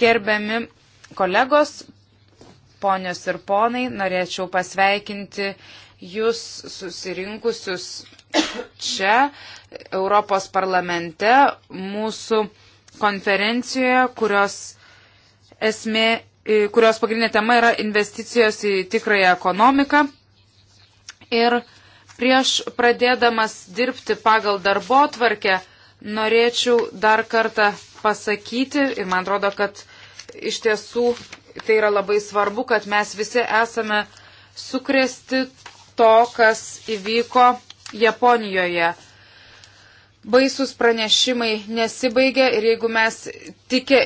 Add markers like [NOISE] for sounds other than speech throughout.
Gerbiami kolegos, ponios ir ponai, norėčiau pasveikinti jūs susirinkusius čia, Europos parlamente, mūsų konferencijoje, kurios esmė, e, kurios pagrindinė tema yra investicijos į tikrąją ekonomiką. Ir prieš pradėdamas dirbti pagal darbo tvarkę, norėčiau dar kartą pasakyti ir man atrodo, kad iš tiesų tai yra labai svarbu, kad mes visi esame sukresti to, kas įvyko Japonijoje. Baisus pranešimai nesibaigia ir jeigu mes tikė,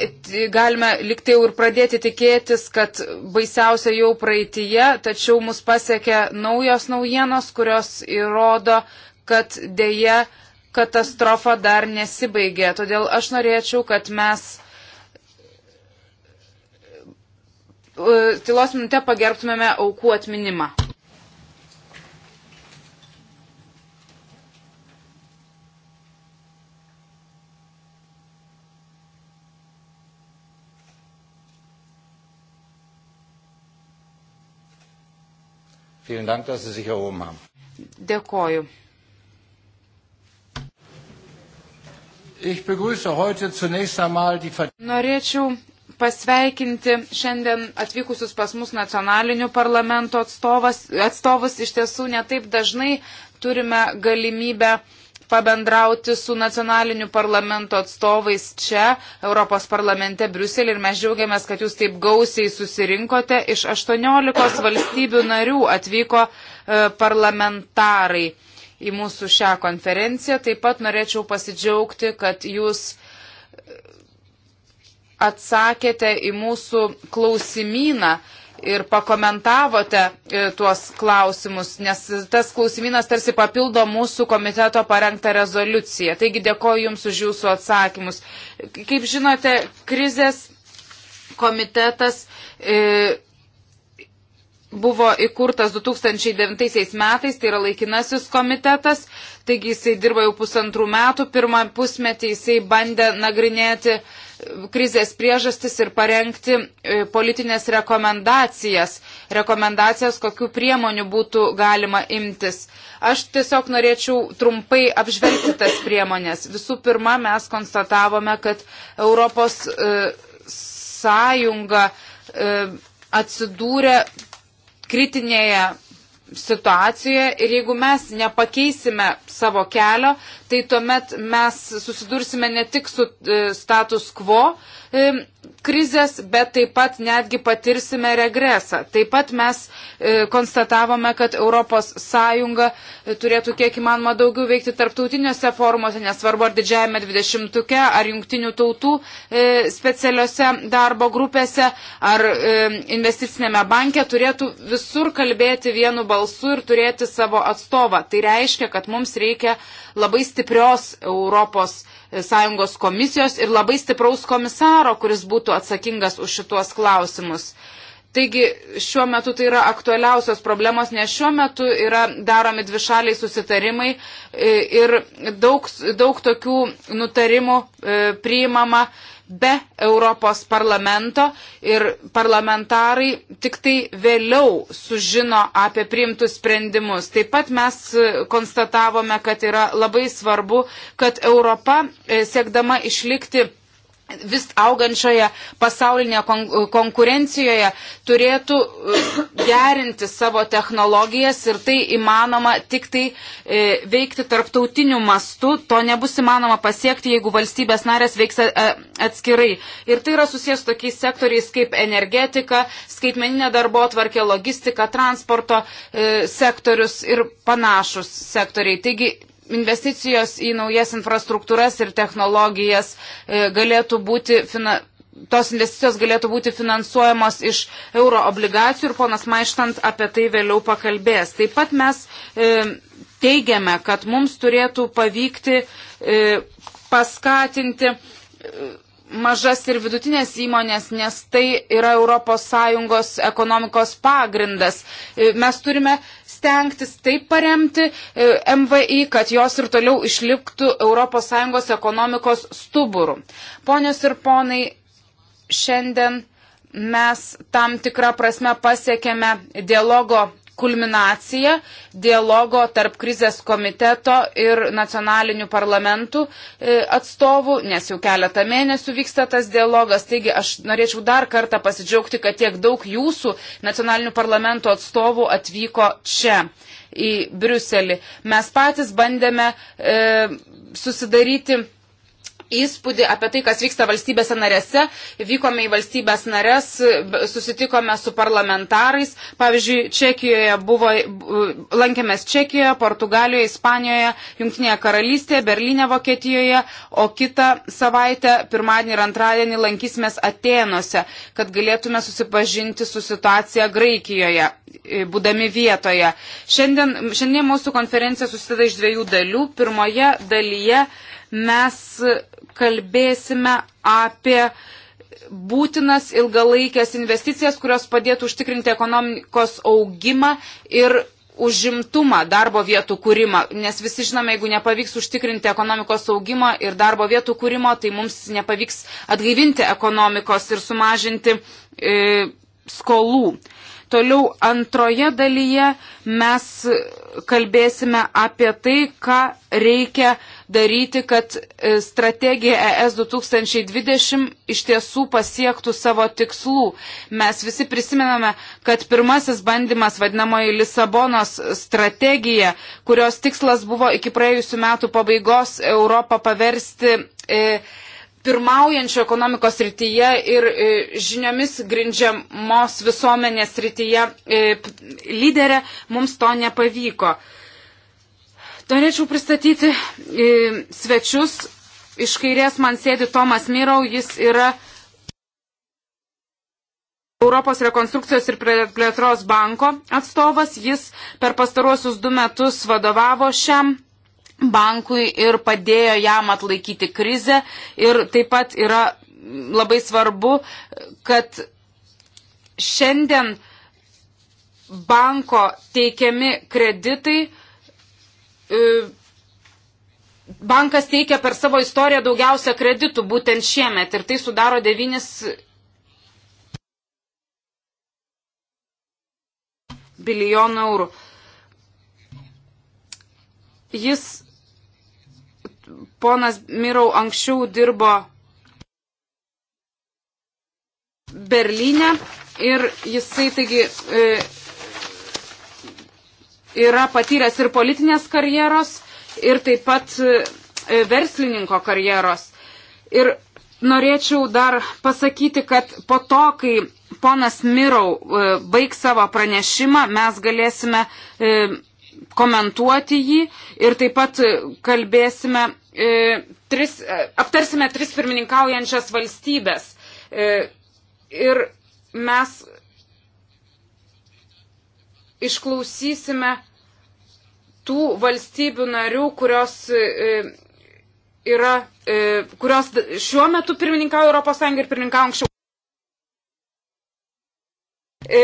galime liktai jau ir pradėti tikėtis, kad baisiausia jau praeitie, tačiau mus pasiekia naujos naujienos, kurios įrodo, kad dėje katastrofa dar nesibaigė. Todėl aš norėčiau, kad mes e, tylos minutę pagerbtumėme aukų atminimą. Vielen Dank, dass Sie sich erhoben haben. Dėkoju. Norėčiau pasveikinti šiandien atvykusius pas mus nacionalinių parlamento atstovas, atstovus. Iš tiesų netaip dažnai turime galimybę pabendrauti su nacionaliniu parlamento atstovais čia, Europos parlamente Briuselį ir mes džiaugiamės, kad jūs taip gausiai susirinkote. Iš 18 valstybių narių atvyko e, parlamentarai į mūsų šią konferenciją. Taip pat norėčiau pasidžiaugti, kad jūs atsakėte į mūsų klausimyną ir pakomentavote e, tuos klausimus, nes tas klausimynas tarsi papildo mūsų komiteto parengtą rezoliuciją. Taigi dėkoju Jums už Jūsų atsakymus. Kaip žinote, krizės komitetas. E, buvo įkurtas 2009 metais, tai yra laikinasis komitetas, taigi jisai dirba jau pusantrų metų, pirmą pusmetį jisai bandė nagrinėti krizės priežastis ir parengti e, politinės rekomendacijas, rekomendacijas, kokiu priemonių būtų galima imtis. Aš tiesiog norėčiau trumpai apžvelgti tas priemonės. Visų pirma, mes konstatavome, kad Europos e, sąjunga e, atsidūrė kritinėje situacijoje ir jeigu mes nepakeisime savo kelio, tai tuomet mes susidursime ne tik su e, status quo e, krizės, bet taip pat netgi patirsime regresą. Taip pat mes e, konstatavome, kad ES turėtų kiek įmanoma daugiau veikti tarptautiniuose formuose, nesvarbu ar didžiajame 20-uke, ar jungtinių tautų specialiuose darbo grupėse, ar investicinėme banke, turėtų visur kalbėti vienu balsu ir turėti savo atstovą. Tai reiškia, kad mums reikia labai stipriai stiprios Europos Sąjungos komisijos ir labai stipraus komisaro, kuris būtų atsakingas už šituos klausimus. Taigi šiuo metu tai yra aktualiausios problemos, nes šiuo metu yra daromi dvišaliai susitarimai e, ir daug, daug tokių nutarimų e, priimama be Europos parlamento ir parlamentarai tik tai vėliau sužino apie priimtus sprendimus. Taip pat mes e, konstatavome, kad yra labai svarbu, kad Europa e, siekdama išlikti vis augančioje pasaulinėje kon konkurencijoje turėtų e, gerinti savo technologijas ir tai įmanoma tik tai e, veikti tarptautiniu mastu. To nebus įmanoma pasiekti, jeigu valstybės narės veiks e, e, atskirai. Ir tai yra susijęs tokiais sektoriais kaip energetika, skaitmeninė darbo tvarkė, logistika, transporto e, sektorius ir panašus sektoriai. Taigi investicijos į naujas infrastruktūras ir technologijas e, galėtų būti fina, tos investicijos galėtų būti finansuojamos iš euro obligacijų ir ponas Maištant apie tai vėliau pakalbės. Taip pat mes e, teigiame, kad mums turėtų pavykti e, paskatinti e, mažas ir vidutinės įmonės, nes tai yra ES ekonomikos pagrindas. E, mes turime stengtis taip paremti e, MVI, kad jos ir toliau išliktų ES ekonomikos stuburų. Ponios ir ponai, šiandien mes tam tikrą prasme pasiekėme dialogo kulminacija dialogo tarp krizės komiteto ir nacionalinių parlamentų e, atstovų, nes jau keletą mėnesių vyksta tas dialogas. Taigi aš norėčiau dar kartą pasidžiaugti, kad tiek daug jūsų nacionalinių parlamentų atstovų atvyko čia į Briuselį. Mes patys bandėme e, susidaryti įspūdį apie tai, kas vyksta valstybėse narėse. Vykome į valstybės narės, susitikome su parlamentarais. Pavyzdžiui, Čekijoje buvo, lankėmės Čekijoje, Portugalijoje, Ispanijoje, Junktinėje karalystėje, Berlyne, Vokietijoje, o kitą savaitę, pirmadienį ir antradienį, lankysimės Atenuose, kad galėtume susipažinti su situacija Graikijoje, būdami vietoje. Šiandien, šiandien mūsų konferencija susideda iš dviejų dalių. Pirmoje dalyje mes kalbėsime apie būtinas ilgalaikės investicijas, kurios padėtų užtikrinti ekonomikos augimą ir užimtumą, darbo vietų kūrimą, nes visi žinome, jeigu nepavyks užtikrinti ekonomikos augimo ir darbo vietų kūrimo, tai mums nepavyks atgaivinti ekonomikos ir sumažinti e, skolų. Toliau antroje dalyje mes kalbėsime apie tai, ką reikia daryti, kad e, strategija ES 2020 iš tiesų pasiektų savo tikslų. Mes visi prisimename, kad pirmasis bandymas vadinamoji Lisabonos strategija, kurios tikslas buvo iki praėjusių metų pabaigos Europą paversti. E, pirmaujančio ekonomikos rytyje ir e, žiniomis grindžiamos visuomenės rytyje e, lyderė, mums to nepavyko. Norėčiau pristatyti e, svečius. Iš kairės man sėdi Tomas Mirau, jis yra Europos rekonstrukcijos ir plėtros banko atstovas. Jis per pastaruosius du metus vadovavo šiam bankui ir padėjo jam atlaikyti krizę. Ir taip pat yra labai svarbu, kad šiandien banko teikiami kreditai E, bankas teikia per savo istoriją daugiausia kreditų būtent šiemet ir tai sudaro 9 bilijonų eurų. Jis, ponas Mirau, anksčiau dirbo Berlyne ir jisai taigi. E, yra patyręs ir politinės karjeros, ir taip pat e, verslininko karjeros. Ir norėčiau dar pasakyti, kad po to, kai ponas Mirau e, baig savo pranešimą, mes galėsime e, komentuoti jį ir taip pat kalbėsime, tris, aptarsime tris pirmininkaujančias valstybės. Ir mes išklausysime tų valstybių narių, kurios e, yra, e, kurios šiuo metu pirmininkauja Europos Sąjunga ir pirmininkauja anksčiau. E,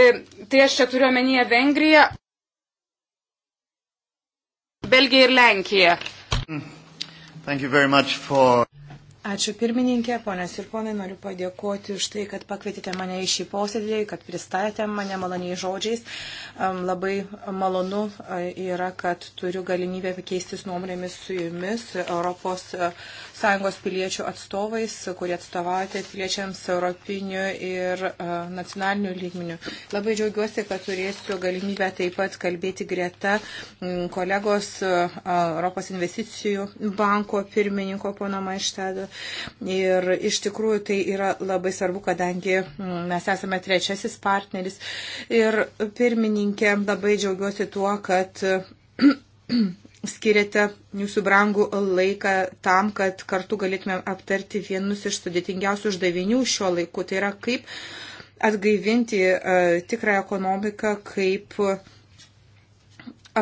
tai aš čia turiu omenyje Vengriją, Belgiją ir Lenkiją. For... Ačiū pirmininkė, ponios ir ponai, noriu padėkoti už tai, kad pakvietėte mane į šį posėdį, kad pristatėte mane maloniai žodžiais. Labai malonu yra, kad turiu galimybę keistis nuomonėmis su jumis Europos sąjungos piliečių atstovais, kurie atstovaujate piliečiams europiniu ir e, nacionaliniu lygmeniu. Labai džiaugiuosi, kad turėsiu galimybę taip pat kalbėti greta kolegos e, Europos investicijų banko pirmininko pono Maištado. Ir iš tikrųjų tai yra labai svarbu, kadangi mes esame trečiasis partneris. Ir pirmininkė, labai džiaugiuosi tuo, kad skiriate jūsų brangų laiką tam, kad kartu galėtume aptarti vienus iš sudėtingiausių uždavinių šiuo laiku. Tai yra kaip atgaivinti e, tikrą ekonomiką kaip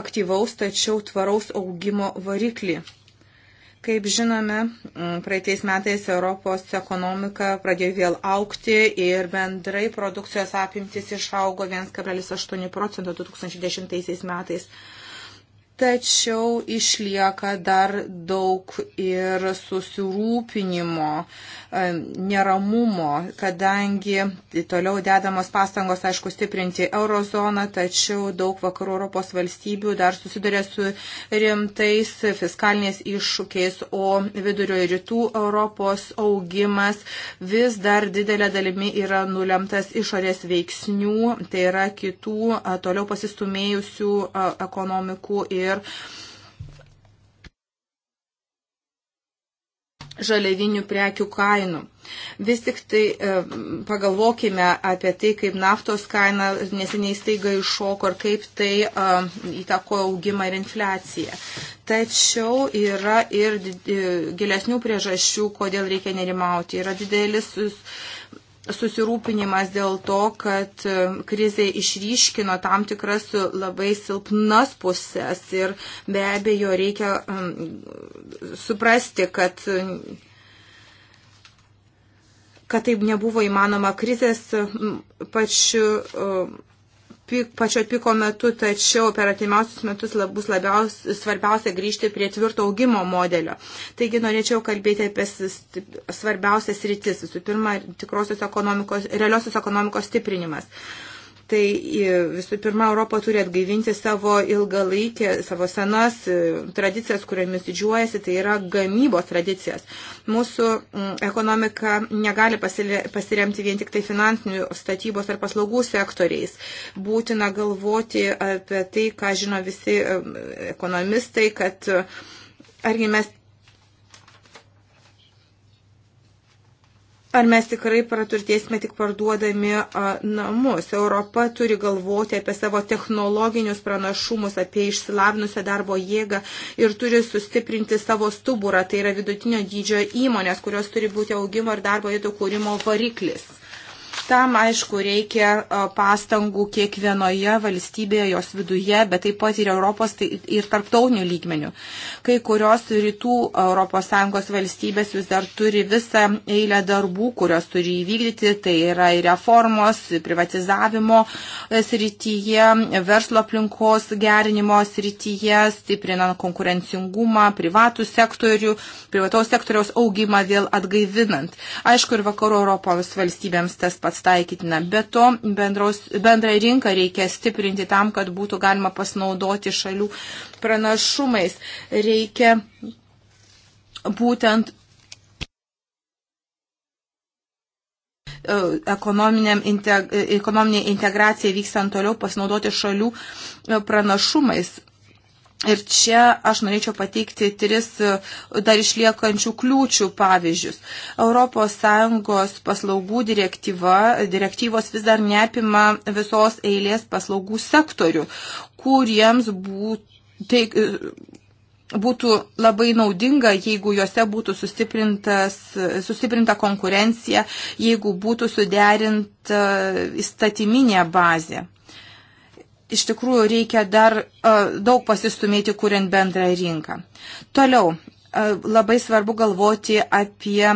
aktyvaus, tačiau tvaraus augimo variklį. Kaip žinome, praeitais metais Europos ekonomika pradėjo vėl aukti ir bendrai produkcijos apimtis išaugo 1,8 procento 2010 metais tačiau išlieka dar daug ir susirūpinimo. Uh, E, neramumo, kadangi toliau dedamos pastangos, aišku, stiprinti eurozoną, tačiau daug vakarų Europos valstybių dar susiduria su rimtais fiskaliniais iššūkiais, o vidurio ir rytų Europos augimas vis dar didelė dalimi yra nulemtas išorės veiksnių, tai yra kitų e, toliau pasistumėjusių e, ekonomikų ir uh, žaliavinių prekių kainų. Vis tik tai e, pagalvokime apie tai, kaip naftos kaina neseniai staiga iššoko ir kaip tai e, įtakoja augimą ir infliaciją. Tačiau yra ir e, gilesnių priežasčių, kodėl reikia nerimauti. Yra didelis susirūpinimas dėl to, kad e, krizė išryškino tam tikras labai silpnas pusės ir be abejo reikia suprasti, kad kad taip nebuvo įmanoma krizės pačiu pik, pačio piko metu, tačiau per atimiausius metus lab, bus labiaus, svarbiausia grįžti prie tvirto augimo modelio. Taigi norėčiau kalbėti apie svarbiausias rytis. Visų pirma, tikrosios ekonomikos, realiosios ekonomikos stiprinimas. Uh, Tai e, visų pirma, Europa turi atgaivinti savo ilgalaikę, savo senas e, tradicijas, kuriomis didžiuojasi, tai yra gamybos tradicijas. Mūsų ekonomika negali pasiremti vien tik tai finansinių statybos ar paslaugų sektoriais. Būtina galvoti apie tai, ką žino visi ekonomistai, kad e, argi mes Ar mes tikrai praturtėsime tik parduodami a, namus? Europa turi galvoti apie savo technologinius pranašumus, apie išsilavinusią darbo jėgą ir turi sustiprinti savo stuburą. Tai yra vidutinio dydžio įmonės, kurios turi būti augimo ir darbo vietų kūrimo variklis. Tam, aišku, reikia e, pastangų kiekvienoje valstybėje, jos viduje, bet taip pat ir Europos tai ir tarptautinių lygmenių. Kai kurios rytų ES valstybės vis dar turi visą eilę darbų, kurios turi įvykdyti, tai yra ir reformos, privatizavimo e, srityje, verslo aplinkos gerinimo srityje, stiprinant konkurencingumą, privatų sektorių, privataus sektoriaus augimą vėl atgaivinant. Aišku, ir vakarų Europos valstybėms tas pats pats taikytina. Be to, bendros, bendrą rinką reikia stiprinti tam, kad būtų galima pasinaudoti šalių pranašumais. Reikia būtent e, ekonominė e, integracija vykstant toliau pasinaudoti šalių e, pranašumais. Ir čia aš norėčiau pateikti tris e, dar išliekančių kliūčių pavyzdžius. ES paslaugų direktyva, direktyvos vis dar neapima visos eilės paslaugų sektorių, kuriems būtų. Tai, e, būtų labai naudinga, jeigu juose būtų sustiprinta konkurencija, jeigu būtų suderinta e, įstatyminė bazė iš tikrųjų reikia dar daug pasistumėti, kuriant bendrą rinką. Toliau, labai svarbu galvoti apie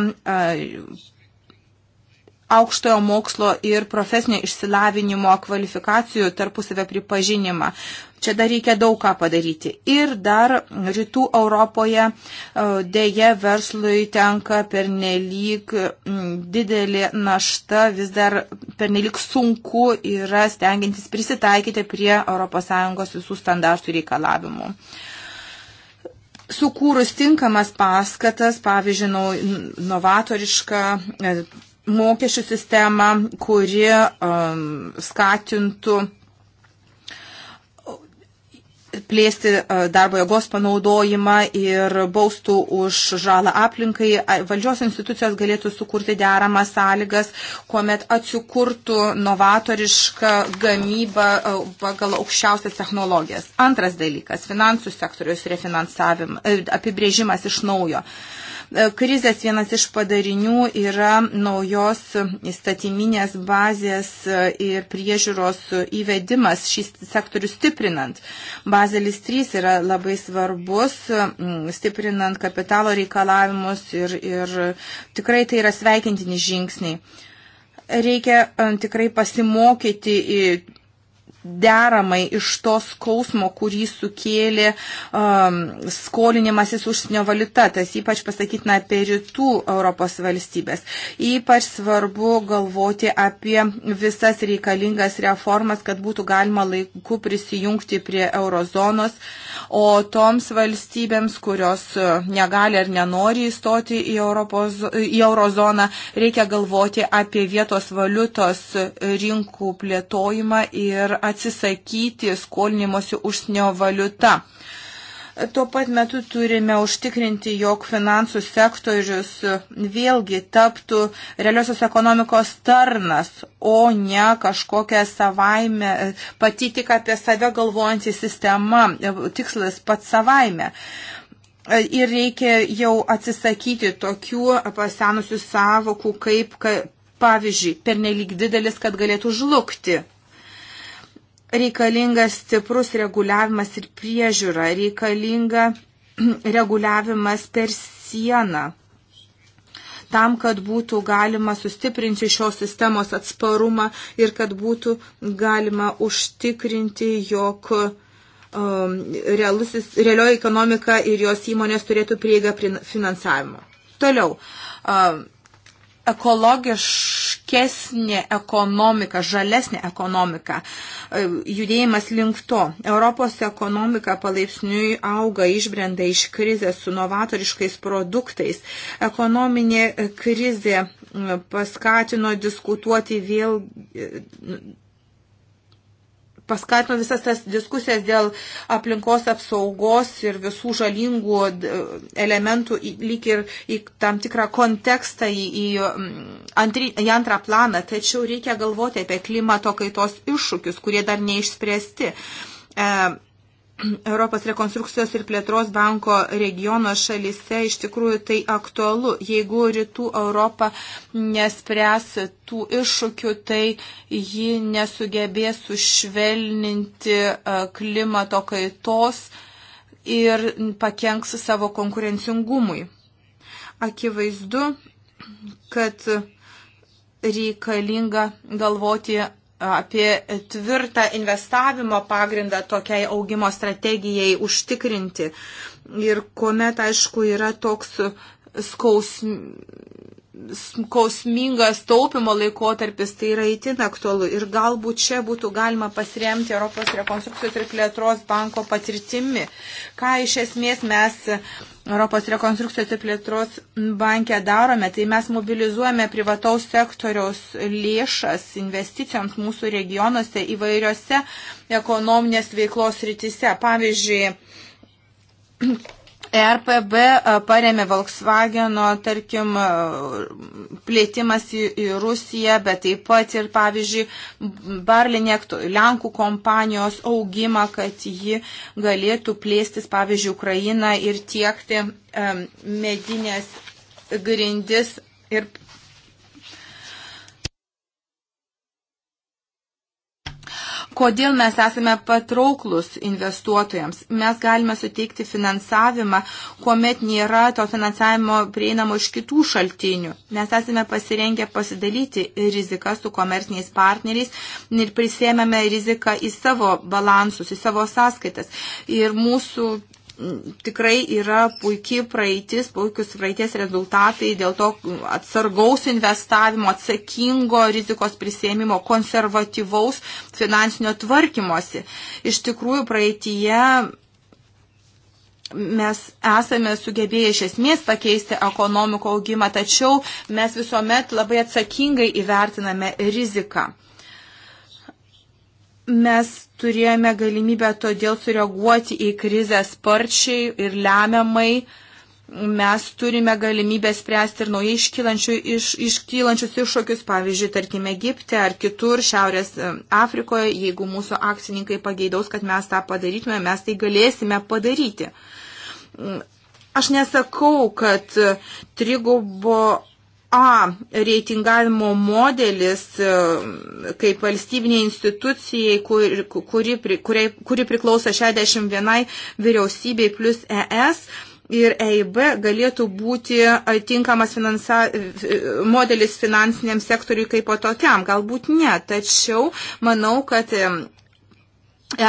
aukštojo mokslo ir profesinio išsilavinimo kvalifikacijų tarpusavę pripažinimą. Čia dar reikia daug ką padaryti. Ir dar rytų Europoje e, dėje verslui tenka pernelyg didelė našta, vis dar pernelyg sunku yra stengiantis prisitaikyti prie ES visų standartų reikalavimų sukūrus tinkamas paskatas, pavyzdžiui, novatorišką e, mokesčių sistemą, kuri um, skatintų plėsti e, darbo jėgos panaudojimą ir baustų už žalą aplinkai, valdžios institucijos galėtų sukurti deramas sąlygas, kuomet atsikurtų novatoriška gamyba e, pagal aukščiausias technologijas. Antras dalykas - finansų sektorius refinansavimas, e, apibrėžimas iš naujo. E, krizės vienas iš padarinių yra naujos įstatyminės bazės e, ir priežiūros įvedimas šį sektorių stiprinant. Bazelis 3 yra labai svarbus, stiprinant kapitalo reikalavimus ir, ir tikrai tai yra sveikintini žingsniai reikia e, tikrai pasimokyti deramai iš to skausmo, kurį sukėlė um, skolinimasis užsienio valiuta, tas ypač pasakytina apie rytų Europos valstybės. Ypač svarbu galvoti apie visas reikalingas reformas, kad būtų galima laiku prisijungti prie eurozonos. Uh, o toms valstybėms, kurios e, negali ar nenori įstoti į, Europos, į eurozoną, reikia galvoti apie vietos valiutos e, rinkų plėtojimą ir atsisakyti skolinimuose užsienio valiuta. Tuo pat metu turime užtikrinti, jog finansų sektorius vėlgi taptų realiosios ekonomikos tarnas, o ne kažkokia savaime pati tik apie save galvojantį sistema, tikslas pats savaime. Ir reikia jau atsisakyti tokių pasenusių savokų, kaip, pavyzdžiui, pernelyg didelis, kad galėtų žlugti reikalingas stiprus reguliavimas ir priežiūra, reikalinga [CLEARS THROAT] reguliavimas per sieną, tam, kad būtų galima sustiprinti šios sistemos atsparumą ir kad būtų galima užtikrinti, jog um, realusis, realioji ekonomika ir jos įmonės turėtų prieigą prie finansavimo. Toliau. Um, ekologiškai sveikesnė ekonomika, žalesnė ekonomika, e, judėjimas link to. Europos ekonomika palaipsniui auga, išbrenda iš krizės su novatoriškais produktais. Ekonominė krizė paskatino diskutuoti vėl e, paskatino visas tas diskusijas dėl aplinkos apsaugos ir visų žalingų e, elementų lyg ir į tam tikrą kontekstą, į, į, antri, į antrą planą. Tačiau reikia galvoti apie klimato kaitos iššūkius, kurie dar neišspręsti. E, Europos rekonstrukcijos ir plėtros banko regiono šalise iš tikrųjų tai aktualu. Jeigu rytų Europa nespręs tų iššūkių, tai ji nesugebės sušvelninti e, klimato kaitos ir pakenks savo konkurencingumui. Akivaizdu, kad reikalinga galvoti apie tvirtą investavimo pagrindą tokiai augimo strategijai užtikrinti. Ir kuomet, aišku, yra toks skausm, skausmingas taupimo laikotarpis, tai yra įtin aktualu. Ir galbūt čia būtų galima pasiremti Europos rekonstrukcijos ir plėtros banko patirtimi. Ką iš esmės mes Europos rekonstrukcijos ir plėtros bankė darome, tai mes mobilizuojame privataus sektoriaus lėšas investicijoms mūsų regionuose įvairiose ekonominės veiklos rytise. Pavyzdžiui, ERPB e, paremė Volkswageno, tarkim, e, plėtimas į, į Rusiją, bet taip pat ir, pavyzdžiui, Barlinek, Lenkų kompanijos augimą, kad ji galėtų plėstis, pavyzdžiui, Ukrainą ir tiekti um, medinės grindis ir Kodėl mes esame patrauklus investuotojams? Mes galime suteikti finansavimą, kuomet nėra to finansavimo prieinamo iš kitų šaltinių. Mes esame pasirengę pasidalyti riziką su komerciniais partneriais ir prisėmėme riziką į savo balansus, į savo sąskaitas. Ir mūsų tikrai yra puikiai praeitis, puikius praeities rezultatai dėl to atsargaus investavimo, atsakingo rizikos prisėmimo, konservatyvaus finansinio tvarkymosi. Iš tikrųjų, praeitie mes esame sugebėję iš esmės pakeisti ekonomiko augimą, tačiau mes visuomet labai atsakingai įvertiname riziką mes turėjome galimybę todėl sureaguoti į krizę sparčiai ir lemiamai. Mes turime galimybę spręsti ir naujai iškylančių, iš, iškylančius iššūkius, pavyzdžiui, tarkime, Egipte ar kitur Šiaurės e, Afrikoje, jeigu mūsų akcininkai pageidaus, kad mes tą padarytume, mes tai galėsime padaryti. Mm, aš nesakau, kad e, trigubo A reitingavimo modelis e, kaip valstybinė institucijai, kuri, kuri, kuri, kuri priklauso 61 vyriausybei plus ES, ir EIB galėtų būti e, tinkamas finansa, e, modelis finansiniam sektoriui kaip po tokiam. Galbūt ne, tačiau manau, kad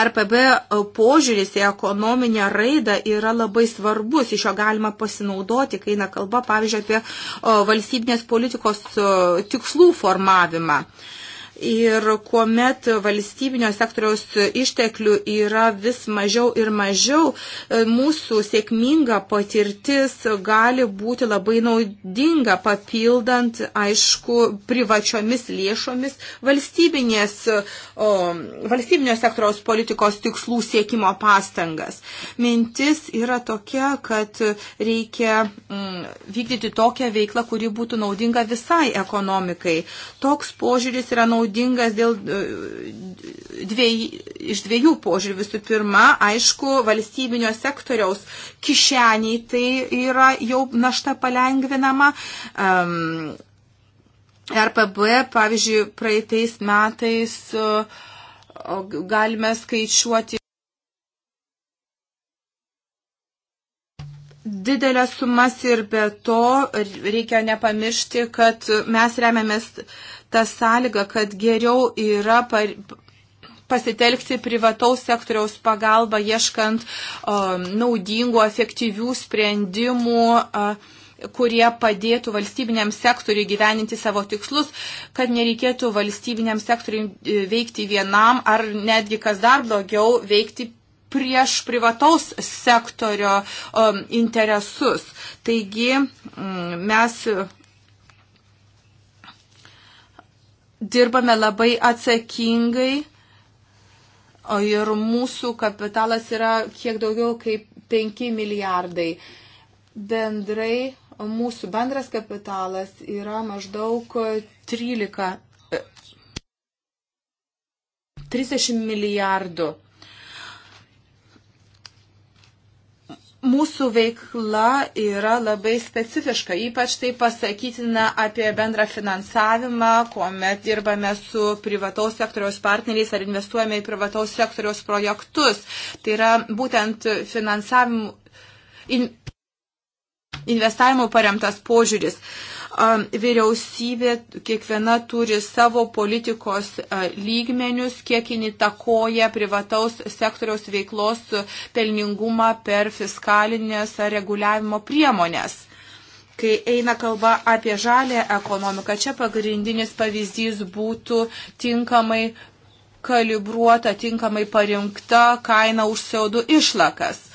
RPB požiūris į ekonominę raidą yra labai svarbus, iš jo galima pasinaudoti, kai eina kalba, pavyzdžiui, apie valstybinės politikos tikslų formavimą. Ir kuomet valstybinio sektoriaus išteklių yra vis mažiau ir mažiau, e, mūsų sėkminga patirtis gali būti labai naudinga, papildant, aišku, privačiomis lėšomis valstybinės, o, valstybinio sektoriaus politikos tikslų siekimo pastangas. Mintis yra tokia, kad reikia m, mm, vykdyti tokią veiklą, kuri būtų naudinga visai ekonomikai. Toks požiūris yra naudingas naudingas dėl e, dviej, iš dviejų požiūrių. Visų pirma, aišku, valstybinio sektoriaus kišeniai tai yra jau našta palengvinama. Um, RPB, pavyzdžiui, praeitais metais e, galime skaičiuoti didelę sumas ir be to reikia nepamiršti, kad mes remiamės ta sąlyga, kad geriau yra par, pasitelkti privataus sektoriaus pagalbą, ieškant um, naudingų, efektyvių sprendimų. Uh, kurie padėtų valstybiniam sektoriui gyveninti savo tikslus, kad nereikėtų valstybiniam sektoriui e, veikti vienam ar netgi, kas dar blogiau, veikti prieš privataus sektorio um, interesus. Taigi um, mes dirbame labai atsakingai, o ir mūsų kapitalas yra kiek daugiau kaip 5 milijardai. Bendrai mūsų bendras kapitalas yra maždaug 13, 30 e, milijardų. Mūsų veikla yra labai specifiška, ypač tai pasakytina apie bendrą finansavimą, kuomet dirbame su privataus sektoriaus partneriais ar investuojame į privataus sektoriaus projektus. Tai yra būtent finansavimų, in, investavimų paremtas požiūris. Uh, vyriausybė kiekviena turi savo politikos lygmenius, kiek įtakoja privataus sektoriaus veiklos pelningumą per fiskalinės ar reguliavimo priemonės kai eina kalba apie žalę ekonomiką, čia pagrindinis pavyzdys būtų tinkamai kalibruota, tinkamai parinkta kaina už CO2 išlakas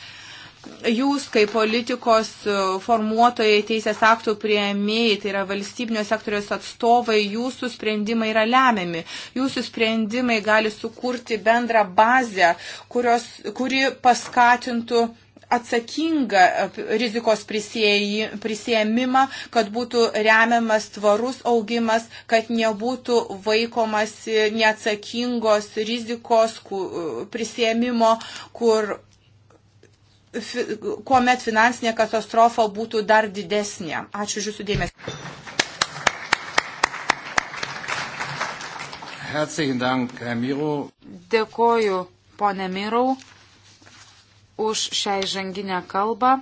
jūs kaip politikos e, formuotojai, teisės aktų prieimėjai, tai yra valstybinio sektoriaus atstovai, jūsų sprendimai yra lemiami. Jūsų sprendimai gali sukurti bendrą bazę, kurios, kuri paskatintų atsakingą e, rizikos prisėmimą, kad būtų remiamas tvarus augimas, kad nebūtų vaikomas neatsakingos rizikos e, prisėmimo, kur kuomet finansinė katastrofa būtų dar didesnė. Ačiū už Jūsų dėmesį. Dėkoju, ponė Mirau, už šią įžanginę kalbą.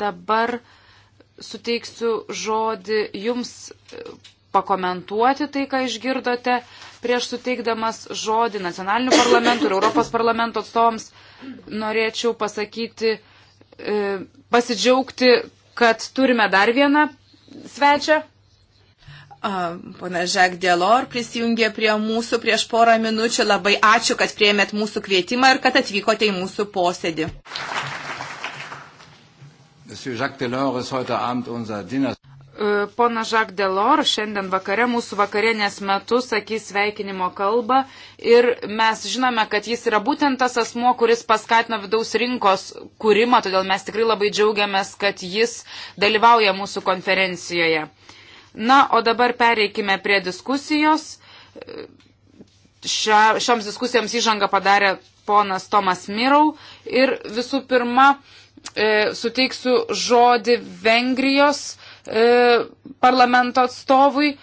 Dabar suteiksiu žodį Jums pakomentuoti tai, ką išgirdote prieš suteikdamas žodį nacionalinių parlamentų ir Europos parlamento atstovams norėčiau pasakyti, e, pasidžiaugti, kad turime dar vieną svečią. Pana Žek Delor prisijungė prie mūsų prieš porą minučių. Labai ačiū, kad prieimėt mūsų kvietimą ir kad atvykote į mūsų posėdį. Pona Žak Delor šiandien vakare mūsų vakarienės metu sakys sveikinimo kalbą ir mes žinome, kad jis yra būtent tas asmo, kuris paskatino vidaus rinkos kūrimą, todėl mes tikrai labai džiaugiamės, kad jis dalyvauja mūsų konferencijoje. Na, o dabar pereikime prie diskusijos. Šia, šioms diskusijoms įžanga padarė ponas Tomas Mirau ir visų pirma e, suteiksiu žodį Vengrijos E, parlamento atstovui, e,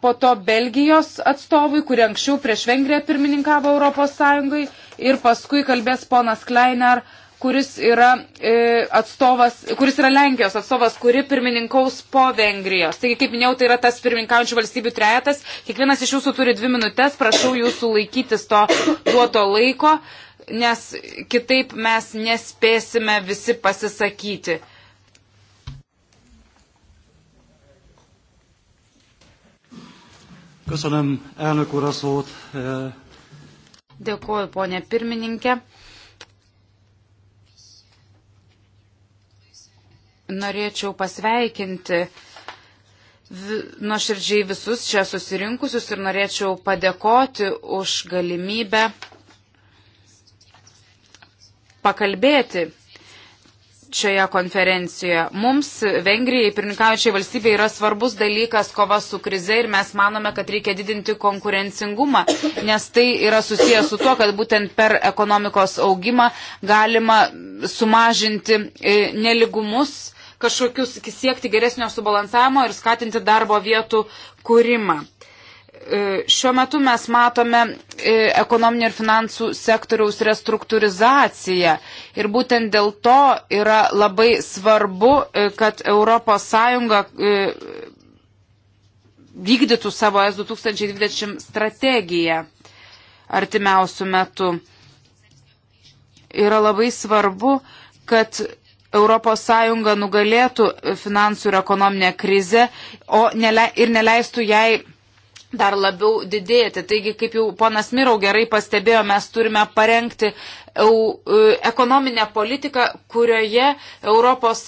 po to Belgijos atstovui, kurie anksčiau prieš Vengriją pirmininkavo Europos Sąjungai ir paskui kalbės ponas Kleiner, kuris yra, e, atstovas, kuris yra Lenkijos atstovas, kuri pirmininkaus po Vengrijos. Taigi, kaip minėjau, tai yra tas pirmininkaujančių valstybių trejetas. Kiekvienas iš jūsų turi dvi minutės, prašau jūsų laikytis to duoto laiko, nes kitaip mes nespėsime visi pasisakyti. Köszönöm, elnök úr, a szót. Dėkuoju, ponė pirmininkė. Norėčiau pasveikinti nuoširdžiai visus čia susirinkusius ir norėčiau padėkoti už galimybę pakalbėti šioje konferencijoje. Mums, Vengrijai, pirmininkaujančiai valstybei, yra svarbus dalykas kova su krize ir mes manome, kad reikia didinti konkurencingumą, nes tai yra susijęs su tuo, kad būtent per ekonomikos augimą galima sumažinti e, neligumus, kažkokius siekti geresnio subalansavimo ir skatinti darbo vietų kūrimą. E, šiuo metu mes matome e, ekonominio ir finansų sektoriaus restruktūrizaciją ir būtent dėl to yra labai svarbu, e, kad ES vykdytų savo S 2020 strategiją artimiausių metų. Yra labai svarbu, kad ES nugalėtų finansų ir ekonominę krizę nele, ir neleistų jai dar labiau didėti. Taigi, kaip jau ponas Mirau gerai pastebėjo, mes turime parengti eu, e, ekonominę politiką, kurioje ES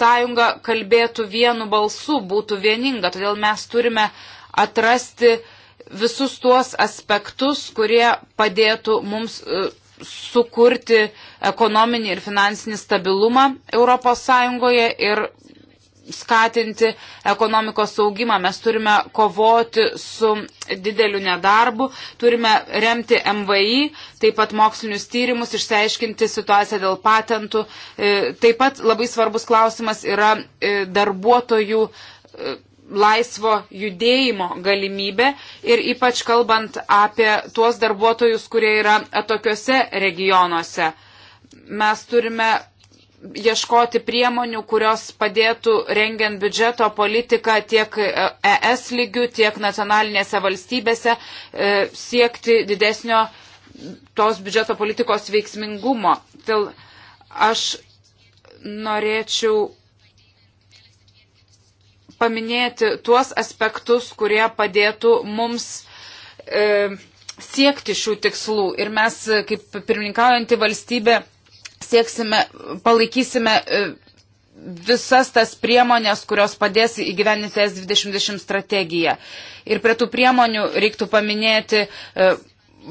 kalbėtų vienu balsu, būtų vieninga. Todėl mes turime atrasti visus tuos aspektus, kurie padėtų mums e, sukurti ekonominį ir finansinį stabilumą ES ir skatinti ekonomikos augimą, mes turime kovoti su dideliu nedarbu, turime remti MVI, taip pat mokslinius tyrimus, išsiaiškinti situaciją dėl patentų. E, taip pat labai svarbus klausimas yra e, darbuotojų e, laisvo judėjimo galimybė ir ypač kalbant apie tuos darbuotojus, kurie yra atokiuose regionuose. Mes turime ieškoti priemonių, kurios padėtų rengiant biudžeto politiką tiek ES e lygių, tiek nacionalinėse valstybėse e, siekti didesnio tos biudžeto politikos veiksmingumo. Til aš norėčiau paminėti tuos aspektus, kurie padėtų mums e, siekti šių tikslų. Ir mes, kaip pirmininkaujantį valstybę, sieksime, palaikysime e, visas tas priemonės, kurios padės įgyveninti S2020 strategiją. Ir prie tų priemonių reiktų paminėti e,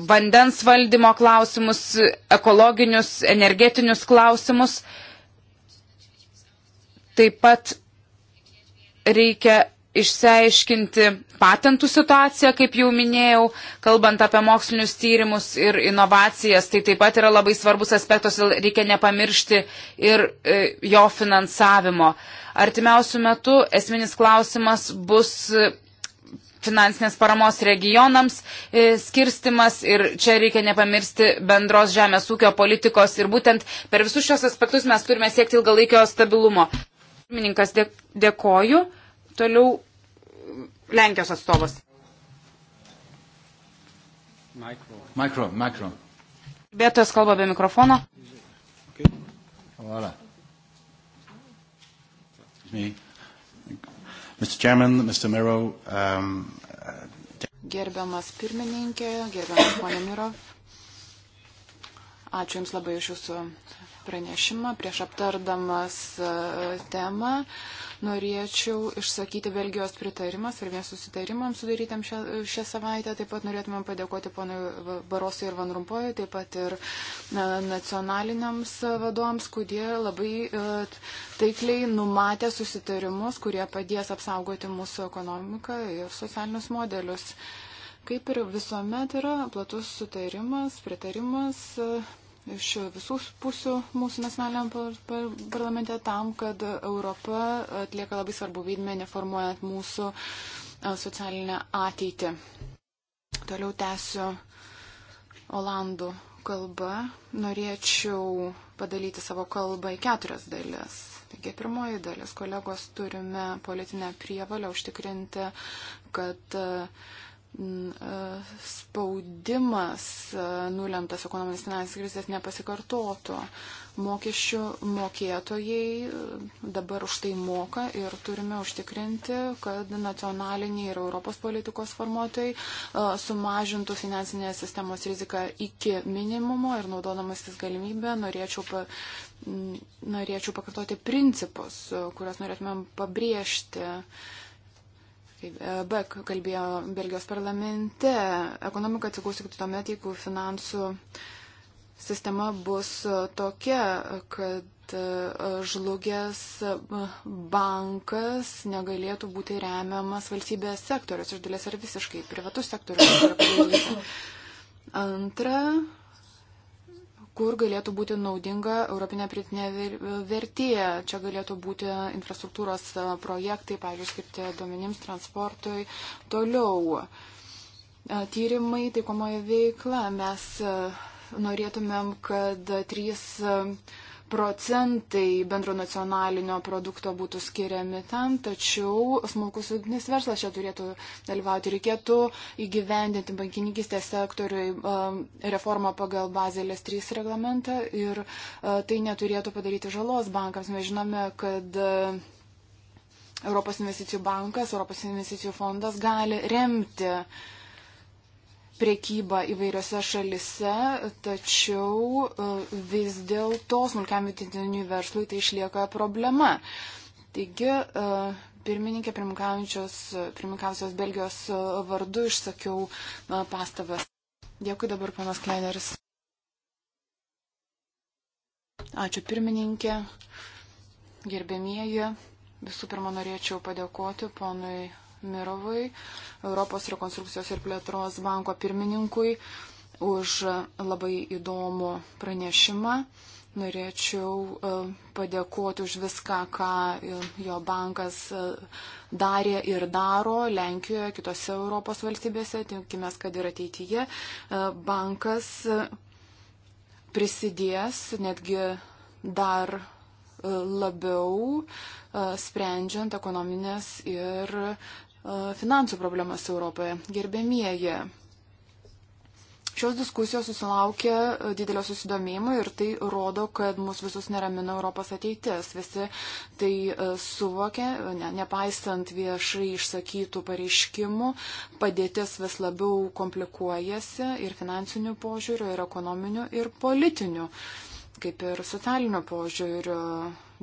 vandens valdymo klausimus, ekologinius, energetinius klausimus. Taip pat reikia išsiaiškinti patentų situaciją, kaip jau minėjau, kalbant apie mokslinius tyrimus ir inovacijas, tai taip pat yra labai svarbus aspektas, reikia nepamiršti ir e, jo finansavimo. Artimiausių metų esminis klausimas bus e, finansinės paramos regionams e, skirstimas ir čia reikia nepamirsti bendros žemės ūkio politikos ir būtent per visus šios aspektus mes turime siekti ilgalaikio stabilumo. Pirmininkas dėkoju. Toliau Lenkijos atstovas. Mikro, mikro. Bėtojas kalba be mikrofono. Okay. Voilà. Me. Mr. Chairman, Mr. Miro, um, Gerbiamas pirmininkė, gerbiamas ponė Mirov, ačiū Jums labai už Jūsų pranešimą, prieš aptardamas e, temą, norėčiau išsakyti Belgijos pritarimą svarbiems susitarimams sudarytam šią, šią savaitę. Taip pat norėtumėm padėkoti ponui Barosui ir Van Rumpojui, taip pat ir e, nacionaliniams vadovams, kurie labai e, taikliai numatė susitarimus, kurie padės apsaugoti mūsų ekonomiką ir socialinius modelius. Kaip ir visuomet yra platus sutarimas, pritarimas iš visų pusių mūsų nacionaliniam par par parlamente tam, kad Europa atlieka labai svarbu vaidmenį formuojant mūsų e, socialinę ateitį. Toliau tęsiu Olandų kalbą. Norėčiau padalyti savo kalbą į keturias dalis. Taigi pirmoji dalis, kolegos, turime politinę prievalę užtikrinti, kad uh, spaudimas nulemtas ekonominės finansinės krizės nepasikartotų. Mokesčių mokėtojai dabar už tai moka ir turime užtikrinti, kad nacionaliniai ir Europos politikos formuotojai sumažintų finansinės sistemos riziką iki minimumo ir naudodamasis galimybę norėčiau, pa, norėčiau pakartoti principus, kuriuos norėtumėm pabrėžti Kaip e, B kalbėjo Belgijos parlamente, ekonomika atsigaus tik tuomet, jeigu finansų sistema bus e, tokia, kad e, žlugęs bankas negalėtų būti remiamas valstybės sektorius, iš dalies ar visiškai privatus sektorius. Antra, kur galėtų būti naudinga Europinė pritinė vertė. Čia galėtų būti infrastruktūros e, projektai, pavyzdžiui, skirti duomenims, transportui, toliau. E, tyrimai, taikomoji veikla. Mes e, norėtumėm, kad trys procentai bendro nacionalinio produkto būtų skiriami tam, tačiau smulkus vidinis verslas čia turėtų dalyvauti. Reikėtų įgyvendinti bankininkistės sektoriui um, reformą pagal Bazelės 3 reglamentą ir uh, tai neturėtų padaryti žalos bankams. Mes žinome, kad uh, Europos investicijų bankas, Europos investicijų fondas gali remti uh, priekybą įvairiose šalise, tačiau e, vis dėlto smulkiam vidutiniui verslui tai išlieka problema. Taigi, e, pirmininkė pirmininkausios Belgijos e, vardu išsakiau pastabas. Dėkui dabar, panas Kleineris. Ačiū pirmininkė, gerbėmieji. Visų pirma, norėčiau padėkoti ponui Mirovui, Europos rekonstrukcijos ir plėtros banko pirmininkui, už labai įdomų pranešimą. Norėčiau e, padėkoti už viską, ką e, jo bankas e, darė ir daro Lenkijoje, kitose Europos valstybėse. Tikimės, kad ir ateityje bankas prisidės netgi dar labiau sprendžiant ekonominės ir finansų problemas Europoje. Gerbėmieji, šios diskusijos susilaukė didelio susidomėjimo ir tai rodo, kad mus visus neramina Europos ateitis. Visi tai suvokia, ne, nepaisant viešai išsakytų pareiškimų, padėtis vis labiau komplikuojasi ir finansinių požiūrių, ir ekonominių, ir politinių, kaip ir socialinių požiūrių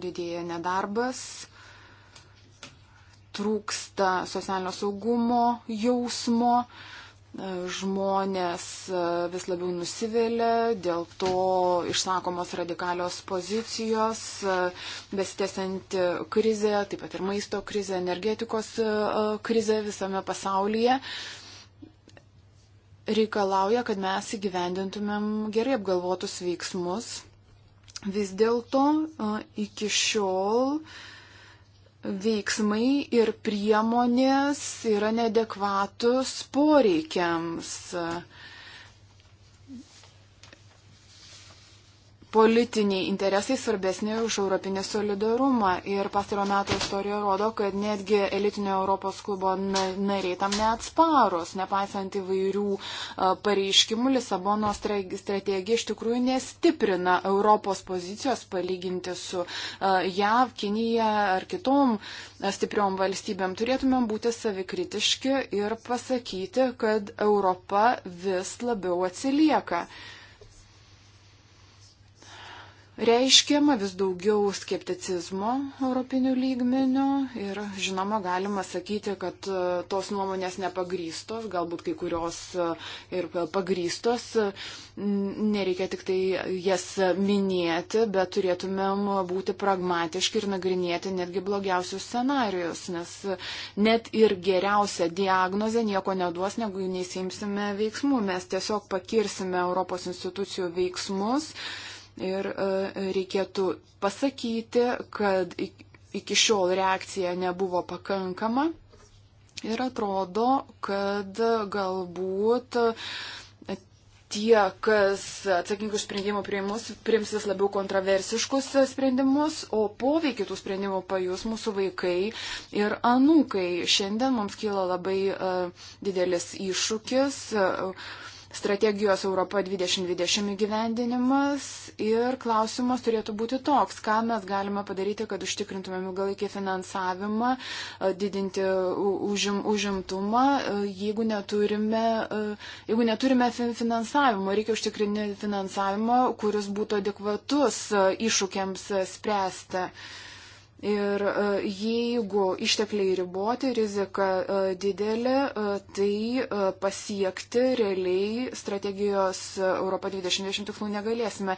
didėja nedarbas trūksta socialinio saugumo jausmo, e, žmonės e, vis labiau nusivelia, dėl to išsakomos radikalios pozicijos, e, besitėsianti krizė, taip pat ir maisto krizė, energetikos krizė visame pasaulyje reikalauja, kad mes įgyvendintumėm gerai apgalvotus veiksmus. Vis dėlto iki šiol uh, veiksmai ir priemonės yra nedekvatus poreikiams. Uh, politiniai interesai svarbesni už europinį solidarumą. Ir pastaro metų istorija rodo, kad netgi elitinio Europos klubo nariai tam neatsparus, nepaisant įvairių pareiškimų, Lisabono strategija iš tikrųjų nestiprina Europos pozicijos palyginti su JAV, Kinija ar kitom stipriom valstybėm. Turėtumėm būti savikritiški ir pasakyti, kad Europa vis labiau atsilieka reiškiama vis daugiau skepticizmo europinių lygmenių ir žinoma galima sakyti, kad e, tos nuomonės nepagrystos, galbūt kai kurios e, ir pagrystos, nereikia tik tai jas minėti, bet turėtumėm būti pragmatiški ir nagrinėti netgi blogiausius scenarius, nes net ir geriausia diagnozė nieko neduos, negu neįsimsime veiksmų, mes tiesiog pakirsime Europos institucijų veiksmus. Ir e, reikėtų pasakyti, kad iki šiol reakcija nebuvo pakankama. Ir atrodo, kad galbūt tie, kas atsakingi už sprendimų priimus, priims vis labiau kontroversiškus sprendimus, o poveikį tų sprendimų pajus mūsų vaikai ir anūkai. Šiandien mums kyla labai uh, didelis iššūkis. Uh, Strategijos Europa 2020 įgyvendinimas ir klausimas turėtų būti toks, ką mes galime padaryti, kad užtikrintumėm ilgalaikį finansavimą, didinti užim, užimtumą, jeigu neturime, jeigu neturime finansavimo. Reikia užtikrinti finansavimą, kuris būtų adekvatus iššūkiams spręsti. Ir e, jeigu ištekliai riboti, rizika e, didelė, e, tai pasiekti realiai strategijos Europo 2020 tikslų negalėsime.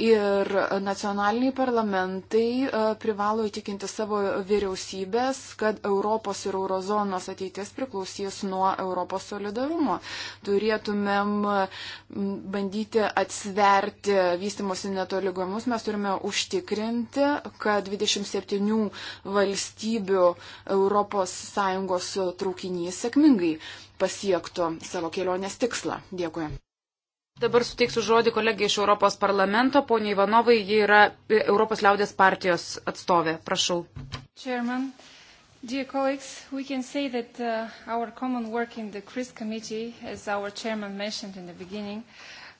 Ir nacionaliniai parlamentai e, privalo įtikinti savo vyriausybės, kad Europos ir eurozonos ateitis priklausys nuo Europos solidarumo. Turėtumėm bandyti atsverti vystimosi netolygumus. Mes turime užtikrinti, kad 27 valstybių ES traukinys sėkmingai pasiektų savo kelionės tikslą. Dėkui. Dabar suteiksiu žodį kolegijai iš Europos parlamento. Pone Ivanovai, ji yra e, Europos liaudės partijos atstovė. Prašau. Chairman. Dear colleagues, we can say that uh, our common work in the CRIS committee, as our chairman mentioned in the beginning,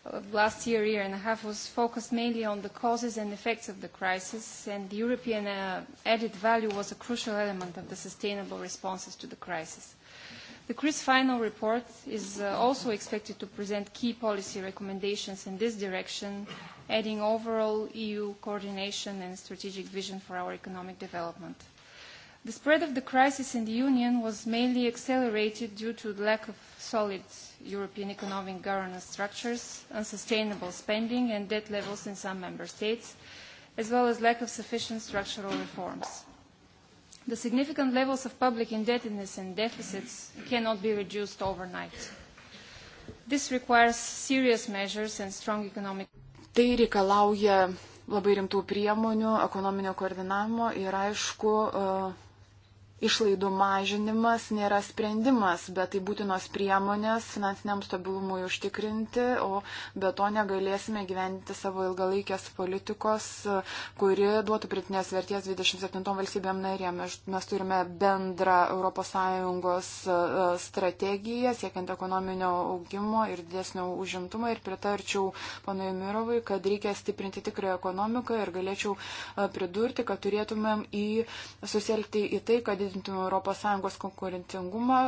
uh, last year, year and a half, was focused mainly on the causes and effects of the crisis, and the European uh, added value was a crucial element of the sustainable responses to the crisis. The CRIS final report is uh, also expected to present key policy recommendations in this direction, adding overall EU coordination and strategic vision for our economic development. The spread of the crisis in the Union was mainly accelerated due to the lack of solid European economic governance structures, unsustainable spending and debt levels in some member states, as well as lack of sufficient structural reforms. The significant levels of public indebtedness and deficits cannot be reduced overnight. This requires serious measures and strong economic. Tai reikalauja labai rimtų priemonių, ekonominio koordinavimo ir aišku, uh, Išlaidų mažinimas nėra sprendimas, bet tai būtinos priemonės finansiniam stabilumui užtikrinti, o be to negalėsime gyventi savo ilgalaikės politikos, kuri duotų pritinės vertės 27 valstybėm narėm. Mes turime bendrą ES e, strategiją siekiant ekonominio augimo ir didesnio užimtumo ir pritarčiau panai Mirovui, kad reikia stiprinti tikrą ekonomiką ir galėčiau e, pridurti, kad turėtumėm į, susielgti į tai, kad padidintų ES konkurencingumą,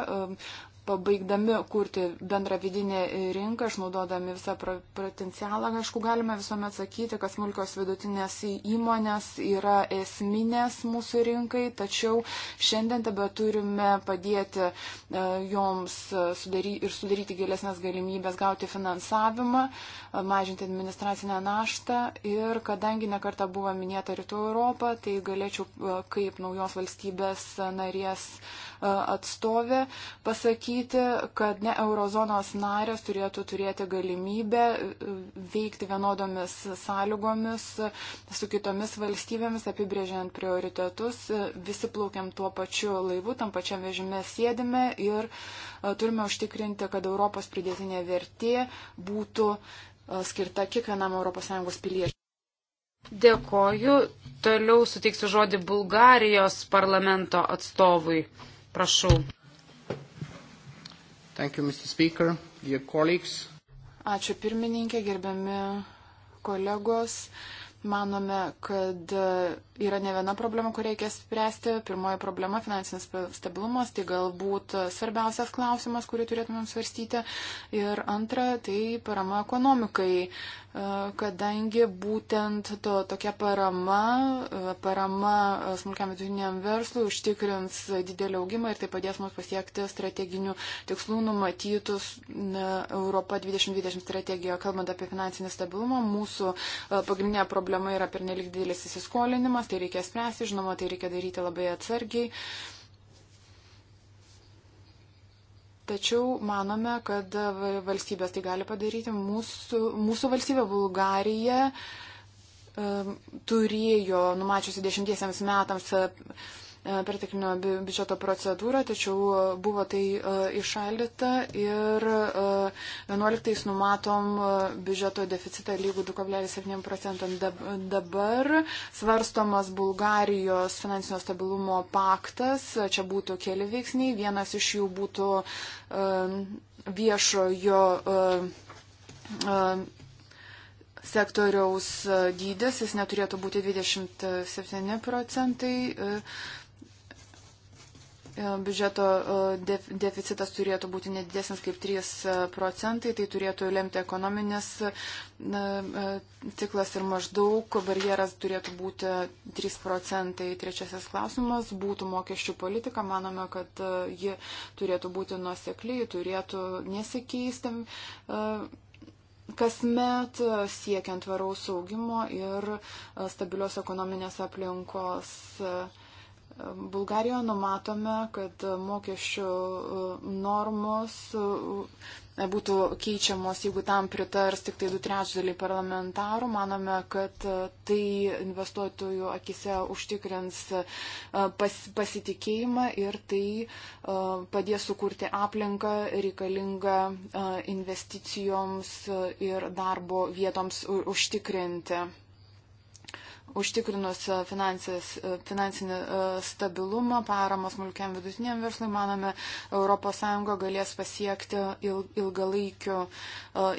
pabaigdami kurti bendrą vidinę rinką, išnaudodami visą potencialą, aišku, galime visuomet sakyti, kad smulkios vidutinės įmonės yra esminės mūsų rinkai, tačiau šiandien tebe turime padėti e, joms sudary, ir sudaryti gilesnės galimybės gauti finansavimą, e, mažinti administracinę naštą ir kadangi nekarta buvo minėta Rytų Europą, tai galėčiau e, kaip naujos valstybės narės atstovė pasakyti, pasakyti, kad ne eurozonos narės turėtų turėti galimybę e, veikti vienodomis sąlygomis su kitomis valstybėmis, apibrėžiant prioritetus. Visi plaukiam tuo pačiu laivu, tam pačiam vežime sėdime ir e, turime užtikrinti, kad Europos pridėtinė vertė būtų e, skirta kiekvienam ES piliečiui. Dėkoju. Toliau suteiksiu žodį Bulgarijos parlamento atstovui. Prašau. Thank you, Mr. Speaker, dear colleagues. Ačiū pirmininkė, gerbiami kolegos. Manome, kad yra ne viena problema, kur reikia spręsti. Pirmoji problema - finansinis stabilumas, tai galbūt svarbiausias klausimas, kurį turėtumėm svarstyti. Ir antra - tai parama ekonomikai. Uh, kadangi būtent to, tokia parama, e, parama e, smulkiam vidutiniam verslui užtikrins didelį augimą ir tai padės mums pasiekti strateginių tikslų numatytus Europa 2020 strategijoje. Kalbant apie finansinį stabilumą, mūsų e, pagrindinė problema yra pernelik didelis įsiskolinimas, tai reikia spręsti, žinoma, tai reikia daryti labai atsargiai. Uh, Tačiau manome, kad valstybės tai gali padaryti. Mūsų, mūsų valstybė Bulgarija turėjo numačiusi dešimtiesiams metams E, perteklinio biudžeto procedūrą, tačiau buvo tai išaldyta e, ir 11 e, numatom biudžeto deficitą lygų 2,7 procentam. Dabar svarstomas Bulgarijos finansinio stabilumo paktas, čia būtų keli veiksniai, vienas iš jų būtų viešojo sektoriaus dydis, jis neturėtų būti 27 procentai. E, biudžeto e, deficitas turėtų būti nedidesnis kaip 3 e, procentai, tai turėtų lemti ekonominis ciklas ir maždaug barjeras turėtų būti 3 procentai. Trečiasis klausimas būtų mokesčių politika. Manome, kad ji turėtų būti nuosekliai, turėtų nesikeisti kasmet siekiant tvaraus augimo ir stabilios ekonominės aplinkos. Uh, Bulgarijoje numatome, kad mokesčių e, normos e, būtų keičiamos, jeigu tam pritars tik tai du trečdaliai parlamentarų. Manome, kad e, tai investuotojų akise užtikrins pas, pasitikėjimą ir tai padės sukurti aplinką reikalingą investicijoms ir darbo vietoms užtikrinti. Užtikrinus e, e, finansinį e, stabilumą, paramą smulkiam vidutiniam verslui, manome, ES galės pasiekti ilgalaikių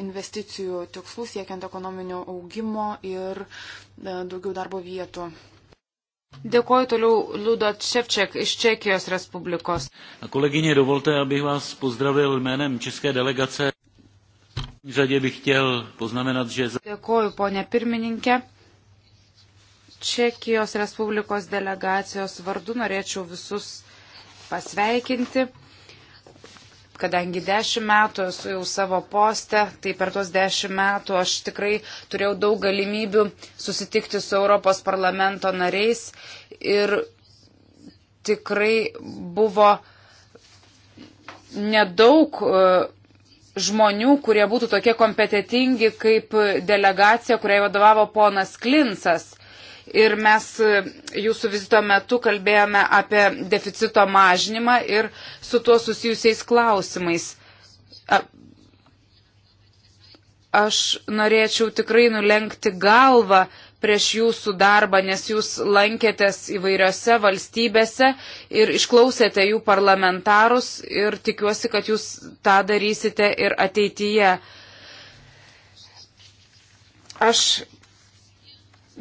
investicijų tikslų, siekiant ekonominio augimo ir daugiau darbo vietų. Dėkuoju toliau Ludot Ševček iš Čekijos Respublikos. Kolegyně, dovolte, abych vás pozdravil jménem České delegace. Řadě bych chtěl poznamenat, že... Dėkuoju, ponė pirmininkė. Čekijos Respublikos delegacijos vardu norėčiau visus pasveikinti. Kadangi dešimt metų esu jau savo poste, tai per tuos dešimt metų aš tikrai turėjau daug galimybių susitikti su Europos parlamento nariais ir tikrai buvo nedaug e, žmonių, kurie būtų tokie kompetitingi kaip delegacija, kuriai vadovavo ponas Klinsas ir mes e, jūsų vizito metu kalbėjome apie deficito mažinimą ir su tuo susijusiais klausimais. Aš norėčiau tikrai nulenkti galvą prieš jūsų darbą, nes jūs lankėtės įvairiose valstybėse ir išklausėte jų parlamentarus ir tikiuosi, kad jūs tą darysite ir ateityje. Aš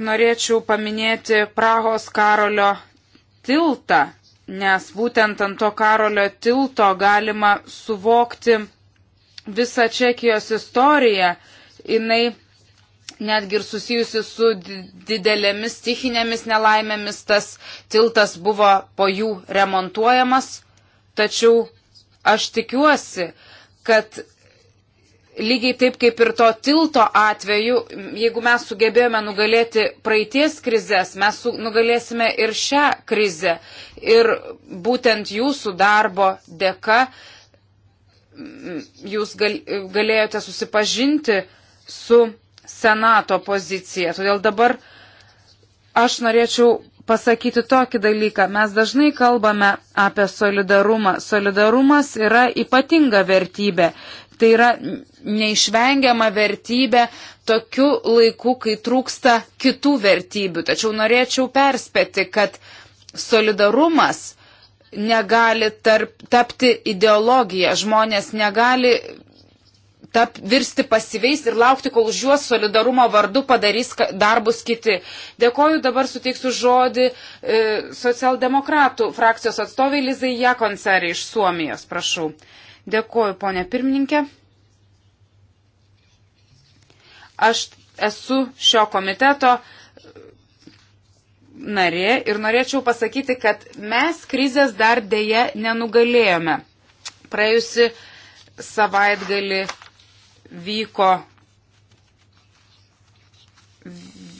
norėčiau paminėti Prahos karolio tiltą, nes būtent ant to karolio tilto galima suvokti visą Čekijos istoriją. Inai netgi ir susijusi su didelėmis stichinėmis nelaimėmis, tas tiltas buvo po jų remontuojamas, tačiau aš tikiuosi, kad lygiai taip kaip ir to tilto atveju, jeigu mes sugebėjome nugalėti praeities krizės, mes nugalėsime ir šią krizę. Ir būtent jūsų darbo dėka jūs gal, galėjote susipažinti su Senato pozicija. Todėl dabar aš norėčiau pasakyti tokį dalyką. Mes dažnai kalbame apie solidarumą. Solidarumas yra ypatinga vertybė. Tai yra neišvengiama vertybė tokiu laiku, kai trūksta kitų vertybių. Tačiau norėčiau perspėti, kad solidarumas negali tarp, tapti ideologija. Žmonės negali tap, virsti pasiveis ir laukti, kol už juos solidarumo vardu padarys darbus kiti. Dėkoju, dabar suteiksiu žodį e, socialdemokratų frakcijos atstoviai Lizai Jakonsarė iš Suomijos, prašau. Dėkoju, ponė pirmininkė. Aš esu šio komiteto narė ir norėčiau pasakyti, kad mes krizės dar dėje nenugalėjome. Praėjusi savaitgali vyko,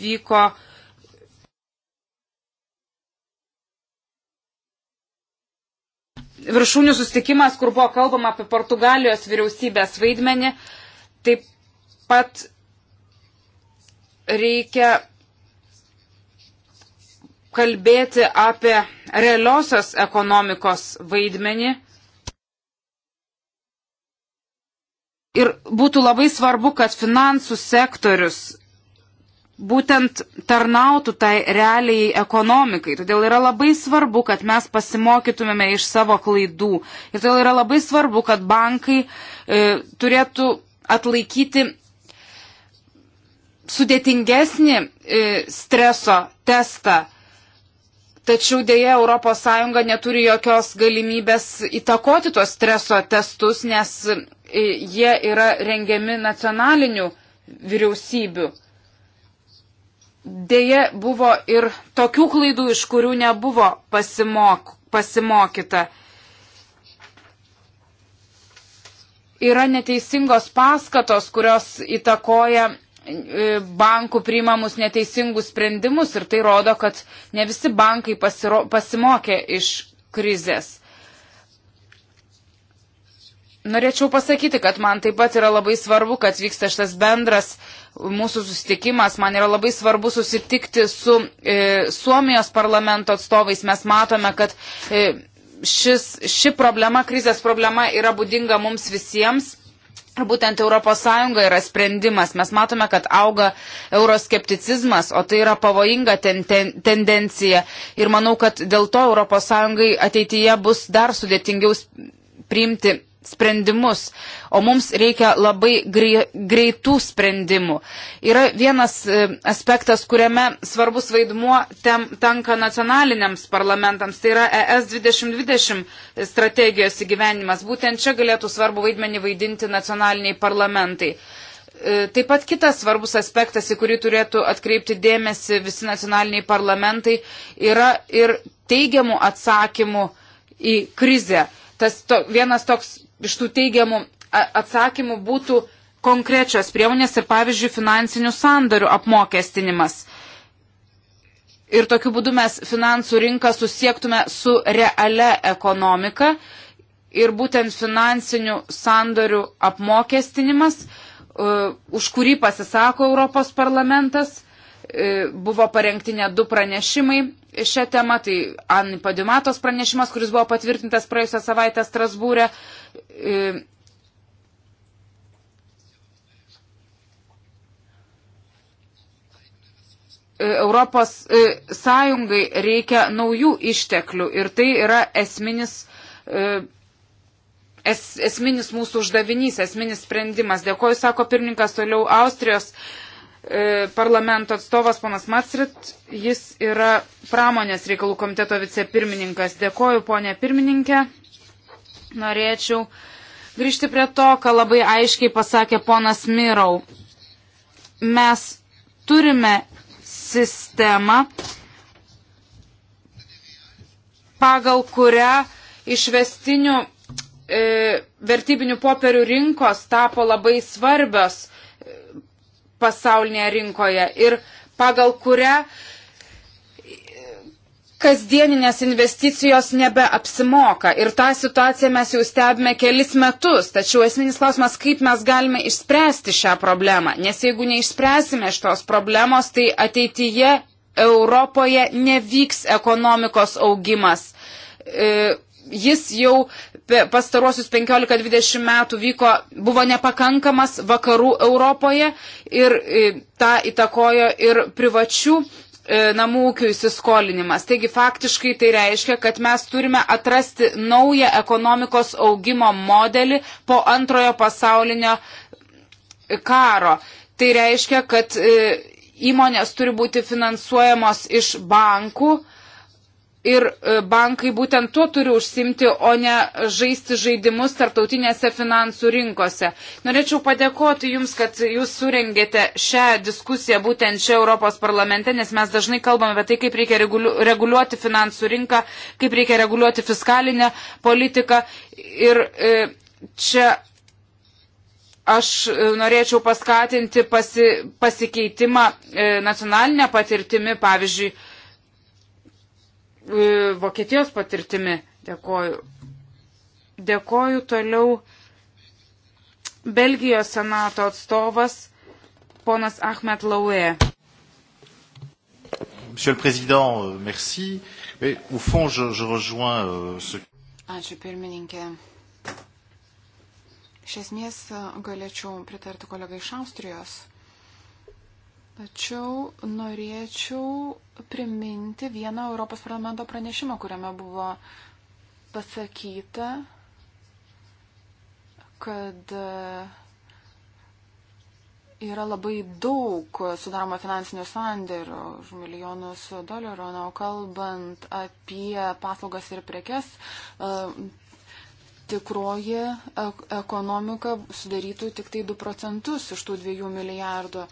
vyko viršūnių sustikimas, kur buvo kalbama apie Portugalijos vyriausybės vaidmenį. Taip pat reikia kalbėti apie realiosios ekonomikos vaidmenį. Ir būtų labai svarbu, kad finansų sektorius būtent tarnautų tai realiai ekonomikai. Todėl yra labai svarbu, kad mes pasimokytumėme iš savo klaidų. Ir todėl yra labai svarbu, kad bankai e, turėtų atlaikyti sudėtingesnį e, streso testą, tačiau dėja ES neturi jokios galimybės įtakoti tos streso testus, nes e, jie yra rengiami nacionalinių vyriausybių. Deja, buvo ir tokių klaidų, iš kurių nebuvo pasimok, pasimokyta. Yra neteisingos paskatos, kurios įtakoja E, bankų priimamus neteisingus sprendimus ir tai rodo, kad ne visi bankai pasiro, pasimokė iš krizės. Norėčiau pasakyti, kad man taip pat yra labai svarbu, kad vyksta šitas bendras mūsų susitikimas. Man yra labai svarbu susitikti su e, Suomijos parlamento atstovais. Mes matome, kad e, šis, ši problema, krizės problema yra būdinga mums visiems. Būtent ES yra sprendimas. Mes matome, kad auga euroskepticizmas, o tai yra pavojinga ten, ten, tendencija. Ir manau, kad dėl to ES ateityje bus dar sudėtingiau priimti sprendimus, o mums reikia labai greitų sprendimų. Yra vienas e, aspektas, kuriame svarbus vaidmuo tem, tenka nacionaliniams parlamentams, tai yra ES 2020 strategijos įgyvenimas. Būtent čia galėtų svarbu vaidmenį vaidinti nacionaliniai parlamentai. E, taip pat kitas svarbus aspektas, į kurį turėtų atkreipti dėmesį visi nacionaliniai parlamentai, yra ir teigiamų atsakymų į krizę tas to, vienas toks iš tų teigiamų atsakymų būtų konkrečios priemonės ir, pavyzdžiui, finansinių sandarių apmokestinimas. Ir tokiu būdu mes finansų rinką susiektume su reale ekonomika ir būtent finansinių sandorių apmokestinimas, e, už kurį pasisako Europos parlamentas, e, buvo parengti net du pranešimai šią temą, tai Anni Padimatos pranešimas, kuris buvo patvirtintas praėjusią savaitę Strasbūrė. E, Europos e, Sąjungai reikia naujų išteklių ir tai yra esminis e, es, esminis mūsų uždavinys, esminis sprendimas. Dėkoju, sako pirmininkas toliau Austrijos E, parlamento atstovas ponas Matsrit, jis yra pramonės reikalų komiteto vicepirmininkas. Dėkoju, ponė pirmininkė. Norėčiau grįžti prie to, ką labai aiškiai pasakė ponas Mirau. Mes turime sistemą, pagal kurią išvestinių e, vertybinių popierių rinkos tapo labai svarbios pasaulinėje rinkoje ir pagal kurią kasdieninės investicijos nebeapsimoka. Ir tą situaciją mes jau stebime kelis metus. Tačiau esminis klausimas, kaip mes galime išspręsti šią problemą. Nes jeigu neišspręsime šitos problemos, tai ateityje Europoje nevyks ekonomikos augimas. E, jis jau pastaruosius 15-20 metų vyko, buvo nepakankamas vakarų Europoje ir e, tą įtakojo ir privačių e, namų ūkių įsiskolinimas. Taigi faktiškai tai reiškia, kad mes turime atrasti naują ekonomikos augimo modelį po antrojo pasaulinio e, karo. Tai reiškia, kad įmonės turi būti finansuojamos iš bankų, Ir e, bankai būtent tuo turi užsimti, o ne žaisti žaidimus tarptautinėse finansų rinkose. Norėčiau padėkoti Jums, kad Jūs surengėte šią diskusiją būtent čia Europos parlamente, nes mes dažnai kalbame apie tai, kaip reikia reguliuoti finansų rinką, kaip reikia reguliuoti fiskalinę politiką. Ir e, čia aš e, norėčiau paskatinti pasi, pasikeitimą nacionalinę patirtimį, pavyzdžiui, E, Vokietijos patirtimi. Dėkoju. Dėkoju toliau Belgijos senato atstovas ponas Ahmed Laue. Monsieur le Président, euh, merci. Et, au fond, je, je rejoins euh, ce. Ačiū pirmininkė. Iš esmės galėčiau pritarti kolegai iš Austrijos. Tačiau norėčiau priminti vieną Europos parlamento pranešimą, kuriame buvo pasakyta, kad e, yra labai daug sudaroma finansinių sandėrių už milijonus dolerių, na, o kalbant apie paslaugas ir prekes, e, tikroji e, ekonomika sudarytų tik tai 2 procentus iš tų 2 milijardų.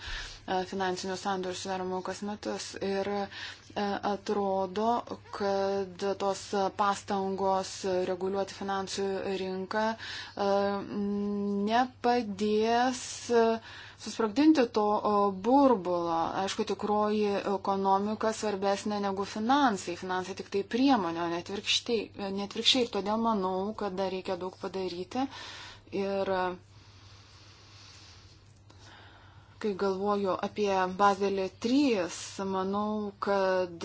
E, finansinių sandorių sudaromų kas metus. Ir e, atrodo, kad tos pastangos reguliuoti finansų rinką e, nepadės susprogdinti to burbulo. Aišku, tikroji ekonomika svarbesnė negu finansai. Finansai tik tai priemonė, netvirkščiai. Net ir todėl manau, kad dar reikia daug padaryti. Ir uh, Kai galvoju apie Bazelį 3, manau, kad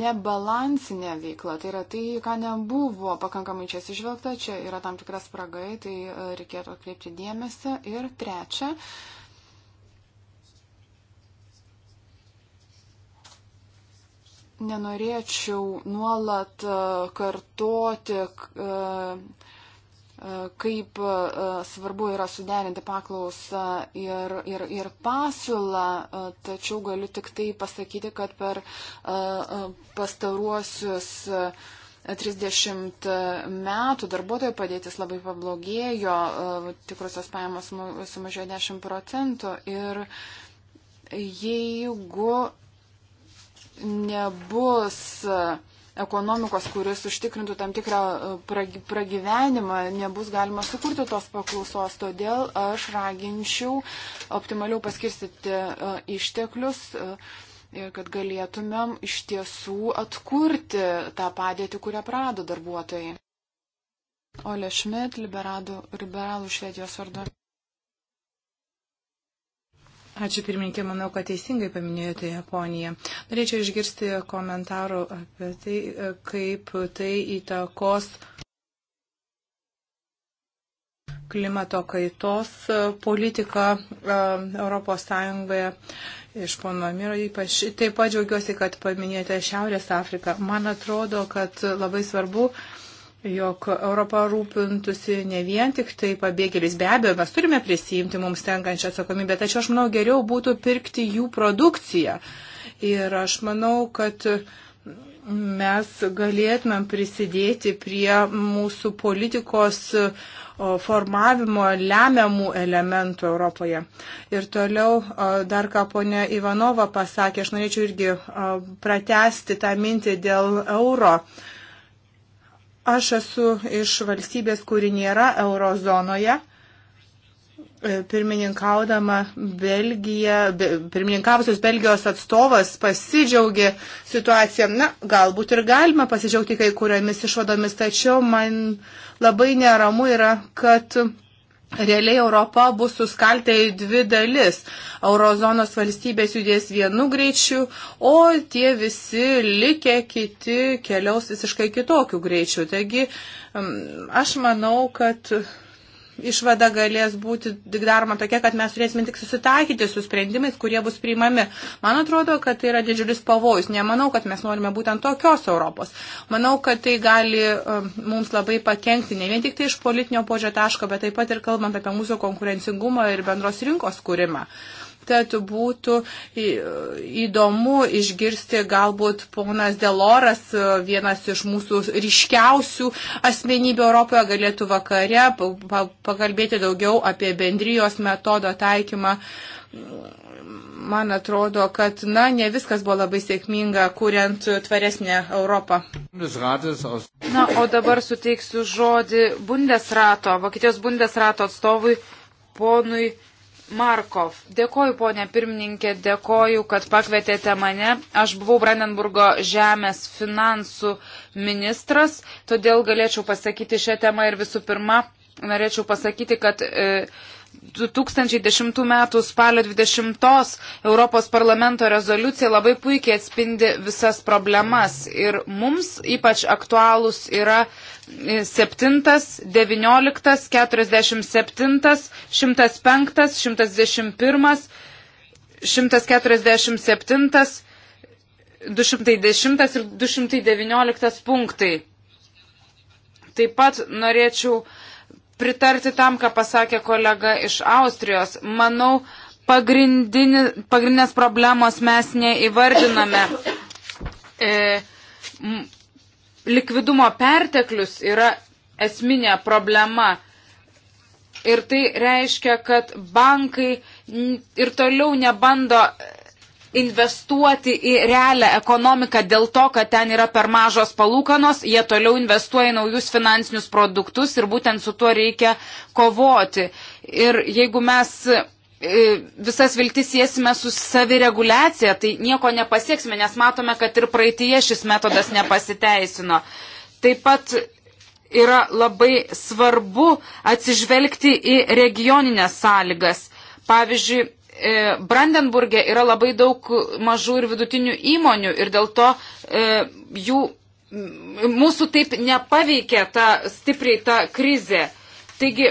nebalansinė veikla, tai yra tai, ką nebuvo pakankamai čia atsižvelgta, čia yra tam tikras spragai, tai e, reikėtų atkreipti dėmesį. Ir trečia, nenorėčiau nuolat e, kartoti e, E, kaip e, svarbu yra suderinti paklausą ir, ir, ir pasiūlą, e, tačiau galiu tik tai pasakyti, kad per pastaruosius 30 metų darbuotojų padėtis labai pablogėjo, tikrusios pajamos sumažėjo 10 procentų ir jeigu nebus uh, ekonomikos, kuris užtikrintų tam tikrą e, pragyvenimą, nebus galima sukurti tos paklausos. Todėl aš raginčiau optimaliau paskirstyti e, išteklius e, ir kad galėtumėm iš tiesų atkurti tą padėtį, kurią prado darbuotojai. Ole Šmit, liberalų Švedijos vardu. Ačiū pirmininkė, manau, kad teisingai paminėjote Japoniją. Norėčiau išgirsti komentarų apie tai, kaip tai įtakos klimato kaitos politiką Europos Sąjungoje iš pono Miro ypač. Taip pat džiaugiuosi, kad paminėjote Šiaurės Afriką. Man atrodo, kad labai svarbu uh, jog Europa rūpintųsi ne vien tik tai pabėgėliais. Be abejo, mes turime prisijimti mums tenkančią atsakomybę, tačiau aš manau, geriau būtų pirkti jų produkciją. Ir aš manau, kad mes galėtumėm prisidėti prie mūsų politikos formavimo lemiamų elementų Europoje. Ir toliau dar ką ponė Ivanova pasakė, aš norėčiau irgi pratesti tą mintį dėl euro. Uh, Aš esu iš valstybės, kuri nėra eurozonoje e, pirmininkaudama Belgija, pirmininkavusios Belgijos atstovas pasidžiaugė situaciją. Na, galbūt ir galima pasidžiaugti kai kuriomis išvadomis, tačiau man labai neramu yra, kad Realiai Europa bus suskaltę į dvi dalis. Eurozonos valstybės judės vienu greičiu, o tie visi likę kiti keliaus visiškai kitokiu greičiu. Taigi mm, aš manau, kad išvada galės būti daroma tokia, kad mes turėsime tik susitaikyti su sprendimais, kurie bus priimami. Man atrodo, kad tai yra didžiulis pavojus. Nemanau, kad mes norime būtent tokios Europos. Manau, kad tai gali um, mums labai pakengti, ne vien tik tai iš politinio požio taško, bet taip pat ir kalbant apie mūsų konkurencingumą ir bendros rinkos kūrimą. Uh, Tad būtų įdomu išgirsti galbūt ponas Deloras, e, vienas iš mūsų ryškiausių asmenybių Europoje, galėtų vakare pakalbėti daugiau apie bendrijos metodo taikymą man atrodo, kad, na, ne viskas buvo labai sėkminga, kuriant tvaresnę Europą. Na, o dabar suteiksiu žodį Bundesrato, Vokietijos Bundesrato atstovui ponui Markov. Dėkoju, ponė pirmininkė, dėkoju, kad pakvietėte mane. Aš buvau Brandenburgo žemės finansų ministras, todėl galėčiau pasakyti šią temą ir visų pirma, norėčiau pasakyti, kad e, 2010 m. spalio 20 Europos parlamento rezoliucija labai puikiai atspindi visas problemas. Ir mums ypač aktualūs yra 7, 19, 47, 105, 111, 147, 210 ir 219 punktai. Taip pat norėčiau uh, pritarti tam, ką pasakė kolega iš Austrijos. Manau, pagrindinės problemos mes neįvardiname. E, m, likvidumo perteklius yra esminė problema. Ir tai reiškia, kad bankai ir toliau nebando investuoti į realią ekonomiką dėl to, kad ten yra per mažos palūkanos, jie toliau investuoja į naujus finansinius produktus ir būtent su tuo reikia kovoti. Ir jeigu mes e, visas viltis siesime su savireguliacija, tai nieko nepasieksime, nes matome, kad ir praeitie šis metodas nepasiteisino. Taip pat yra labai svarbu atsižvelgti į regioninės sąlygas. Pavyzdžiui, E, Brandenburgė yra labai daug mažų ir vidutinių įmonių ir dėl to e, jų, mūsų taip nepaveikia ta stipriai ta krizė. Taigi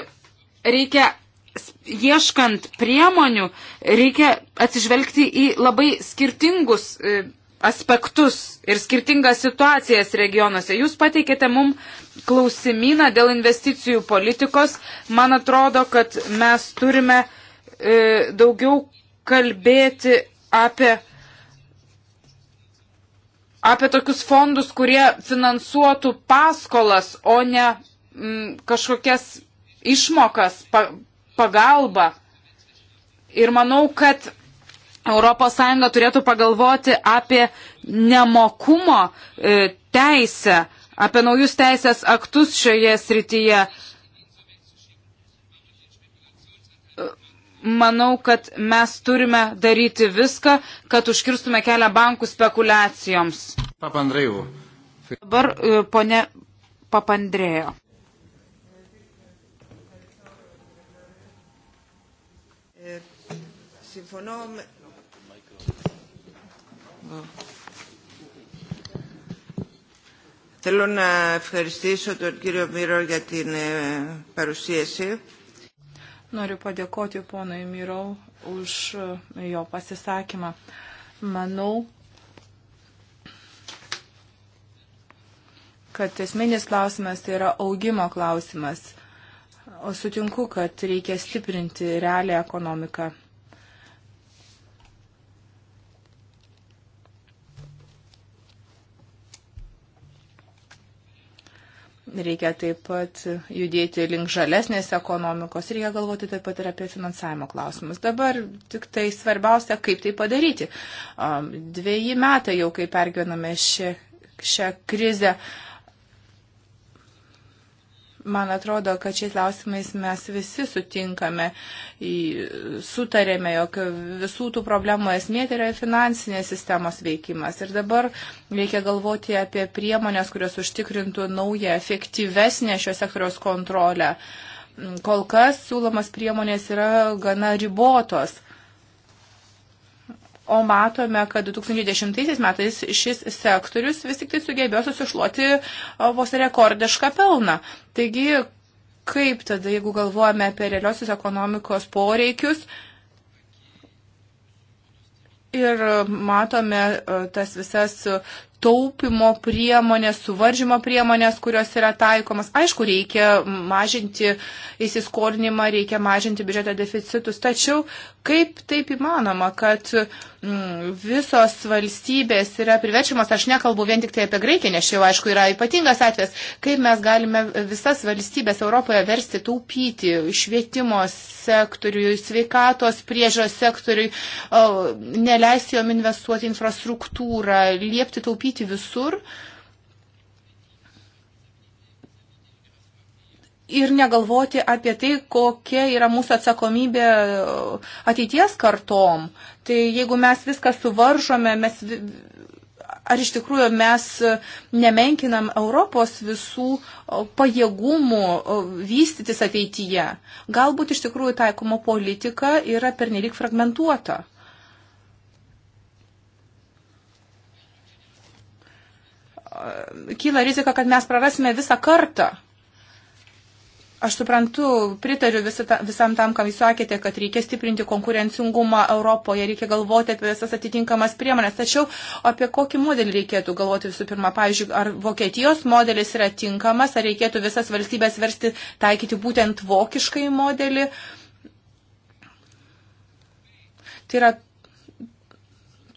reikia, ieškant priemonių, reikia atsižvelgti į labai skirtingus e, aspektus ir skirtingas situacijas regionuose. Jūs pateikėte mum klausimyną dėl investicijų politikos. Man atrodo, kad mes turime E, daugiau kalbėti apie, apie tokius fondus, kurie finansuotų paskolas, o ne m, kažkokias išmokas, pa, pagalbą. Ir manau, kad ES turėtų pagalvoti apie nemokumo e, teisę, apie naujus teisės aktus šioje srityje. manau, kad mes turime daryti viską, kad užkirstume kelią bankų spekulacijoms. Papandrėjau. Dabar e, ponė Papandrėjo. Συμφωνώ eh, με... Θέλω να ευχαριστήσω τον κύριο Μύρο για την παρουσίαση noriu padėkoti ponui Mirau už e, jo pasisakymą. Manau, kad esminis klausimas tai yra augimo klausimas. O sutinku, kad reikia stiprinti realią ekonomiką. Reikia taip pat judėti link žalesnės ekonomikos, reikia galvoti taip pat ir apie finansavimo klausimus. Dabar tik tai svarbiausia, kaip tai padaryti. Um, Dviejį metą jau, kai pergyvename šią, šią krizę, uh, Man atrodo, kad šiais klausimais mes visi sutinkame, sutarėme, jog visų tų problemų esmė tai yra finansinės sistemos veikimas. Ir dabar reikia galvoti apie priemonės, kurios užtikrintų naują, efektyvesnę šio sektoriaus kontrolę. Kol kas siūlomas priemonės yra gana ribotos O matome, kad 2010 metais šis sektorius vis tik tai sugebėjo susišluoti vos rekordišką pelną. Taigi, kaip tada, jeigu galvojame apie realiosios ekonomikos poreikius, ir matome tas visas taupimo priemonės, suvaržymo priemonės, kurios yra taikomas. Aišku, reikia mažinti įsiskolinimą, reikia mažinti biudžeto deficitus, tačiau kaip taip įmanoma, kad mm, visos valstybės yra priverčiamas, aš nekalbu vien tik tai apie Graikiją, nes jau aišku yra ypatingas atvejas, kaip mes galime visas valstybės Europoje versti taupyti švietimo sektoriui, sveikatos priežos sektoriui, neleisti jom investuoti infrastruktūrą, liepti taupyti taupyti visur. Ir negalvoti apie tai, kokia yra mūsų atsakomybė ateities kartom. Tai jeigu mes viską suvaržome, mes, ar iš tikrųjų mes nemenkinam Europos visų pajėgumų vystytis ateityje. Galbūt iš tikrųjų taikoma politika yra pernelik fragmentuota. kyla rizika, kad mes prarasime visą kartą. Aš suprantu, pritariu visata, visam tam, kam jūs sakėte, kad reikia stiprinti konkurencingumą Europoje, reikia galvoti apie visas atitinkamas priemonės. Tačiau apie kokį modelį reikėtų galvoti visų pirma? Pavyzdžiui, ar Vokietijos modelis yra tinkamas, ar reikėtų visas valstybės versti taikyti būtent vokiškai modelį? Tai yra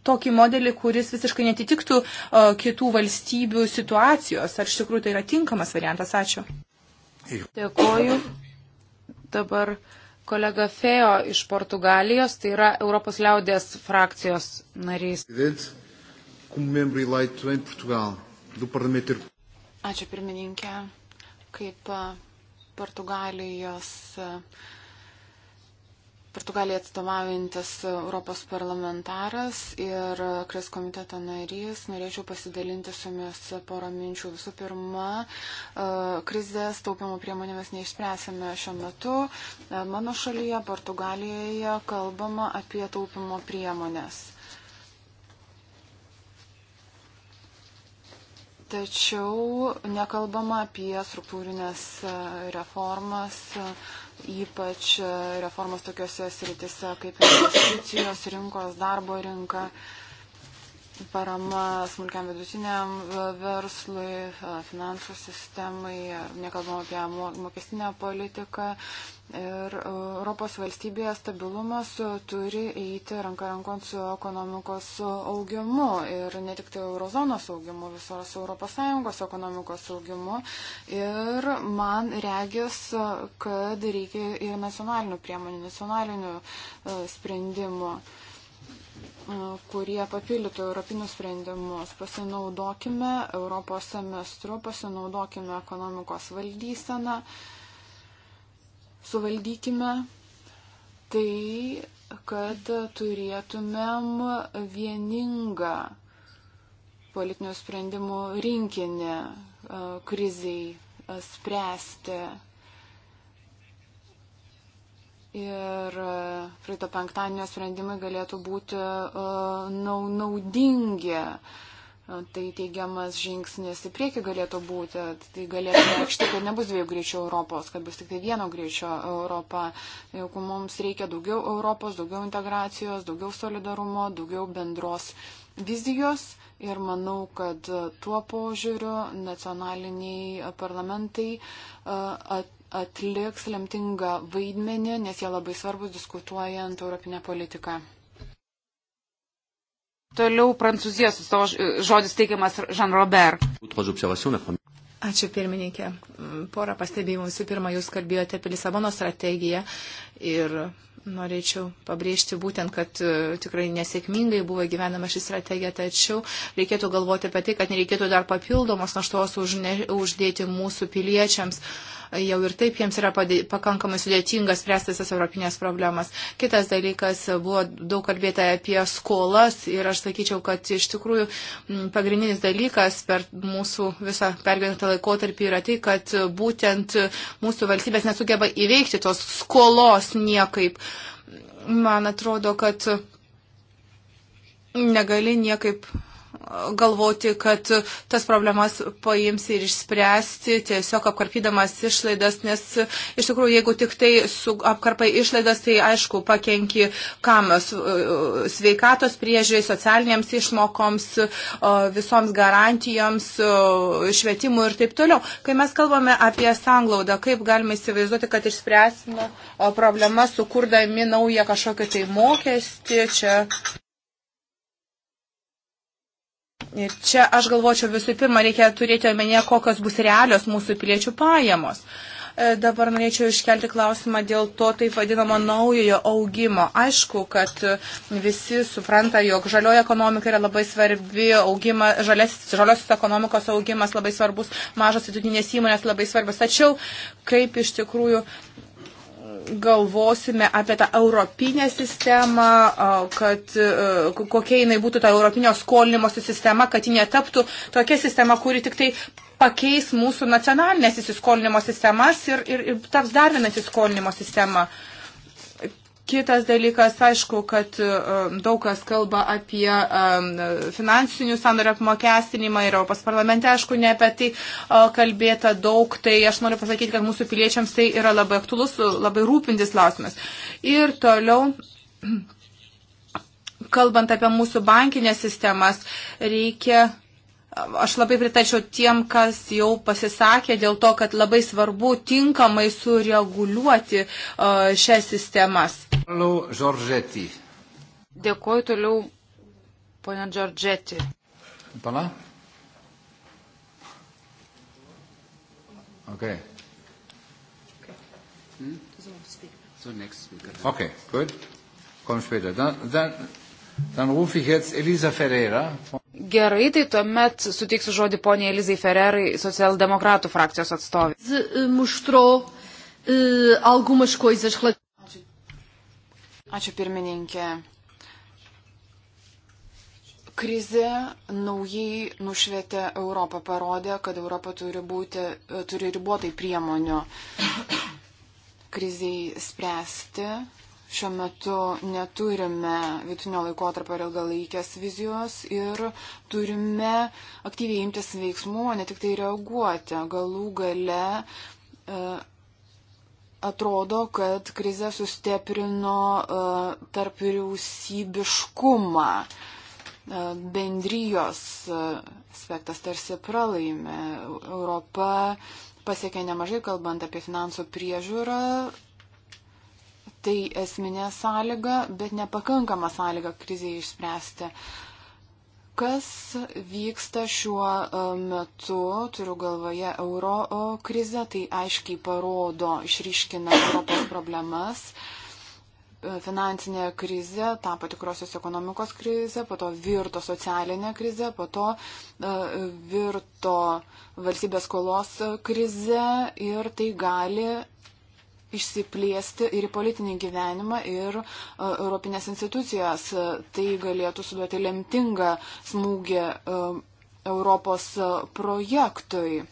tokį modelį, kuris visiškai netitiktų uh, kitų valstybių situacijos. Ar iš tikrųjų tai yra tinkamas variantas? Ačiū. Dėkoju. Dabar kolega Fejo iš Portugalijos, tai yra Europos liaudės frakcijos narys. Ačiū pirmininkė. Kaip uh, Portugalijos uh, Portugalija atstovaujantis Europos parlamentaras ir Kris komiteto narys, norėčiau pasidalinti su jumis porą minčių. Visų pirma, e, krizės taupimo priemonėmis neišspręsime šiuo metu. E, mano šalyje, Portugalijoje, kalbama apie taupimo priemonės. Tačiau nekalbama apie struktūrinės e, reformas ypač e, reformos tokiuose sritise kaip investicijos rinkos, darbo rinka. Uh, parama smulkiam vidutiniam e, verslui, e, finansų sistemai, nekalbam apie mokestinę politiką. Ir e, Europos valstybėje stabilumas turi eiti ranka rankon su ekonomikos augimu ir ne tik tai eurozonos augimu, visos ES ekonomikos augimu. Ir man regis, kad reikia ir nacionalinių priemonių, nacionalinių sprendimų. Uh, kurie papildytų europinius sprendimus. Pasinaudokime Europos semestru, pasinaudokime ekonomikos valdyseną, suvaldykime tai, kad turėtumėm vieningą politinių sprendimų rinkinį kriziai spręsti Ir e, praeito penktadienio sprendimai galėtų būti e, naudingi. E, tai teigiamas žingsnis į priekį galėtų būti. Tai galėtų reikšti, kad nebus dviejų greičių Europos, kad bus tik tai vieno greičio Europa. Jeigu mums reikia daugiau Europos, daugiau integracijos, daugiau solidarumo, daugiau bendros vizijos. Ir manau, kad tuo požiūriu nacionaliniai parlamentai at atliks lemtingą vaidmenį, nes jie labai svarbus diskutuojant Europinę politiką. Toliau prancūzijos savo žodis teikiamas Jean Robert. Ačiū pirmininkė. Porą pastebėjimų. Visų pirma, jūs kalbėjote apie Lisabono strategiją ir norėčiau pabrėžti būtent, kad e, tikrai nesėkmingai buvo gyvenama ši strategija, tačiau reikėtų galvoti apie tai, kad nereikėtų dar papildomos naštos už ne, uždėti mūsų piliečiams. Jau ir taip jiems yra padė, pakankamai sudėtinga spręsti visas europinės problemas. Kitas dalykas buvo daug kalbėta apie skolas ir aš sakyčiau, kad iš tikrųjų pagrindinis dalykas per mūsų visą pergyventą laikotarpį yra tai, kad būtent mūsų valstybės nesugeba įveikti tos skolos niekaip. Uh, man atrodo, kad negali niekaip galvoti, kad tas problemas paims ir išspręsti, tiesiog apkarpydamas išlaidas, nes iš tikrųjų, jeigu tik tai apkarpai išlaidas, tai aišku, pakenki kam e, sveikatos priežiūrai, socialinėms išmokoms, e, visoms garantijoms, e, švietimui ir taip toliau. Kai mes kalbame apie sanglaudą, kaip galime įsivaizduoti, kad išspręsime problemas, sukurdami naują kažkokį tai mokestį čia. Ir čia aš galvočiau visų pirma, reikia turėti omenyje, kokios bus realios mūsų piliečių pajamos. E, dabar norėčiau iškelti klausimą dėl to taip vadinamo naujojo augimo. Aišku, kad visi supranta, jog žalioji ekonomika yra labai svarbi, augima, žalės, žaliosios ekonomikos augimas labai svarbus, mažos vidutinės įmonės labai svarbus. Tačiau kaip iš tikrųjų galvosime apie tą europinę sistemą, kad e, kokia jinai būtų ta europinio skolinimosi sistema, kad ji netaptų tokia sistema, kuri tik tai pakeis mūsų nacionalinės įsiskolinimo sistemas ir, ir, ir taps dar vieną įsiskolinimo sistemą. Uh, Kitas dalykas, aišku, kad um, daug kas kalba apie um, finansinių sandorių apmokestinimą ir Europos parlamente, aišku, ne apie tai kalbėta daug, tai aš noriu pasakyti, kad mūsų piliečiams tai yra labai aktuolus, labai rūpintis klausimas. Ir toliau kalbant apie mūsų bankinės sistemas, reikia Aš labai pritačiau tiem, kas jau pasisakė dėl to, kad labai svarbu tinkamai sureguliuoti e, šias sistemas. Dėkuoju toliau, ponia Džordžeti. Pala? Okay. Hmm? So next speaker. Okay, gut. Komm später. Dann, dann, dann rufe ich jetzt Elisa Ferreira. Von Gerai, tai tuomet suteiksiu žodį poniai Elizai Ferrerai, socialdemokratų frakcijos atstovė. Ačiū pirmininkė. Krizė naujai nušvietė Europą, parodė, kad Europa turi, būti, turi ribotai priemonių kriziai spręsti šiuo metu neturime vidutinio laikotarpio ir ilgalaikės vizijos ir turime aktyviai imtis veiksmų, o ne tik tai reaguoti. Galų gale e, atrodo, kad krize sustiprino e, tarp vyriausybiškumą. E, bendrijos e, aspektas tarsi pralaimė. Europa pasiekė nemažai, kalbant apie finansų priežiūrą Tai esminė sąlyga, bet nepakankama sąlyga kriziai išspręsti. Kas vyksta šiuo e, metu, turiu galvoje euro e, krizę, tai aiškiai parodo, išryškina Europos problemas e, finansinė krizė, tapo tikrosios ekonomikos krizė, po to virto socialinė krizė, po to virto valstybės skolos krizė ir tai gali išsiplėsti ir į politinį gyvenimą ir e, Europinės institucijas. E, tai galėtų suduoti lemtingą smūgį e, Europos projektui.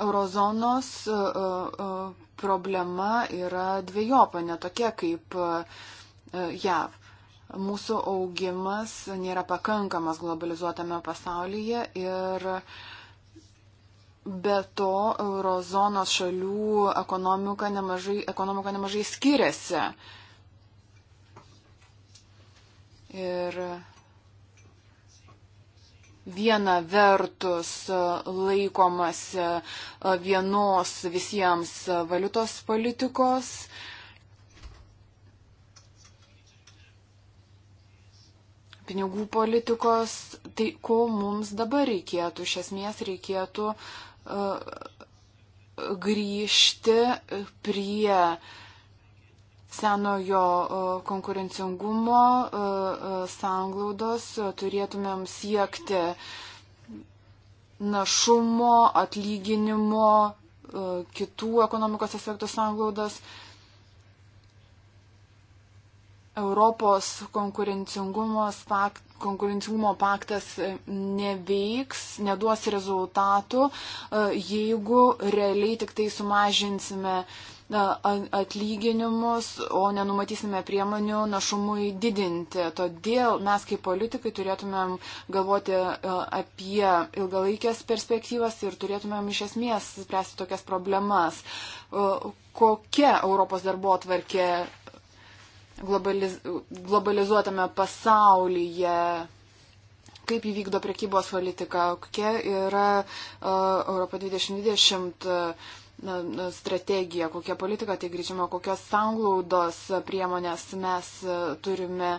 Eurozonos problema yra dviejopa, netokia kaip JAV mūsų augimas nėra pakankamas globalizuotame pasaulyje ir uh, Be to, eurozonos šalių ekonomika nemažai, ekonomika nemažai skiriasi. Ir viena vertus laikomas vienos visiems valiutos politikos, pinigų politikos, tai ko mums dabar reikėtų? Iš esmės reikėtų uh, grįžti prie senojo e, konkurencingumo e, e, sanglaudos, turėtumėm siekti našumo, atlyginimo, kitų ekonomikos aspektų sanglaudos. Europos konkurencingumo konkurencingumo paktas e, neveiks, neduos rezultatų, e, jeigu realiai tik tai sumažinsime e, atlyginimus, o nenumatysime priemonių našumui didinti. Todėl mes kaip politikai turėtumėm galvoti apie ilgalaikės perspektyvas ir turėtumėm iš esmės spręsti tokias problemas. Kokia Europos darbo atvarkė globaliz globalizuotame pasaulyje, kaip įvykdo prekybos politika, kokia yra uh, Europa 2020 uh, strategija, kokia politika tai grįžima, kokios sanglaudos priemonės mes turime,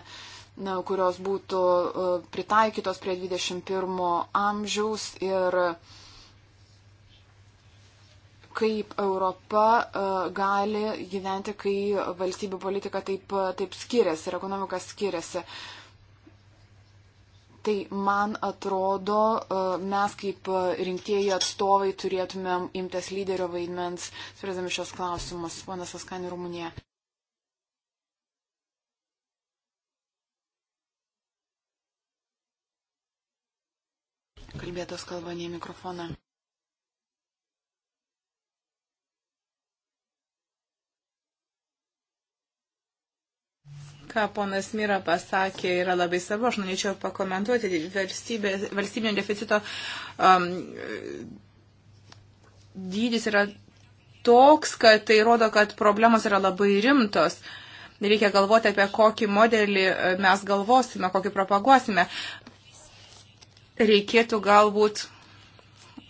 na, kurios būtų e, pritaikytos prie 21 amžiaus ir uh, kaip Europa e, gali gyventi, kai valstybių politika taip, e, taip skiriasi ir ekonomika skiriasi. Tai man atrodo, e, mes kaip rinkėjai atstovai turėtumėm imtis lyderio vaidmens, spręsdami šios klausimus. Ponas Askani, Rumunija. Kalbėtas kalba ne mikrofoną. ką ponas Mira pasakė, yra labai savo. Aš norėčiau pakomentuoti valstybinio deficito um, dydis yra toks, kad tai rodo, kad problemos yra labai rimtos. Reikia galvoti apie kokį modelį e, mes galvosime, kokį propaguosime. Reikėtų galbūt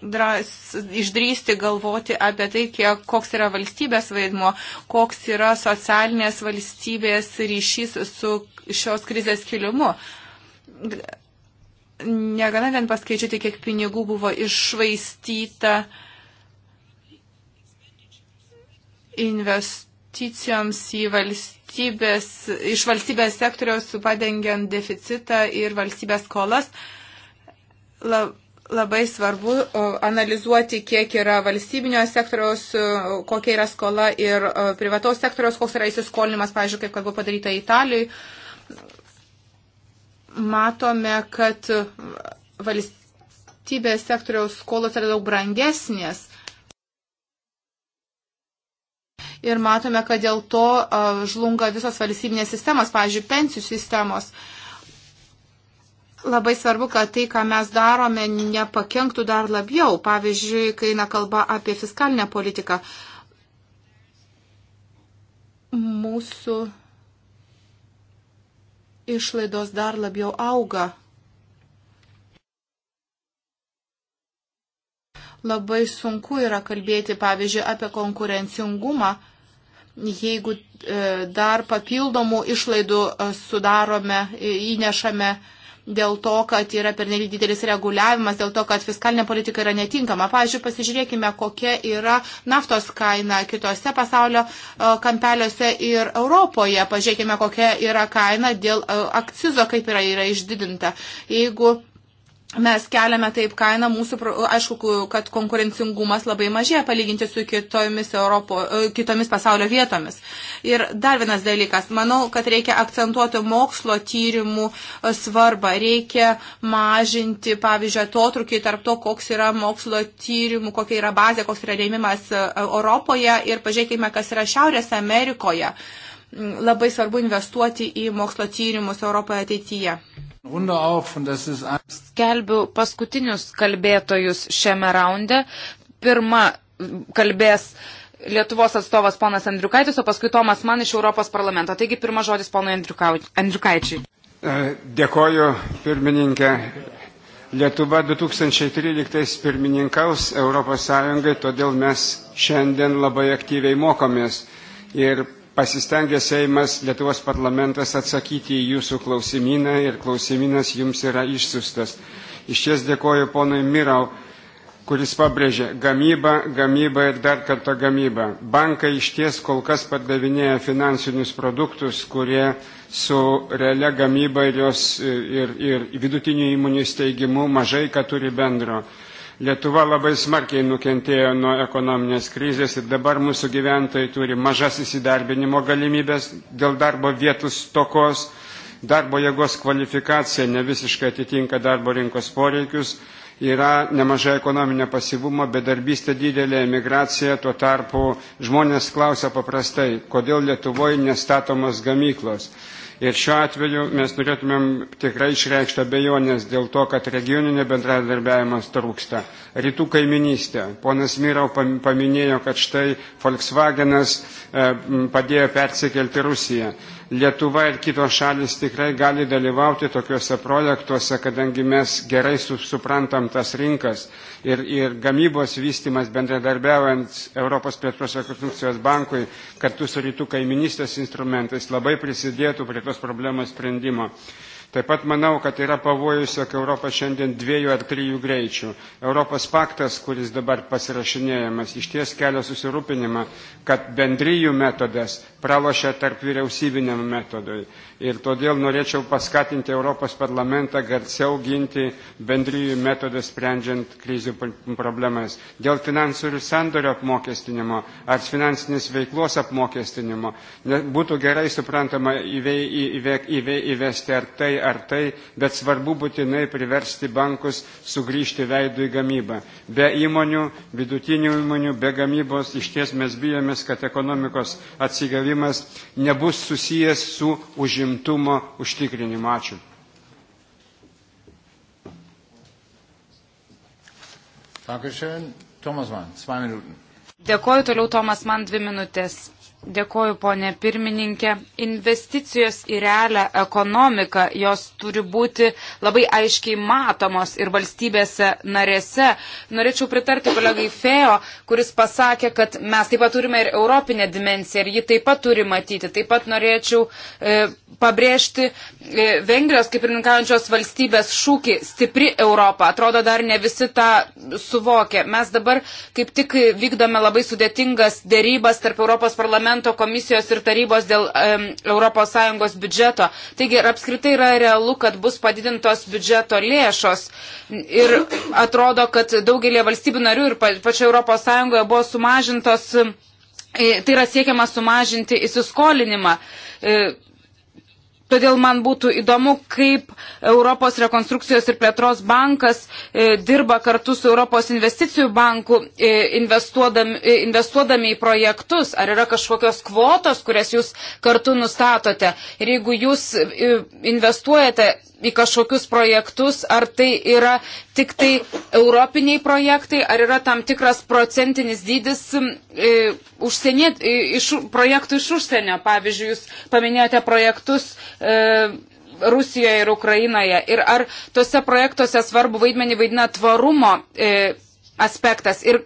dras, išdrysti galvoti apie tai, kiek, koks yra valstybės vaidmo, koks yra socialinės valstybės ryšys su šios krizės kilimu. Negana vien paskaičiuoti, kiek pinigų buvo išvaistyta investicijoms į valstybės, iš valstybės sektoriaus padengiant deficitą ir valstybės skolas. Lab, labai svarbu analizuoti, kiek yra valstybinio sektoriaus, kokia yra skola ir privataus sektoriaus, koks yra įsiskolinimas, pavyzdžiui, kaip kad buvo padaryta Italijai. Matome, kad valstybės sektoriaus skolos yra daug brangesnės. Ir matome, kad dėl to žlunga visos valstybinės sistemos, pavyzdžiui, pensijų sistemos. Uh, Labai svarbu, kad tai, ką mes darome, nepakenktų dar labiau. Pavyzdžiui, kai eina kalba apie fiskalinę politiką, mūsų išlaidos dar labiau auga. Labai sunku yra kalbėti, pavyzdžiui, apie konkurencingumą, jeigu e, dar papildomų išlaidų e, sudarome, e, įnešame dėl to, kad yra pernelyg didelis reguliavimas, dėl to, kad fiskalinė politika yra netinkama. Pavyzdžiui, pasižiūrėkime, kokia yra naftos kaina kitose pasaulio e, kampeliuose ir Europoje. Pažiūrėkime, kokia yra kaina dėl e, akcizo, kaip yra, yra išdidinta. Jeigu mes keliame taip kainą mūsų, aišku, kad konkurencingumas labai mažėja palyginti su kitomis, Europo, e, kitomis pasaulio vietomis. Ir dar vienas dalykas, manau, kad reikia akcentuoti mokslo tyrimų e, svarbą, reikia mažinti, pavyzdžiui, atotrukį tarp to, koks yra mokslo tyrimų, kokia yra bazė, koks yra reimimas e, Europoje ir pažiūrėkime, kas yra Šiaurės Amerikoje. Mm, labai svarbu investuoti į mokslo tyrimus Europoje ateityje. Skelbiu paskutinius kalbėtojus šiame raunde. Pirma kalbės Lietuvos atstovas ponas Andriukaitis, o paskui Tomas Man iš Europos parlamento. Taigi pirmas žodis ponui Andriukaičiai. E, dėkoju pirmininkė. Lietuva 2013 pirmininkaus Europos Sąjungai, todėl mes šiandien labai aktyviai mokomės. Ir pasistengė Seimas Lietuvos parlamentas atsakyti į jūsų klausimyną ir klausimynas jums yra išsiustas. Iš ties dėkoju ponui Mirau, kuris pabrėžė gamybą, gamybą ir dar kartą gamybą. Bankai iš ties kol kas pardavinėja finansinius produktus, kurie su realia gamyba ir, jos, ir, ir vidutinių įmonių steigimu mažai ką turi bendro. Lietuva labai smarkiai nukentėjo nuo ekonominės krizės ir dabar mūsų gyventojai turi mažas įsidarbinimo galimybės dėl darbo vietų stokos, darbo jėgos kvalifikacija ne visiškai atitinka darbo rinkos poreikius, yra nemažai ekonominio pasivumo, bedarbystė didelė, emigracija, tuo tarpu žmonės klausia paprastai, kodėl Lietuvoje nestatomos gamyklos. Ir šiuo atveju mes norėtumėm tikrai išreikštą bejonės dėl to, kad regioninė bendradarbiavimas trūksta. Rytų kaiminystė. Ponas Myrau paminėjo, kad štai Volkswagenas e, padėjo persikelti Rusiją. Lietuva ir kitos šalis tikrai gali dalyvauti tokiuose projektuose, kadangi mes gerai suprantam tas rinkas ir, ir gamybos vystimas bendradarbiaujant Europos plėtros rekonstrukcijos bankui kartu su rytų kaiminystės instrumentais labai prisidėtų prie tos problemos sprendimo. Taip pat manau, kad yra pavojus, jog Europa šiandien dviejų ar trijų greičių. Europos paktas, kuris dabar pasirašinėjamas, iš ties kelia susirūpinimą, kad bendryjų metodas pralošia tarp vyriausybiniam metodui. Ir todėl norėčiau paskatinti Europos parlamentą garsiau ginti bendryjų metodą sprendžiant krizių problemas. Dėl finansų ir sandorio apmokestinimo ar finansinės veiklos apmokestinimo būtų gerai suprantama įve, įve, įve, įvesti ar tai, ar tai, bet svarbu būtinai priversti bankus sugrįžti veidų į gamybą. Be įmonių, vidutinių įmonių, be gamybos iš ties mes bijomės, kad ekonomikos atsigavimas sprendimas nebus susijęs su užimtumo užtikrinimu. Ačiū. Dankeschön. Thomas Mann, zwei Minuten. Dėkoju toliau Tomas man dvi minutės. Dėkoju, ponė pirmininkė. Investicijos į realią ekonomiką, jos turi būti labai aiškiai matomos ir valstybėse narėse. Norėčiau pritarti kolegai Fejo, kuris pasakė, kad mes taip pat turime ir europinę dimenciją ir ji taip pat turi matyti. Taip pat norėčiau e, pabrėžti e, Vengrijos kaip pirmininkaujančios valstybės šūkį stipri Europa. Atrodo, dar ne visi tą suvokia. Mes dabar kaip tik vykdome labai sudėtingas dėrybas tarp Europos parlamento parlamento komisijos ir tarybos dėl um, ES biudžeto. Taigi ir apskritai yra realu, kad bus padidintos biudžeto lėšos. Ir atrodo, kad daugelį valstybių narių ir pačioje ES buvo sumažintos. E, tai yra siekiama sumažinti įsiskolinimą. E, Todėl man būtų įdomu, kaip Europos rekonstrukcijos ir plėtros bankas e, dirba kartu su Europos investicijų banku e, investuodami, e, investuodami į projektus. Ar yra kažkokios kvotos, kurias jūs kartu nustatote? Ir jeigu jūs investuojate į kažkokius projektus, ar tai yra tik tai europiniai projektai, ar yra tam tikras procentinis dydis e, užsienė, e, iš, projektų iš užsienio. Pavyzdžiui, jūs paminėjote projektus. E, Rusijoje ir Ukrainoje. Ir ar tuose projektuose svarbu vaidmenį vaidina tvarumo e, aspektas ir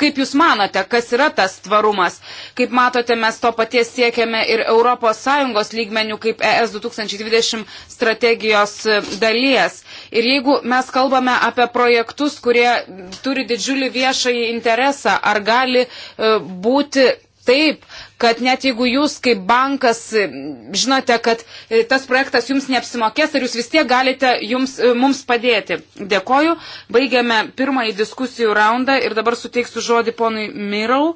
Kaip Jūs manote, kas yra tas tvarumas? Kaip matote, mes to paties siekiame ir ES lygmenių kaip ES 2020 strategijos e, dalies. Ir jeigu mes kalbame apie projektus, kurie turi didžiulį viešąjį interesą, ar gali e, būti taip, kad net jeigu jūs kaip bankas e, žinote, kad e, tas projektas jums neapsimokės, ar jūs vis tiek galite jums, e, mums padėti. Dėkoju. Baigiame pirmąjį diskusijų raundą ir dabar suteiksiu žodį ponui Mirau.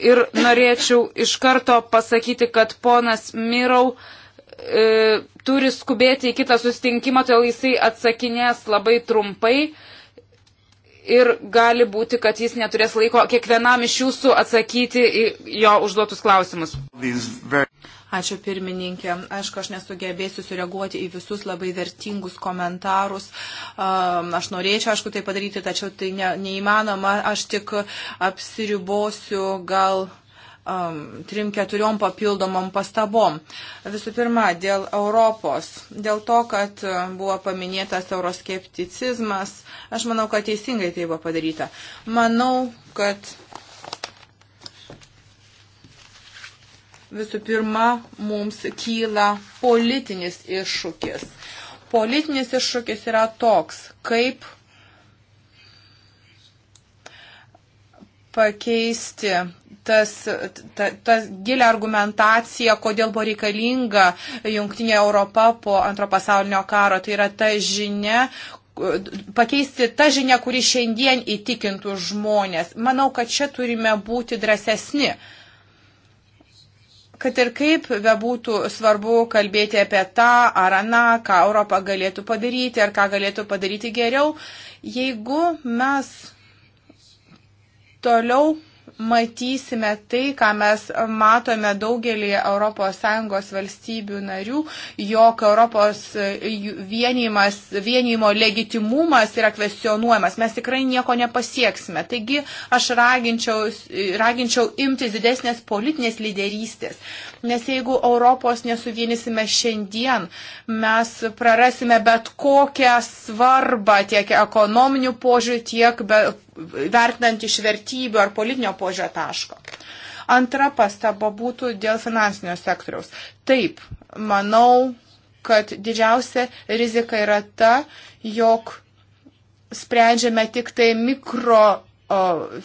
Ir norėčiau iš karto pasakyti, kad ponas Mirau e, turi skubėti į kitą susitinkimą, todėl jisai atsakinės labai trumpai ir gali būti, kad jis neturės laiko kiekvienam iš jūsų atsakyti į jo užduotus klausimus. Ačiū pirmininkė. Aišku, aš nesugebėsiu sureaguoti į visus labai vertingus komentarus. Aš norėčiau, aišku, tai padaryti, tačiau tai ne, neįmanoma. Aš tik apsiribosiu gal um, trim keturiom papildomom pastabom. Visų pirma, dėl Europos, dėl to, kad um, buvo paminėtas euroskepticizmas, aš manau, kad teisingai tai buvo padaryta. Manau, kad visų pirma, mums kyla politinis iššūkis. Politinis iššūkis yra toks, kaip pakeisti tas, ta, ta gilė argumentacija, kodėl buvo reikalinga jungtinė Europa po antro pasaulinio karo. Tai yra ta žinia, pakeisti tą žinią, kuri šiandien įtikintų žmonės. Manau, kad čia turime būti drąsesni kad ir kaip bebūtų svarbu kalbėti apie tą ar aną, ką Europą galėtų padaryti ar ką galėtų padaryti geriau, jeigu mes toliau matysime tai, ką mes matome daugelį ES valstybių narių, jog Europos e, vienimas, vienimo legitimumas yra kvestionuojamas. Mes tikrai nieko nepasieksime. Taigi aš raginčiau, raginčiau imtis didesnės politinės lyderystės. Nes jeigu Europos nesuvienysime šiandien, mes prarasime bet kokią svarbą tiek ekonominių požiūrį, tiek be, vertinant iš vertybių ar politinio požiūrio taško. Antra pastaba būtų dėl finansinio sektoriaus. Taip, manau, kad didžiausia rizika yra ta, jog sprendžiame tik tai mikro o,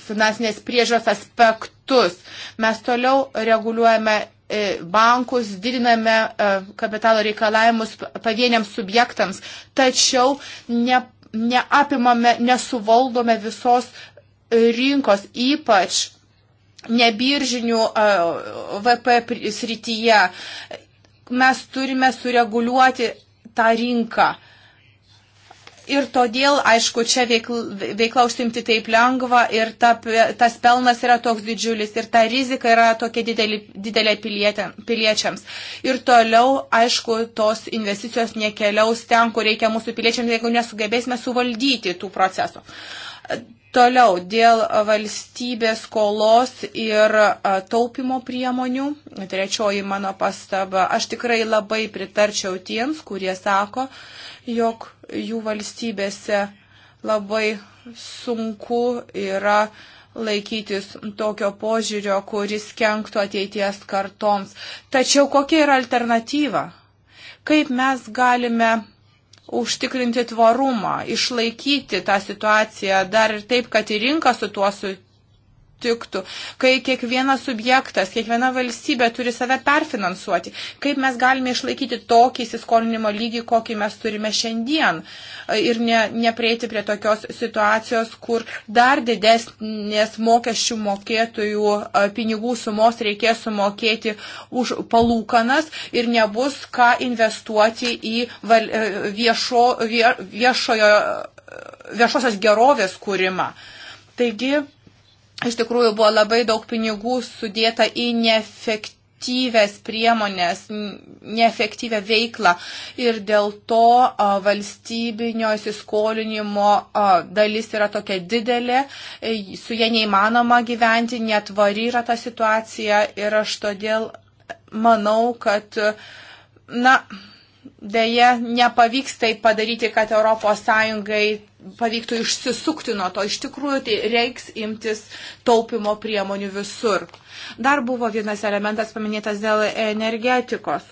finansinės priežos aspektus. Mes toliau reguliuojame E, bankus, didiname e, kapitalo reikalavimus pavieniams subjektams, tačiau ne, neapimame, nesuvaldome visos rinkos, ypač nebiržinių e, VP srityje. Mes turime sureguliuoti tą rinką Ir todėl, aišku, čia veikla, veikla užsimti taip lengva ir ta, tas pelnas yra toks didžiulis ir ta rizika yra tokia didelė, didelė pilietė, piliečiams. Ir toliau, aišku, tos investicijos nekeliaus ten, kur reikia mūsų piliečiams, jeigu nesugebėsime suvaldyti tų procesų. Toliau, dėl valstybės skolos ir taupimo priemonių, trečioji mano pastaba, aš tikrai labai pritarčiau tiems, kurie sako, jog jų valstybėse labai sunku yra laikytis tokio požiūrio, kuris kenktų ateities kartoms. Tačiau kokia yra alternatyva? Kaip mes galime užtikrinti tvarumą, išlaikyti tą situaciją dar ir taip, kad į rinką su tuo su, nutiktų, kai kiekvienas subjektas, kiekviena valstybė turi save perfinansuoti, kaip mes galime išlaikyti tokį įsiskolinimo lygį, kokį mes turime šiandien ir ne, neprieiti prie tokios situacijos, kur dar didesnės mokesčių mokėtojų pinigų sumos reikės sumokėti už palūkanas ir nebus ką investuoti į val, e, viešo, vie, viešojo, e, viešosios gerovės kūrimą. Taigi, iš tikrųjų buvo labai daug pinigų sudėta į neefektyves priemonės, neefektyvę veiklą ir dėl to valstybinio įsiskolinimo dalis yra tokia didelė, e, su jie neįmanoma gyventi, netvari yra ta situacija ir aš todėl manau, kad, na, Deja, nepavyks tai padaryti, kad ES pavyktų išsisukti nuo to. Iš tikrųjų, tai reiks imtis taupimo priemonių visur. Dar buvo vienas elementas paminėtas dėl energetikos.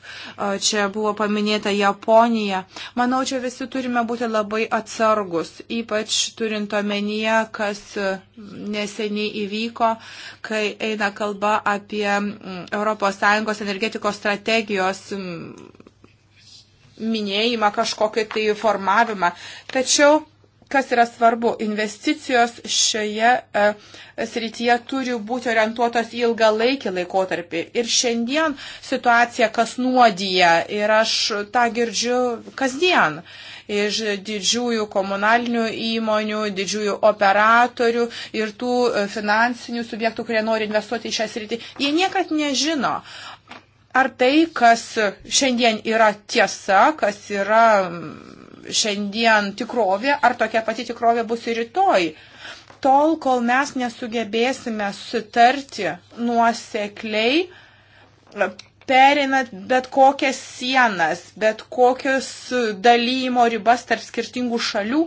Čia buvo paminėta Japonija. Manau, čia visi turime būti labai atsargus, ypač turint omenyje, kas neseniai įvyko, kai eina kalba apie ES energetikos strategijos minėjimą, kažkokį tai formavimą. Tačiau kas yra svarbu, investicijos šioje e, srityje turi būti orientuotos į ilgalaikį laikotarpį. Ir šiandien situacija kas nuodyje ir aš tą girdžiu kasdien iš didžiųjų komunalinių įmonių, didžiųjų operatorių ir tų e, finansinių subjektų, kurie nori investuoti į šią sritį. Jie niekad nežino, ar tai, kas šiandien yra tiesa, kas yra šiandien tikrovė, ar tokia pati tikrovė bus ir rytoj. Tol, kol mes nesugebėsime sutarti nuosekliai, perinat bet kokias sienas, bet kokius dalymo ribas tarp skirtingų šalių,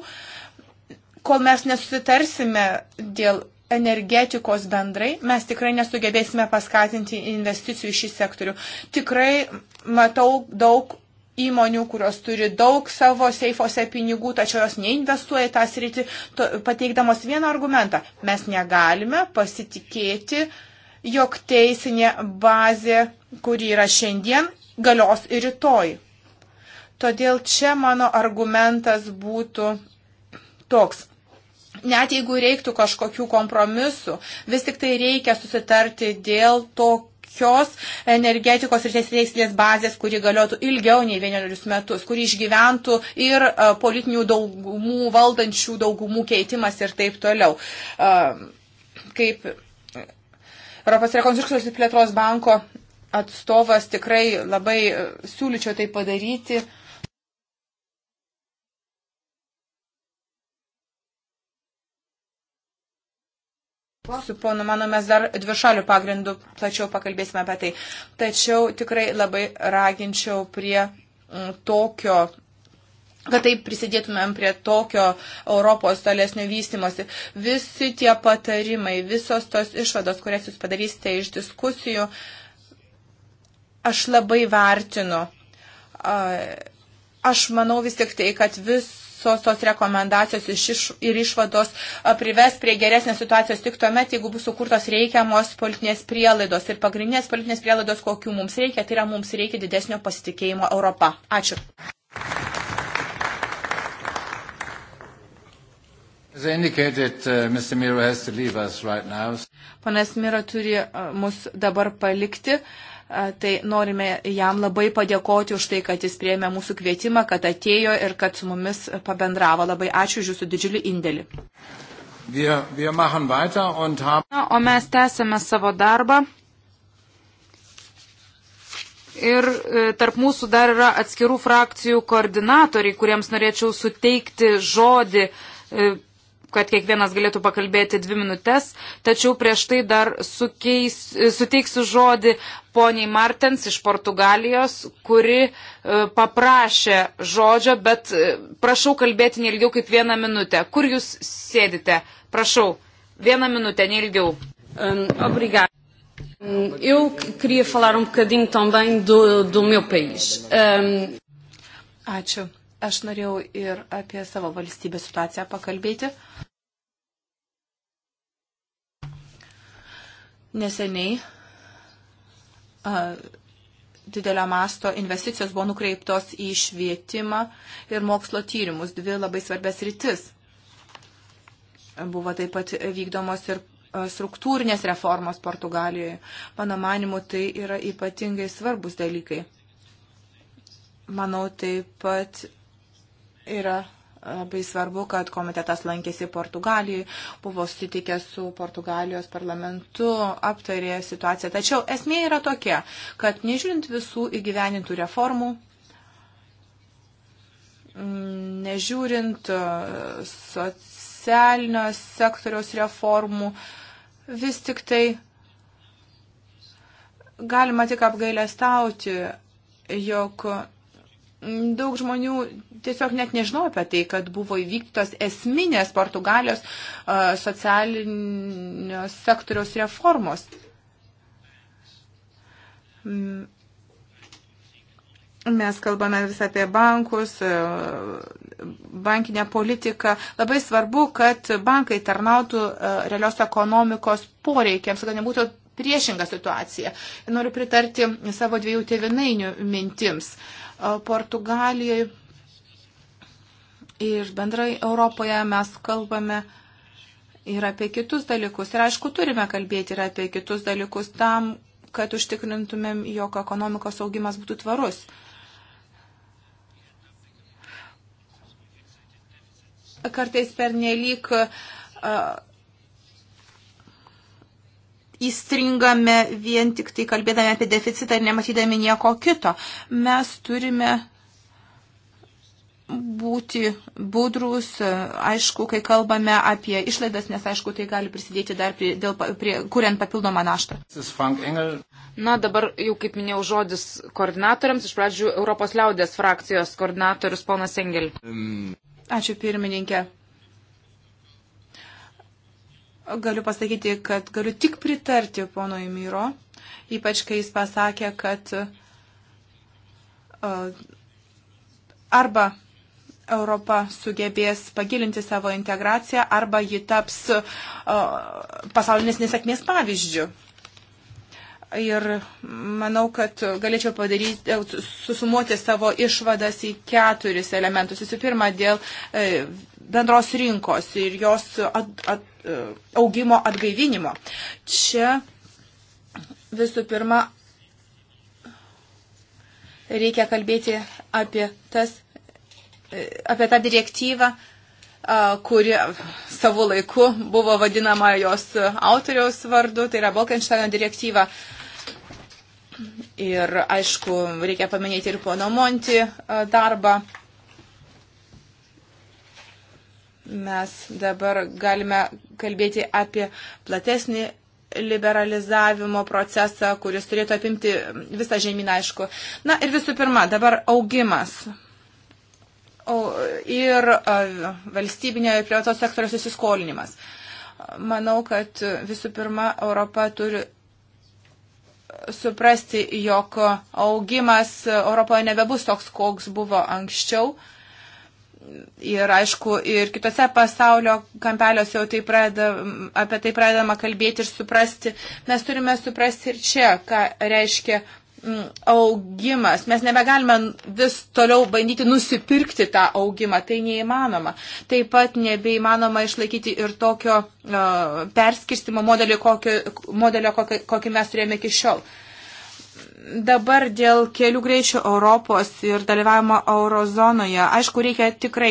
kol mes nesusitarsime dėl energetikos bendrai, mes tikrai nesugebėsime paskatinti investicijų į šį sektorių. Tikrai matau daug įmonių, kurios turi daug savo seifose pinigų, tačiau jos neinvestuoja į tą sritį, pateikdamos vieną argumentą. Mes negalime pasitikėti, jog teisinė bazė, kuri yra šiandien, galios ir rytoj. Todėl čia mano argumentas būtų toks. Net jeigu reiktų kažkokių kompromisų, vis tik tai reikia susitarti dėl to, tokios energetikos ir teisinės bazės, kuri galiotų ilgiau nei vienerius metus, kuri išgyventų ir e, politinių daugumų, valdančių daugumų keitimas ir taip toliau. E, kaip Europos rekonstrukcijos ir plėtros banko atstovas tikrai labai e, siūlyčiau tai padaryti. Su ponu, manau, mes dar dvišalių pagrindų plačiau pakalbėsime apie tai. Tačiau tikrai labai raginčiau prie mm, tokio kad taip prisidėtumėm prie tokio Europos tolesnio vystimosi. Visi tie patarimai, visos tos išvados, kurias jūs padarysite iš diskusijų, aš labai vertinu. Aš manau vis tik tai, kad vis visos tos rekomendacijos iš, ir išvados prives prie geresnės situacijos tik tuomet, jeigu bus sukurtos reikiamos politinės prielaidos. Ir pagrindinės politinės prielaidos, kokių mums reikia, tai yra mums reikia didesnio pasitikėjimo Europą. Ačiū. Uh, Panas Miro turi uh, mus dabar palikti. Tai norime jam labai padėkoti už tai, kad jis prieėmė mūsų kvietimą, kad atėjo ir kad su mumis pabendravo. Labai ačiū už jūsų didžiulį indėlį. Wir, wir haben... Na, o mes tęsėme savo darbą. Ir e, tarp mūsų dar yra atskirų frakcijų koordinatoriai, kuriems norėčiau suteikti žodį e, kad kiekvienas galėtų pakalbėti dvi minutės, tačiau prieš tai dar sukeis, suteiksiu žodį poniai Martens iš Portugalijos, kuri e, paprašė žodžio, bet e, prašau kalbėti neilgiau kaip vieną minutę. Kur jūs sėdite? Prašau, vieną minutę, neilgiau. Um, Obrigada. Um, eu queria falar um bocadinho também do, do meu país. Um... Ačiū. Aš norėjau ir apie savo valstybės situaciją pakalbėti. Neseniai a, didelio masto investicijos buvo nukreiptos į švietimą ir mokslo tyrimus, dvi labai svarbės rytis. Buvo taip pat vykdomos ir struktūrinės reformos Portugalijoje. Mano manimu, tai yra ypatingai svarbus dalykai. Manau, taip pat yra e, labai svarbu, kad komitetas lankėsi Portugalijoje, buvo sutikę su Portugalijos parlamentu, aptarė situaciją. Tačiau esmė yra tokia, kad nežiūrint visų įgyvenintų reformų, nežiūrint e, socialinio sektoriaus reformų, vis tik tai galima tik apgailestauti, jog daug žmonių tiesiog net nežinojo apie tai, kad buvo įvyktos esminės Portugalijos socialinio sektoriaus reformos. Mes kalbame vis apie bankus, bankinę politiką. Labai svarbu, kad bankai tarnautų realios ekonomikos poreikiams, kad nebūtų priešinga situacija. Noriu pritarti savo dviejų tevinainių mintims. Uh, Portugalijoje ir bendrai Europoje mes kalbame ir apie kitus dalykus. Ir aišku, turime kalbėti ir apie kitus dalykus tam, kad užtikrintumėm, jog ekonomikos augimas būtų tvarus. Kartais per nelik uh, įstringame vien tik tai kalbėdami apie deficitą ir nematydami nieko kito. Mes turime būti budrus, aišku, kai kalbame apie išlaidas, nes aišku, tai gali prisidėti dar prie, dėl, prie, kuriant papildomą naštą. Na, dabar jau, kaip minėjau, žodis koordinatoriams, iš pradžių Europos liaudės frakcijos koordinatorius ponas Engel. Um. Ačiū pirmininkė galiu pasakyti, kad galiu tik pritarti pono Imyro, ypač kai jis pasakė, kad e, arba Europa sugebės pagilinti savo integraciją, arba ji taps e, pasaulinės nesėkmės pavyzdžių ir manau, kad galėčiau padaryti, susumuoti savo išvadas į keturis elementus. Visų pirma, dėl e, bendros rinkos ir jos at, at, e, augimo atgaivinimo. Čia visų pirma, reikia kalbėti apie, tas, e, apie tą direktyvą, kuri savo laiku buvo vadinama jos autoriaus vardu, tai yra Balkanštaino direktyva. Ir aišku, reikia paminėti ir pono Monti e, darbą. Mes dabar galime kalbėti apie platesnį liberalizavimo procesą, kuris turėtų apimti visą žemyną, aišku. Na ir visų pirma, dabar augimas. O, ir e, valstybinio ir privataus sektorio susiskolinimas. Manau, kad visų pirma, Europa turi suprasti, jog augimas Europoje nebebus toks, koks buvo anksčiau. Ir aišku, ir kitose pasaulio kampeliuose jau tai pradeda, apie tai pradedama kalbėti ir suprasti. Mes turime suprasti ir čia, ką reiškia Mm, augimas. Mes nebegalime vis toliau bandyti nusipirkti tą augimą. Tai neįmanoma. Taip pat nebeįmanoma išlaikyti ir tokio uh, perskirstimo modelio, kokio, modelio kokį, kokį mes turėjome iki šiol. Uh, Dabar dėl kelių greičio Europos ir dalyvavimo eurozonoje. Aišku, reikia tikrai,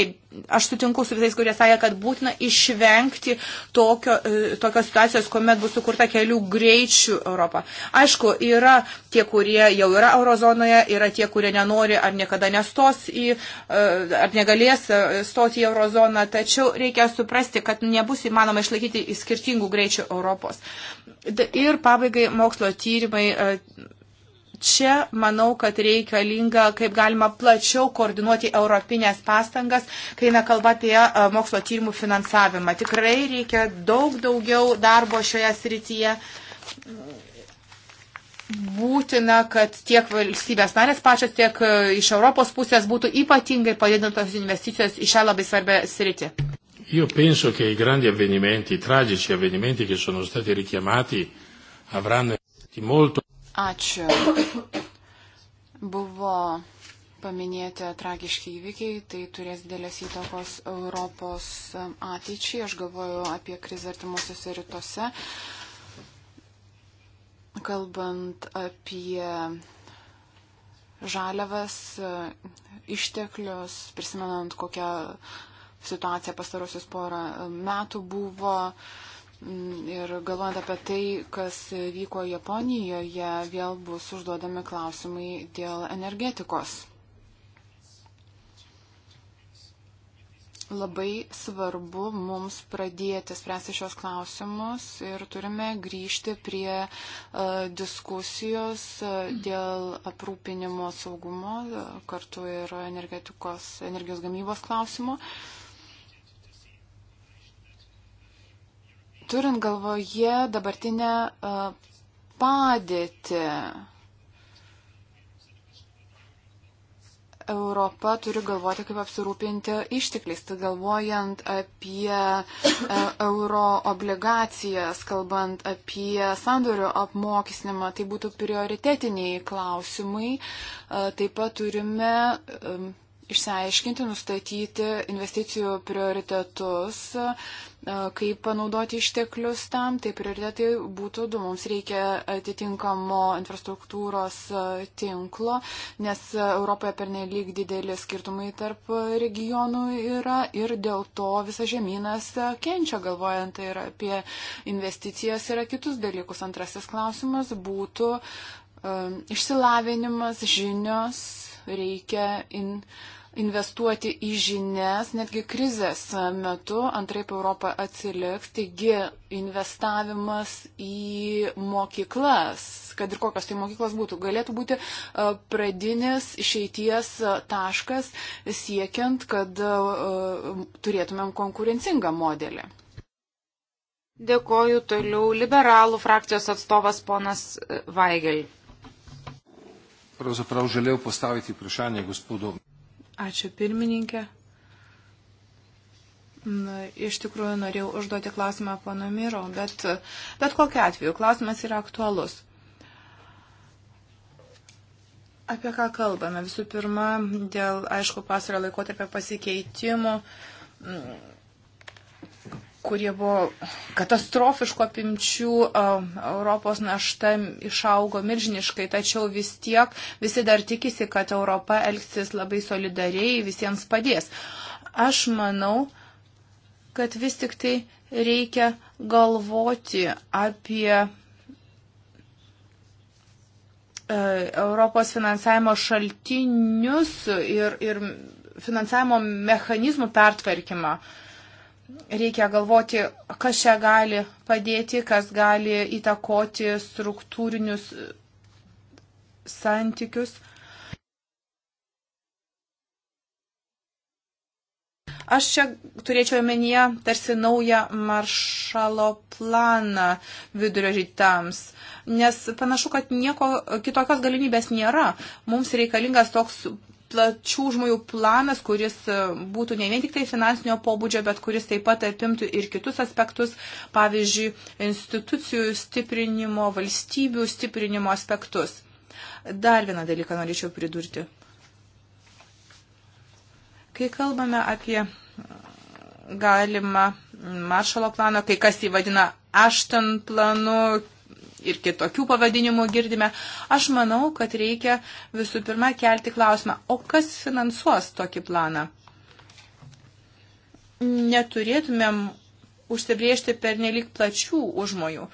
aš sutinku su visais, kurie sąja, kad būtina išvengti tokio, e, tokios situacijos, kuomet bus sukurta kelių greičių Europą. Aišku, yra tie, kurie jau yra eurozonoje, yra tie, kurie nenori ar niekada nestos į, e, ar negalės e, stoti į eurozoną, tačiau reikia suprasti, kad nebus įmanoma išlaikyti skirtingų greičių Europos. Ir pabaigai mokslo tyrimai čia manau, kad reikalinga, kaip galima plačiau koordinuoti europinės pastangas, kai eina kalba apie e, mokslo tyrimų finansavimą. Tikrai reikia daug daugiau darbo šioje srityje. Būtina, kad tiek valstybės narės pačios, tiek e, iš Europos pusės būtų ypatingai padidintos investicijos į šią labai svarbę sritį. Io penso che i grandi avvenimenti, i tragici avvenimenti che sono stati richiamati avranno molto Ačiū. Buvo paminėti tragiški įvykiai, tai turės didelės įtakos Europos ateičiai. Aš galvoju apie krizę artimuosiuose rytuose. Kalbant apie žaliavas, išteklius, prisimenant kokią situaciją pastarosius porą metų buvo, uh, Mm, ir galvojant apie tai, kas vyko Japonijoje, vėl bus užduodami klausimai dėl energetikos. Labai svarbu mums pradėti spręsti šios klausimus ir turime grįžti prie uh, diskusijos uh, dėl aprūpinimo saugumo, uh, kartu ir energetikos, energijos gamybos klausimų. Uh, turint galvoje dabartinę e, padėtį. Europa turi galvoti, kaip apsirūpinti ištekliais. Tai galvojant apie e, euro obligacijas, kalbant apie sandorių apmokestinimą, tai būtų prioritetiniai klausimai. E, taip pat turime išsiaiškinti, nustatyti investicijų prioritetus, e, kaip panaudoti išteklius tam, tai prioritetai būtų du. Mums reikia atitinkamo infrastruktūros e, tinklo, nes Europoje pernelyg dideli skirtumai tarp regionų yra ir dėl to visas žemynas e, kenčia, galvojant ir tai apie investicijas ir kitus dalykus. Antrasis klausimas būtų um, išsilavinimas, žinios reikia in, uh, investuoti į žinias, netgi krizės metu, antraip Europą atsiliks, taigi investavimas į mokyklas, kad ir kokios tai mokyklas būtų, galėtų būti e, pradinis išeities e, taškas siekiant, kad e, turėtumėm konkurencingą modelį. Dėkoju toliau liberalų frakcijos atstovas ponas Vaigel. Pravzaprav želel postaviti vprašanje gospodu Ačiū pirmininkė. Na, iš tikrųjų norėjau užduoti klausimą pono Miro, bet, bet kokiu atveju klausimas yra aktualus. Apie ką kalbame? Visų pirma, dėl, aišku, pasaro laikotarpio pasikeitimų kurie buvo katastrofiško apimčių, Europos našta išaugo milžiniškai, tačiau vis tiek visi dar tikisi, kad Europa elgsis labai solidariai, visiems padės. Aš manau, kad vis tik tai reikia galvoti apie e, Europos finansavimo šaltinius ir, ir finansavimo mechanizmų pertvarkymą. Uh, reikia galvoti, kas čia gali padėti, kas gali įtakoti struktūrinius santykius. Aš čia turėčiau omenyje tarsi naują maršalo planą vidurio rytams, nes panašu, kad nieko kitokios galimybės nėra. Mums reikalingas toks plačių žmonių planas, kuris e, būtų ne vien tik tai finansinio pobūdžio, bet kuris taip pat apimtų ir kitus aspektus, pavyzdžiui, institucijų stiprinimo, valstybių stiprinimo aspektus. Dar vieną dalyką norėčiau pridurti. Kai kalbame apie galimą maršalo planą, kai kas jį vadina Ashton planu, ir kitokių pavadinimų girdime. Aš manau, kad reikia visų pirma kelti klausimą, o kas finansuos tokį planą? Neturėtumėm užsibriežti per nelik plačių užmojų.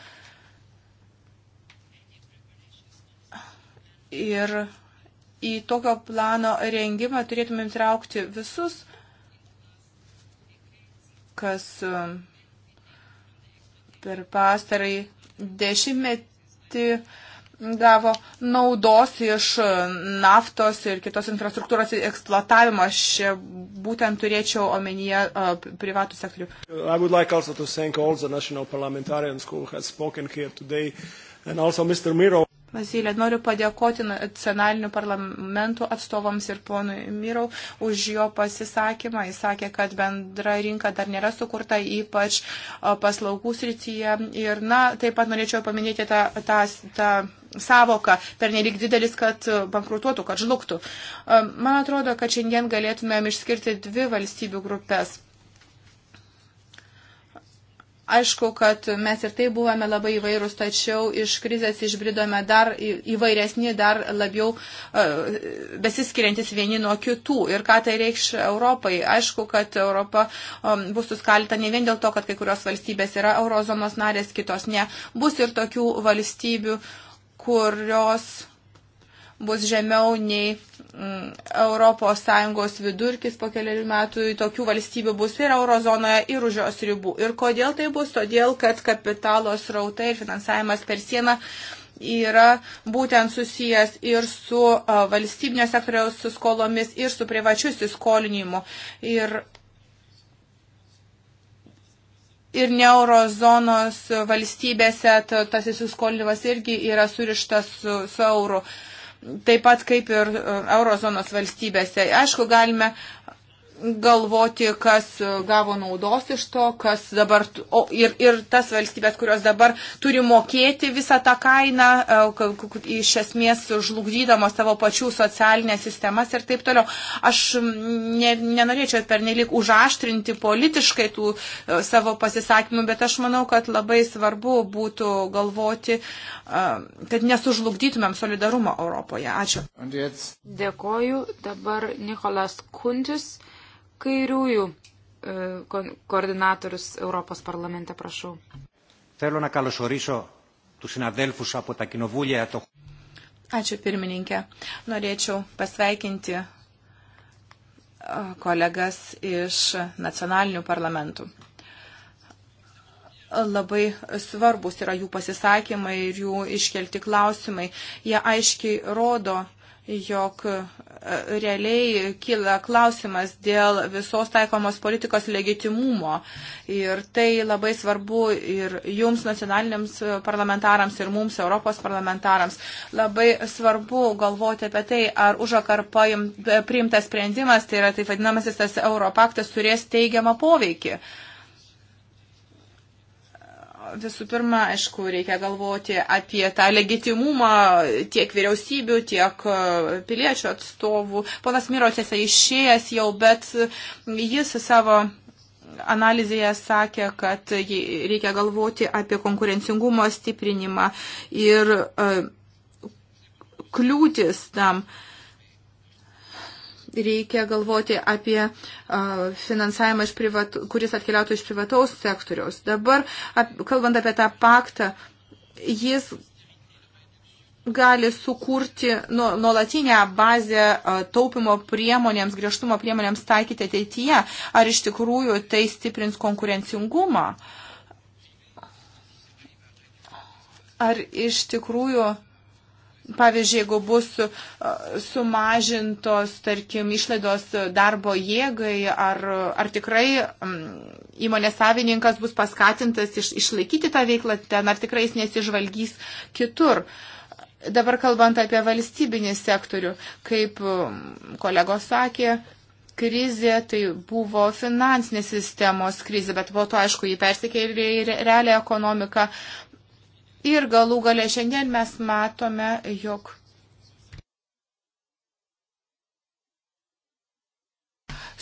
Ir į tokio plano rengimą turėtumėm traukti visus, kas um, per pastarai dešimtmetį gavo naudos iš naftos ir kitos infrastruktūros eksploatavimo. Aš būtent turėčiau omenyje privatų sektorių. Like to and also Mr. Miro. Vazilė. Noriu padėkoti nacionalinių parlamentų atstovams ir ponui Mirau už jo pasisakymą. Jis sakė, kad bendra rinka dar nėra sukurta, ypač paslaugų srityje. Ir, na, taip pat norėčiau paminėti tą, tą, tą savoka pernelik didelis, kad bankrutuotų, kad žlugtų. Man atrodo, kad šiandien galėtumėm išskirti dvi valstybių grupės. Aišku, kad mes ir tai buvome labai įvairūs, tačiau iš krizės išbridome dar įvairesni, dar labiau uh, besiskiriantis vieni nuo kitų. Ir ką tai reikš Europai? Aišku, kad Europa um, bus suskalita ne vien dėl to, kad kai kurios valstybės yra eurozonos narės, kitos ne. Bus ir tokių valstybių, kurios bus žemiau nei ES vidurkis po keliarių metų tokių valstybių bus ir eurozonoje, ir už jos ribų. Ir kodėl tai bus? Todėl, kad kapitalo srautai ir finansavimas per sieną yra būtent susijęs ir su valstybinio sektoriaus skolomis, ir su privačiu įsiskolinimu. Ir ir ne eurozonos valstybėse tas įsiskolinimas irgi yra surištas su, su euru. Uh, taip pat kaip ir e, eurozonos valstybėse. Aišku, galime galvoti, kas gavo naudos iš to, kas dabar, o, ir, ir tas valstybės, kurios dabar turi mokėti visą tą kainą, e, iš esmės žlugdydamos savo pačių socialinės sistemas ir taip toliau. Aš ne, nenorėčiau pernelik užaštrinti politiškai tų e, savo pasisakymų, bet aš manau, kad labai svarbu būtų galvoti, e, kad nesužlugdytumėm solidarumą Europoje. Ačiū. Dėkoju. Dabar Nikolas Kuntis kairiųjų e, ko koordinatorius Europos parlamente, prašau. Ačiū pirmininkė. Norėčiau pasveikinti e, kolegas iš nacionalinių parlamentų labai svarbus yra jų pasisakymai ir jų iškelti klausimai. Jie aiškiai rodo, jog e, realiai kyla klausimas dėl visos taikomos politikos legitimumo. Ir tai labai svarbu ir jums, nacionaliniams parlamentarams, ir mums, Europos parlamentarams. Labai svarbu galvoti apie tai, ar užakar priimtas sprendimas, tai yra taip vadinamasis tas Europaktas, turės teigiamą poveikį. Uh, Visų pirma, aišku, reikia galvoti apie tą legitimumą tiek vyriausybių, tiek e, piliečių atstovų. Ponas Mirotėse išėjęs jau, bet jis savo analizėje sakė, kad reikia galvoti apie konkurencingumo stiprinimą ir e, kliūtis tam. Uh, reikia galvoti apie finansavimą, privat, kuris atkeliautų iš privataus sektoriaus. Dabar, kalbant apie tą paktą, jis gali sukurti nu, nuolatinę bazę taupimo priemonėms, griežtumo priemonėms taikyti ateityje. Ar iš tikrųjų tai stiprins konkurencingumą? Ar iš tikrųjų Pavyzdžiui, jeigu bus sumažintos, tarkim, išlaidos darbo jėgai, ar, ar tikrai įmonės savininkas bus paskatintas iš, išlaikyti tą veiklą ten, ar tikrai jis nesižvalgys kitur. Dabar kalbant apie valstybinį sektorių, kaip kolegos sakė, krizė, tai buvo finansinės sistemos krizė, bet po to, aišku, jį persikėlė į realią ekonomiką, Ir galų galę šiandien mes matome, jog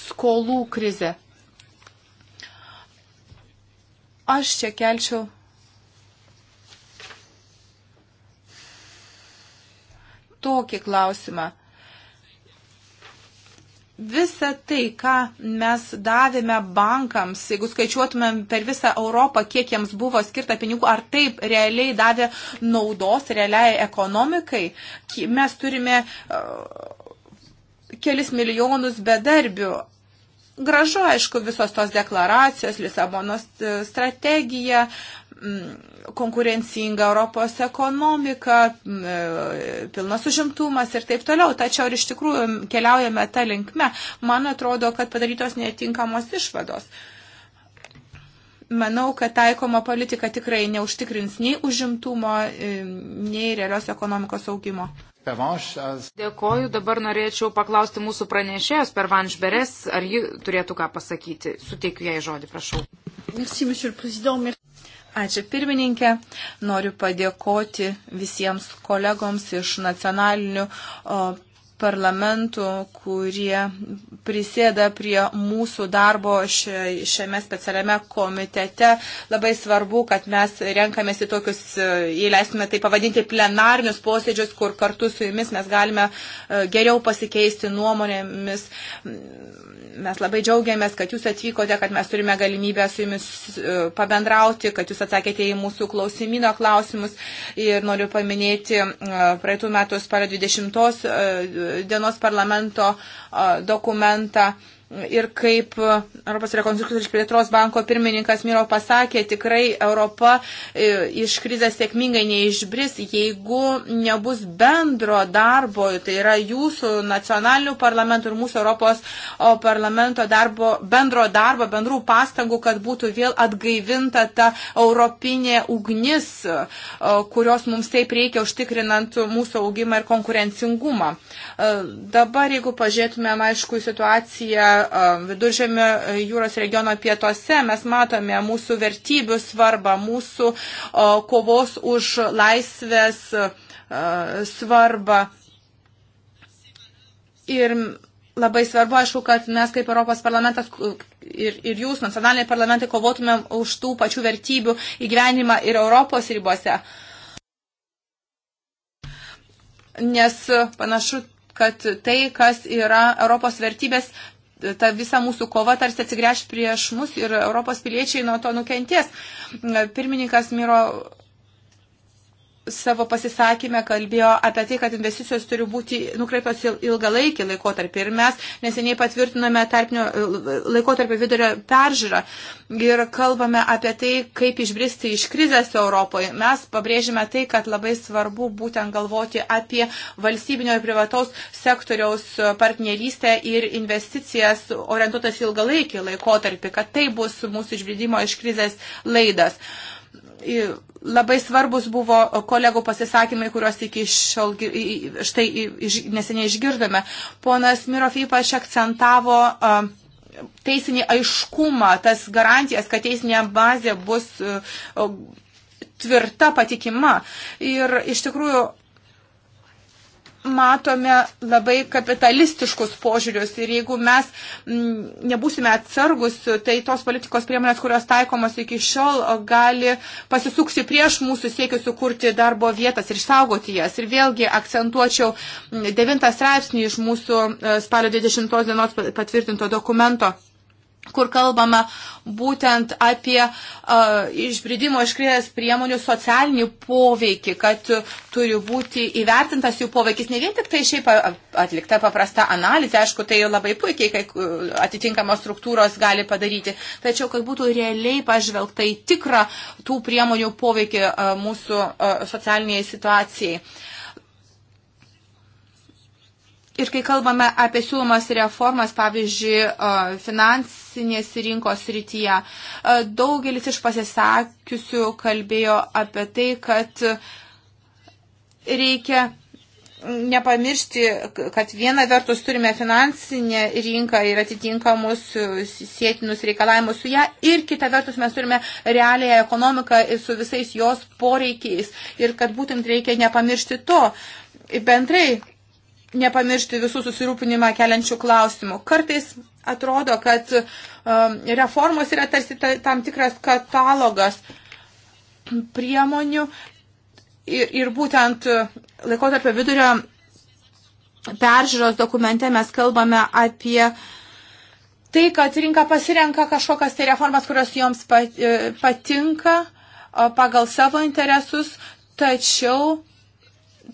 skolų krize. Aš čia kelčiau tokį klausimą. Visa tai, ką mes davėme bankams, jeigu skaičiuotumėm per visą Europą, kiek jiems buvo skirta pinigų, ar taip realiai davė naudos realiai ekonomikai, mes turime uh, kelis milijonus bedarbių, gražu, aišku, visos tos deklaracijos, Lisabonos uh, strategija, Mm, konkurencinga Europos ekonomika, mm, e, pilnas užimtumas ir taip toliau. Tačiau ir iš tikrųjų keliaujame tą linkme. Man atrodo, kad padarytos netinkamos išvados. Manau, kad taikoma politika tikrai neužtikrins nei užimtumo, e, nei realios ekonomikos augimo. Dėkoju, dabar norėčiau paklausti mūsų pranešėjos per Vanšberes, ar ji turėtų ką pasakyti. Suteikiu jai žodį, prašau. Merci, Ačiū pirmininkė. Noriu padėkoti visiems kolegoms iš nacionalinių parlamentų, kurie prisėda prie mūsų darbo šiame specialiame komitete. Labai svarbu, kad mes renkamės į tokius, e, jei leisime tai pavadinti, plenarnius posėdžius, kur kartu su jumis mes galime e, geriau pasikeisti nuomonėmis. Mes labai džiaugiamės, kad jūs atvykote, kad mes turime galimybę su jumis e, pabendrauti, kad jūs atsakėte į mūsų klausimino klausimus. Ir noriu paminėti e, praeitų metų spalio 20 e, dienos parlamento dokumentą ir kaip Europos rekonstrukcijos ir plėtros banko pirmininkas Miro pasakė, tikrai Europa e, iš krizės sėkmingai neišbris, jeigu nebus bendro darbo, tai yra jūsų nacionalinių parlamentų ir mūsų Europos parlamento darbo, bendro darbo, bendrų pastangų, kad būtų vėl atgaivinta ta europinė ugnis, kurios mums taip reikia užtikrinant mūsų augimą ir konkurencingumą. E, dabar, jeigu pažiūrėtumėm, aišku, situaciją viduržėmio jūros regiono pietuose mes matome mūsų vertybių svarbą, mūsų kovos už laisvės svarbą. Ir labai svarbu, aišku, kad mes kaip Europos parlamentas ir, ir jūs, nacionaliniai parlamentai, kovotumėm už tų pačių vertybių įgyvenimą ir Europos ribose. Nes panašu, kad tai, kas yra Europos vertybės, ta visa mūsų kova tarsi atsigręš prieš mus ir Europos piliečiai nuo to nukenties. Pirmininkas Miro savo pasisakymę kalbėjo apie tai, kad investicijos turi būti nukreiptos ilgalaikį laikotarpį. Ir mes neseniai patvirtinome tarpinio laikotarpio vidurio peržiūrą ir kalbame apie tai, kaip išbristi iš krizės Europoje. Mes pabrėžime tai, kad labai svarbu būtent galvoti apie valstybinio ir privataus sektoriaus partnerystę ir investicijas orientuotas ilgalaikį laikotarpį, kad tai bus mūsų išbridimo iš krizės laidas. Ir Labai svarbus buvo kolegų pasisakymai, kuriuos iki šiol štai neseniai išgirdome. Ponas Mirov ypač akcentavo teisinį aiškumą, tas garantijas, kad teisinė bazė bus tvirta, patikima. Ir iš tikrųjų matome labai kapitalistiškus požiūrius ir jeigu mes mm, nebūsime atsargus, tai tos politikos priemonės, kurios taikomos iki šiol, gali pasisukti prieš mūsų siekius sukurti darbo vietas ir išsaugoti jas. Ir vėlgi akcentuočiau mm, devintą straipsnį iš mūsų e, spalio 20 dienos patvirtinto dokumento kur kalbama būtent apie a, išbridimo iškrės priemonių socialinį poveikį, kad turi būti įvertintas jų poveikis. Ne vien tik tai šiaip atlikta paprasta analizė, aišku, tai labai puikiai kai atitinkamos struktūros gali padaryti, tačiau kad būtų realiai pažvelgta į tikrą tų priemonių poveikį a, mūsų a, socialiniai situacijai. A, Ir kai kalbame apie siūlomas reformas, pavyzdžiui, finansinės rinkos rytyje, daugelis iš pasisakiusių kalbėjo apie tai, kad reikia nepamiršti, kad viena vertus turime finansinę rinką ir atitinkamus sėtinus reikalavimus su ją ir kita vertus mes turime realiąją ekonomiką su visais jos poreikiais ir kad būtent reikia nepamiršti to. Bendrai nepamiršti visų susirūpinimą keliančių klausimų. Kartais atrodo, kad um, reformos yra tarsi tam tikras katalogas priemonių ir, ir būtent laikotarpio vidurio peržiūros dokumente mes kalbame apie tai, kad rinka pasirenka kažkokias tai reformas, kurios joms e, patinka pagal savo interesus, tačiau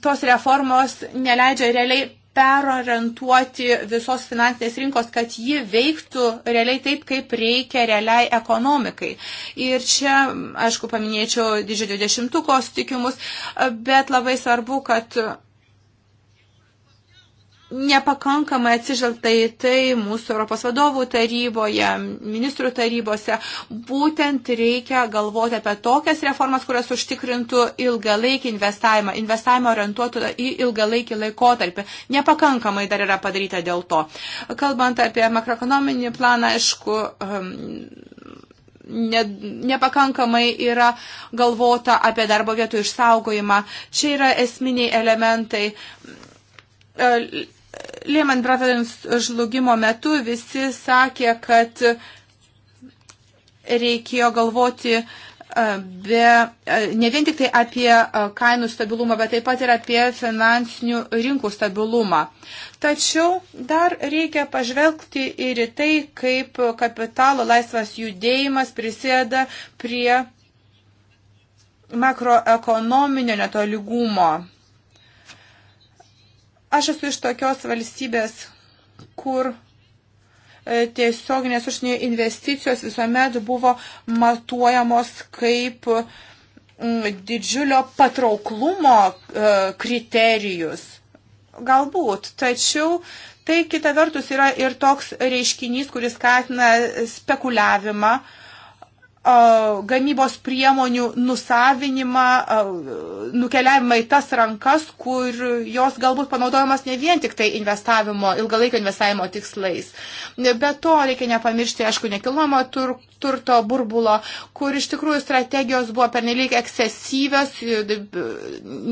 tos reformos neleidžia realiai perorientuoti visos finansinės rinkos, kad ji veiktų realiai taip, kaip reikia realiai ekonomikai. Ir čia, aišku, paminėčiau didžiojo dešimtuko sutikimus, bet labai svarbu, kad nepakankamai atsižvelgta į tai mūsų Europos vadovų taryboje, ministrų tarybose. Būtent reikia galvoti apie tokias reformas, kurios užtikrintų ilgalaikį investavimą, investavimą orientuotų į ilgalaikį laikotarpį. Nepakankamai dar yra padaryta dėl to. Kalbant apie makroekonominį planą, aišku, ehm, ne, nepakankamai yra galvota apie darbo vietų išsaugojimą. Čia yra esminiai elementai ehm, Lehman Brothers žlugimo metu visi sakė, kad reikėjo galvoti e, be, e, ne vien tik tai apie e, kainų stabilumą, bet taip pat ir apie finansinių rinkų stabilumą. Tačiau dar reikia pažvelgti ir į tai, kaip kapitalo laisvas judėjimas prisėda prie makroekonominio netolygumo Aš esu iš tokios valstybės, kur e, tiesioginės užsienio investicijos visuomet buvo matuojamos kaip mm, didžiulio patrauklumo e, kriterijus. Galbūt, tačiau tai kita vertus yra ir toks reiškinys, kuris skatina spekuliavimą, uh, gamybos priemonių nusavinimą, nukeliavimą į tas rankas, kur jos galbūt panaudojamas ne vien tik tai investavimo, ilgalaikio investavimo tikslais. Be to reikia nepamiršti, aišku, nekilnojamo tur, turto burbulo, kur iš tikrųjų strategijos buvo pernelyg ekscesyvios,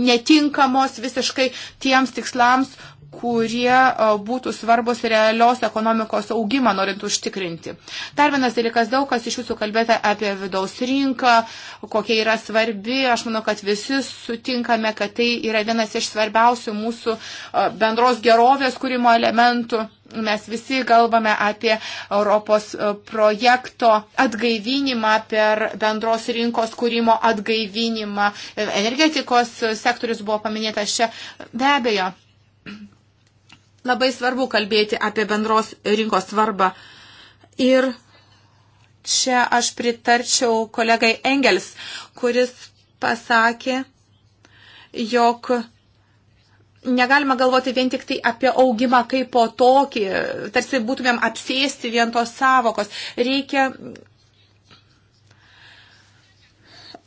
netinkamos visiškai tiems tikslams, kurie būtų svarbus realios ekonomikos augimą norint užtikrinti. Dar vienas dalykas, daug kas iš jūsų kalbėta apie vidaus rinką, kokia yra svarbi. Aš manau, kad visi sutinkame, kad tai yra vienas iš svarbiausių mūsų bendros gerovės kūrimo elementų. Mes visi kalbame apie Europos projekto atgaivinimą per bendros rinkos kūrimo atgaivinimą. Energetikos sektorius buvo paminėtas čia. Be abejo, Labai svarbu kalbėti apie bendros rinkos svarbą. Ir čia aš pritarčiau kolegai Engels, kuris pasakė, jog negalima galvoti vien tik tai apie augimą kaip po tokį, tarsi būtumėm apsėsti vien tos savokos. Reikia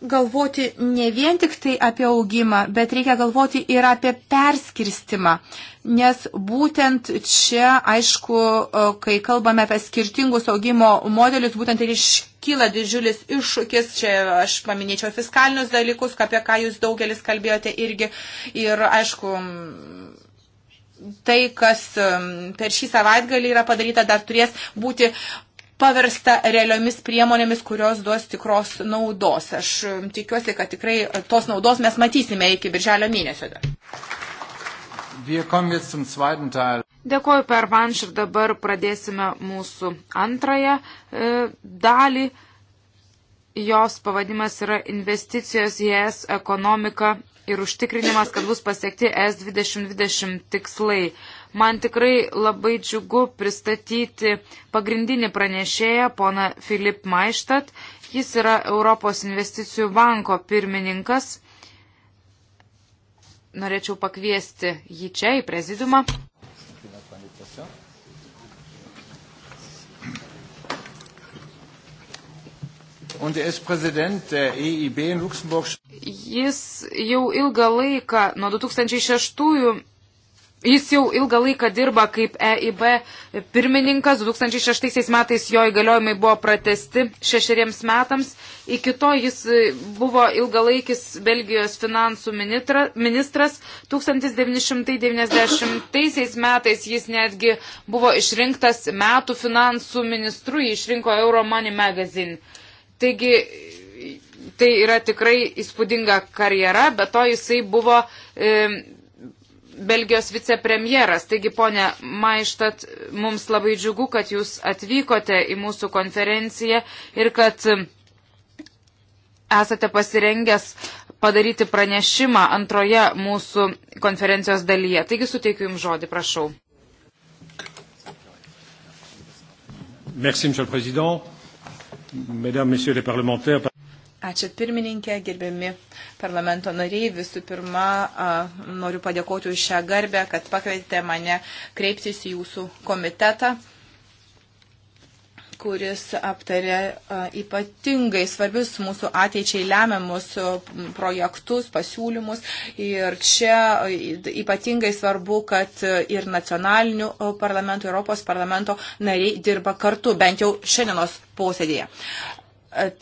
galvoti ne vien tik tai apie augimą, bet reikia galvoti ir apie perskirstimą. Nes būtent čia, aišku, e, kai kalbame apie skirtingus augimo modelius, būtent ir iškyla didžiulis iššūkis. Čia aš paminėčiau fiskalinius dalykus, apie ką jūs daugelis kalbėjote irgi. Ir, aišku, tai, kas e, per šį savaitgalį yra padaryta, dar turės būti paversta realiomis priemonėmis, kurios duos tikros naudos. Aš um, tikiuosi, kad tikrai uh, tos naudos mes matysime iki birželio mėnesio. Dėkuoju per vanš ir dabar pradėsime mūsų antrąją e, dalį. Jos pavadimas yra investicijos į ES ekonomiką ir užtikrinimas, kad bus pasiekti S2020 tikslai. Man tikrai labai džiugu pristatyti pagrindinį pranešėją, pona Filip Maištat. Jis yra Europos investicijų banko pirmininkas. Norėčiau pakviesti jį čia į prezidiumą. Er e jis jau ilgą laiką, nuo 2006-ųjų, jis jau ilgą laiką dirba kaip EIB pirmininkas. 2006 metais jo įgaliojimai buvo pratesti šešeriems metams. Iki to jis buvo ilgalaikis Belgijos finansų ministra, ministras. 1990 metais jis netgi buvo išrinktas metų finansų ministru, jį išrinko Euro Money Magazine. Taigi tai yra tikrai įspūdinga karjera, bet to jisai buvo e, Belgijos vicepremjeras. Taigi, ponė Maištat, mums labai džiugu, kad jūs atvykote į mūsų konferenciją ir kad esate pasirengęs padaryti pranešimą antroje mūsų konferencijos dalyje. Taigi suteikiu Jums žodį, prašau. Merci, Monsieur le Président mesdames, messieurs les parlementaires. Ačiū pirmininkė, gerbiami parlamento nariai. Visų pirma, noriu padėkoti už šią garbę, kad pakvietėte mane kreiptis į jūsų komitetą kuris aptarė ypatingai svarbius mūsų ateičiai lemiamus projektus, pasiūlymus. Ir čia ypatingai svarbu, kad ir nacionalinių parlamentų, Europos parlamento nariai dirba kartu, bent jau šiandienos posėdėje.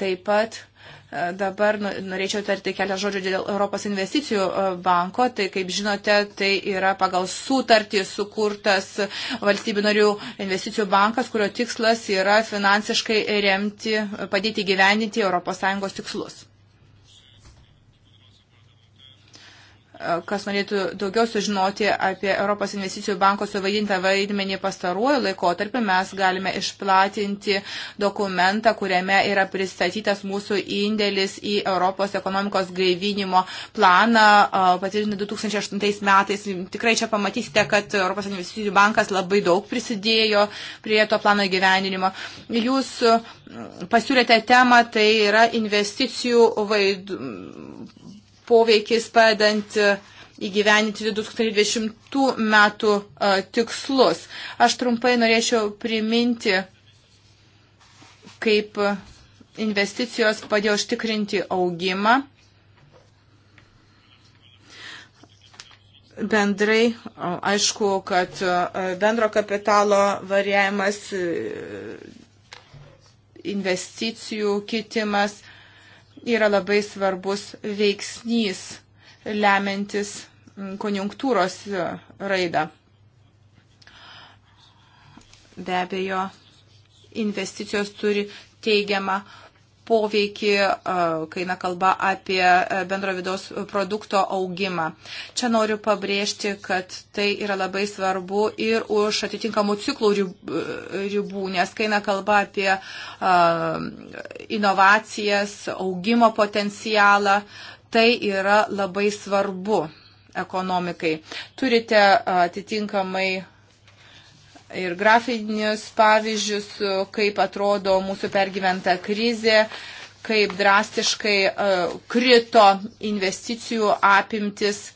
Taip pat E, dabar nu, norėčiau tarti keletą žodžių dėl Europos investicijų e, banko. Tai, kaip žinote, tai yra pagal sutartį sukurtas valstybių narių investicijų bankas, kurio tikslas yra finansiškai remti, padėti gyveninti ES tikslus. kas norėtų daugiau sužinoti apie Europos investicijų banko suvaidintą vaidmenį pastaruoju laikotarpiu, mes galime išplatinti dokumentą, kuriame yra pristatytas mūsų indėlis į Europos ekonomikos gaivinimo planą patvirtintą 2008 metais. Tikrai čia pamatysite, kad Europos investicijų bankas labai daug prisidėjo prie to plano gyveninimo. Jūs pasiūlėte temą, tai yra investicijų vaid poveikis padant e, įgyveninti 2020 metų e, tikslus. Aš trumpai norėčiau priminti, kaip investicijos padėjo užtikrinti augimą. bendrai, aišku, kad e, bendro kapitalo variavimas, investicijų kitimas yra labai svarbus veiksnys lemiantis mm, konjunktūros e, raidą. Be abejo, investicijos turi teigiamą poveikį, kai eina kalba apie bendro vidaus produkto augimą. Čia noriu pabrėžti, kad tai yra labai svarbu ir už atitinkamų ciklų ribų, nes kai eina kalba apie inovacijas, augimo potencialą, tai yra labai svarbu ekonomikai. Turite atitinkamai ir grafinius pavyzdžius, kaip atrodo mūsų pergyventa krizė, kaip drastiškai e, krito investicijų apimtis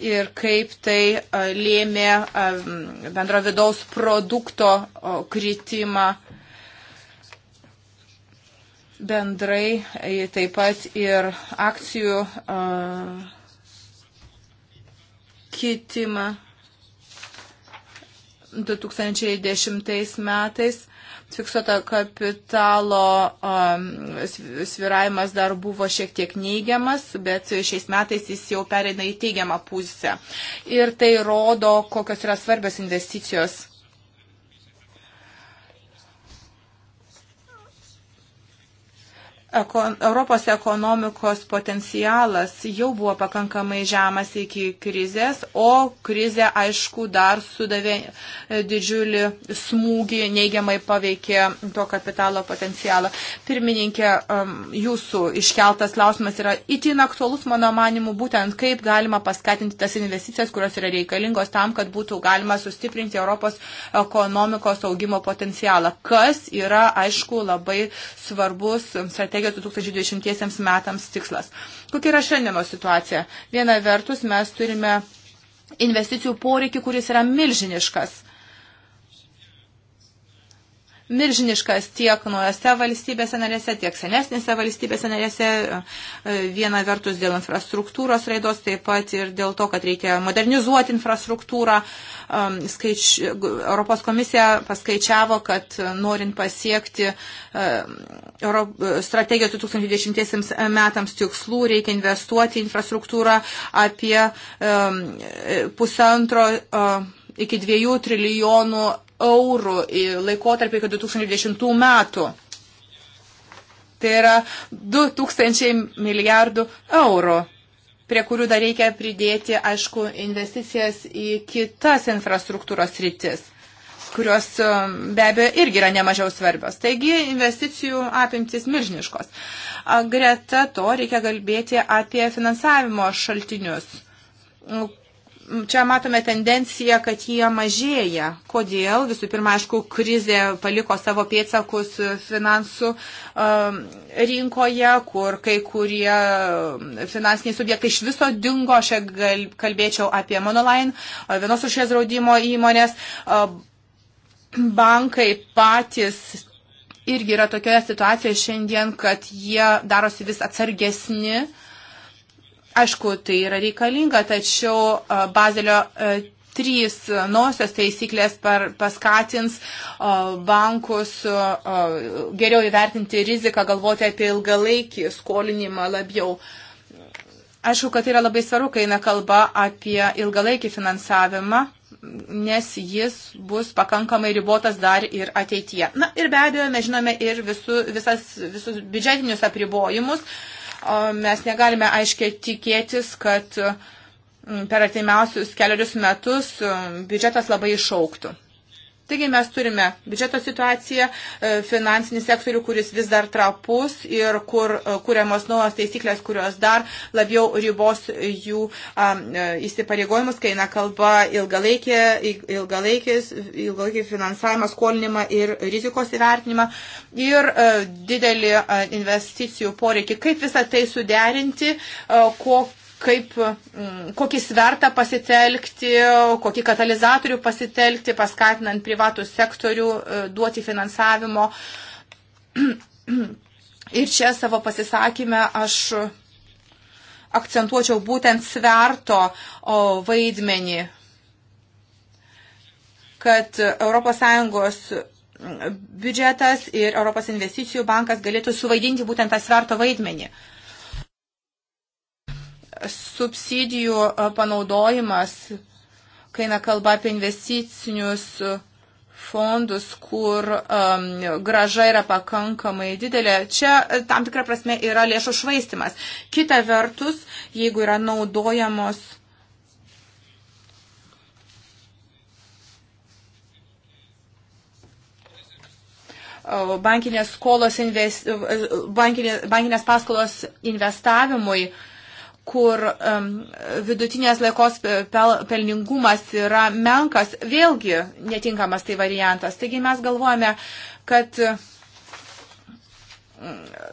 ir kaip tai e, lėmė e, bendro vidaus produkto kritimą bendrai, taip pat ir akcijų kitimą. 2010 metais fiksuota kapitalo um, sviravimas dar buvo šiek tiek neigiamas, bet šiais metais jis jau pereina į teigiamą pusę. Ir tai rodo, kokios yra svarbios investicijos Eko, Europos ekonomikos potencialas jau buvo pakankamai žemas iki krizės, o krizė, aišku, dar sudavė e, didžiulį smūgį, neigiamai paveikė to kapitalo potencialą. Pirmininkė, jūsų iškeltas klausimas yra itin aktualus, mano manimu, būtent kaip galima paskatinti tas investicijas, kurios yra reikalingos tam, kad būtų galima sustiprinti Europos ekonomikos augimo potencialą, kas yra, aišku, labai svarbus strateginis strategija 2020 metams tikslas. Kokia yra šiandieno situacija? Viena vertus mes turime investicijų poreikį, kuris yra milžiniškas milžiniškas tiek nuojose valstybėse narėse, tiek senesnėse valstybėse narėse. E, viena vertus dėl infrastruktūros raidos, taip pat ir dėl to, kad reikia modernizuoti infrastruktūrą. Skaič... Europos komisija paskaičiavo, kad norint pasiekti e, e, strategijos 2020 metams tikslų, reikia investuoti į infrastruktūrą apie pusantro iki dviejų trilijonų eurų laikotarpį iki 2010 metų. Tai yra 2000 milijardų eurų, prie kurių dar reikia pridėti, aišku, investicijas į kitas infrastruktūros rytis, kurios um, be abejo irgi yra nemažiau svarbios. Taigi investicijų apimtis milžiniškos. Greta to reikia kalbėti apie finansavimo šaltinius čia matome tendenciją, kad jie mažėja. Kodėl? Visų pirma, aišku, krizė paliko savo pėtsakus finansų um, rinkoje, kur kai kurie um, finansiniai subjektai iš viso dingo. Aš kalbėčiau apie Monoline, uh, vienos už šias draudimo įmonės. Uh, bankai patys irgi yra tokioje situacijoje šiandien, kad jie darosi vis atsargesni. Uh, Aišku, tai yra reikalinga, tačiau Bazelio trys nosios taisyklės par, paskatins o, bankus o, geriau įvertinti riziką, galvoti apie ilgalaikį skolinimą labiau. Aišku, kad tai yra labai svaru, kai eina kalba apie ilgalaikį finansavimą, nes jis bus pakankamai ribotas dar ir ateityje. Na ir be abejo, mes žinome ir visu, visas, visus biudžetinius apribojimus. Uh, mes negalime aiškiai tikėtis, kad mm, per artimiausius keliarius metus mm, biudžetas labai išauktų. Taigi mes turime biudžeto situaciją, e, finansinį sektorių, kuris vis dar trapus ir kur e, kuriamos naujos taisyklės, kurios dar labiau ribos jų um, įsipareigojimus, kai eina kalba ilgalaikė, ilgalaikės, ilgalaikė finansavimą, skolinimą ir rizikos įvertinimą ir uh, didelį uh, investicijų poreikį. Kaip visą tai suderinti, uh, kokį kaip, mm, kokį svertą pasitelkti, kokį katalizatorių pasitelkti, paskatinant privatų sektorių e, duoti finansavimo. [CLEARS THROAT] Ir čia savo pasisakymę aš akcentuočiau būtent sverto vaidmenį, kad ES mm, biudžetas ir ES investicijų bankas galėtų suvaidinti būtent tą sverto vaidmenį. Uh, subsidijų panaudojimas, kai eina kalba apie investicinius fondus, kur um, graža yra pakankamai didelė. Čia tam tikrą prasme yra lėšų švaistimas. Kita vertus, jeigu yra naudojamos. Bankinės, skolos, invest, bankinės, bankinės paskolos investavimui uh, kur um, vidutinės laikos pel, pelningumas yra menkas, vėlgi netinkamas tai variantas. Taigi mes galvojame, kad uh,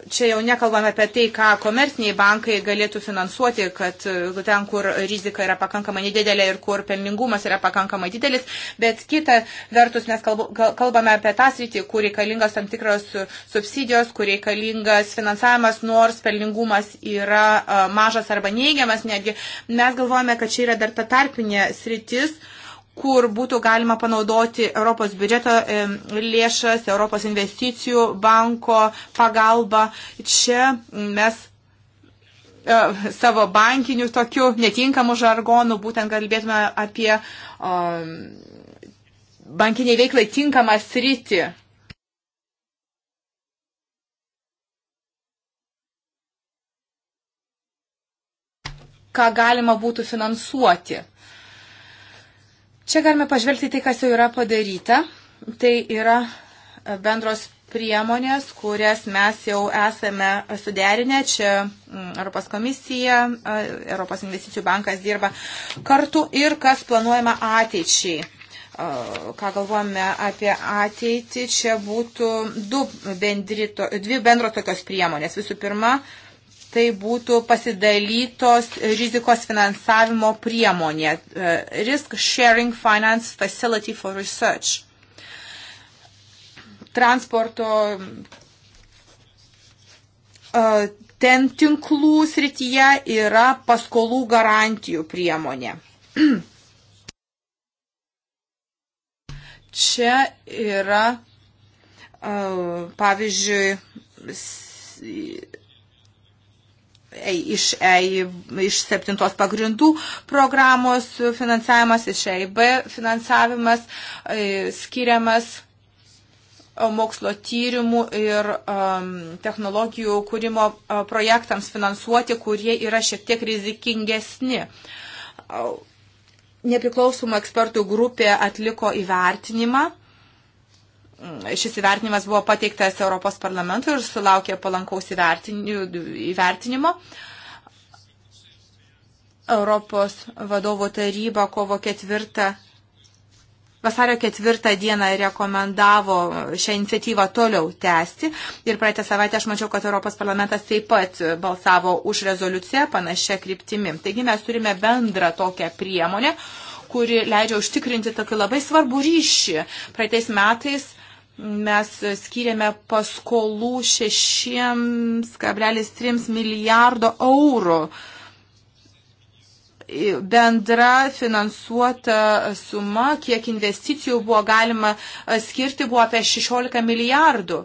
čia jau nekalbame apie tai, ką komerciniai bankai galėtų finansuoti, kad e, ten, kur rizika yra pakankamai nedidelė ir kur pelningumas yra pakankamai didelis, bet kita vertus mes kalbame apie tą sritį, kur reikalingas tam tikros subsidijos, kur reikalingas finansavimas, nors pelningumas yra e, mažas arba neigiamas netgi. Mes galvojame, kad čia yra dar ta tarpinė sritis. Uh, kur būtų galima panaudoti Europos biudžeto lėšas, Europos investicijų banko pagalbą. Čia mes e, savo bankinių tokių netinkamų žargonų būtent kalbėtume apie bankiniai veiklai tinkamą sritį. ką galima būtų finansuoti. Čia galime pažvelgti tai, kas jau yra padaryta. Tai yra e, bendros priemonės, kurias mes jau esame suderinę. Čia mm, Europos komisija, e, Europos investicijų bankas dirba kartu ir kas planuojama ateičiai. E, ką galvojame apie ateitį, čia būtų du bendri, dvi bendro tokios priemonės. Visų pirma, tai būtų pasidalytos rizikos finansavimo priemonė e, Risk Sharing Finance Facility for Research. Transporto e, ten tinklų srityje yra paskolų garantijų priemonė. [CLEARS THROAT] Čia yra, e, pavyzdžiui, iš, iš septintos pagrindų programos finansavimas, iš EIB finansavimas e, skiriamas e, mokslo tyrimų ir um, technologijų kūrimo e, projektams finansuoti, kurie yra šiek tiek rizikingesni. Nepriklausomų ekspertų grupė atliko įvertinimą Šis įvertinimas buvo pateiktas Europos parlamentui ir sulaukė palankaus įvertinimo. Europos vadovo taryba kovo ketvirtą, vasario ketvirtą dieną rekomendavo šią iniciatyvą toliau tęsti. Ir praeitą savaitę aš mačiau, kad Europos parlamentas taip pat balsavo už rezoliuciją panašią kryptimį. Taigi mes turime bendrą tokią priemonę, kuri leidžia užtikrinti tokį labai svarbų ryšį. Praeitais metais mes skiriame paskolų 6,3 milijardo eurų. Bendra finansuota suma, kiek investicijų buvo galima skirti, buvo apie 16 milijardų.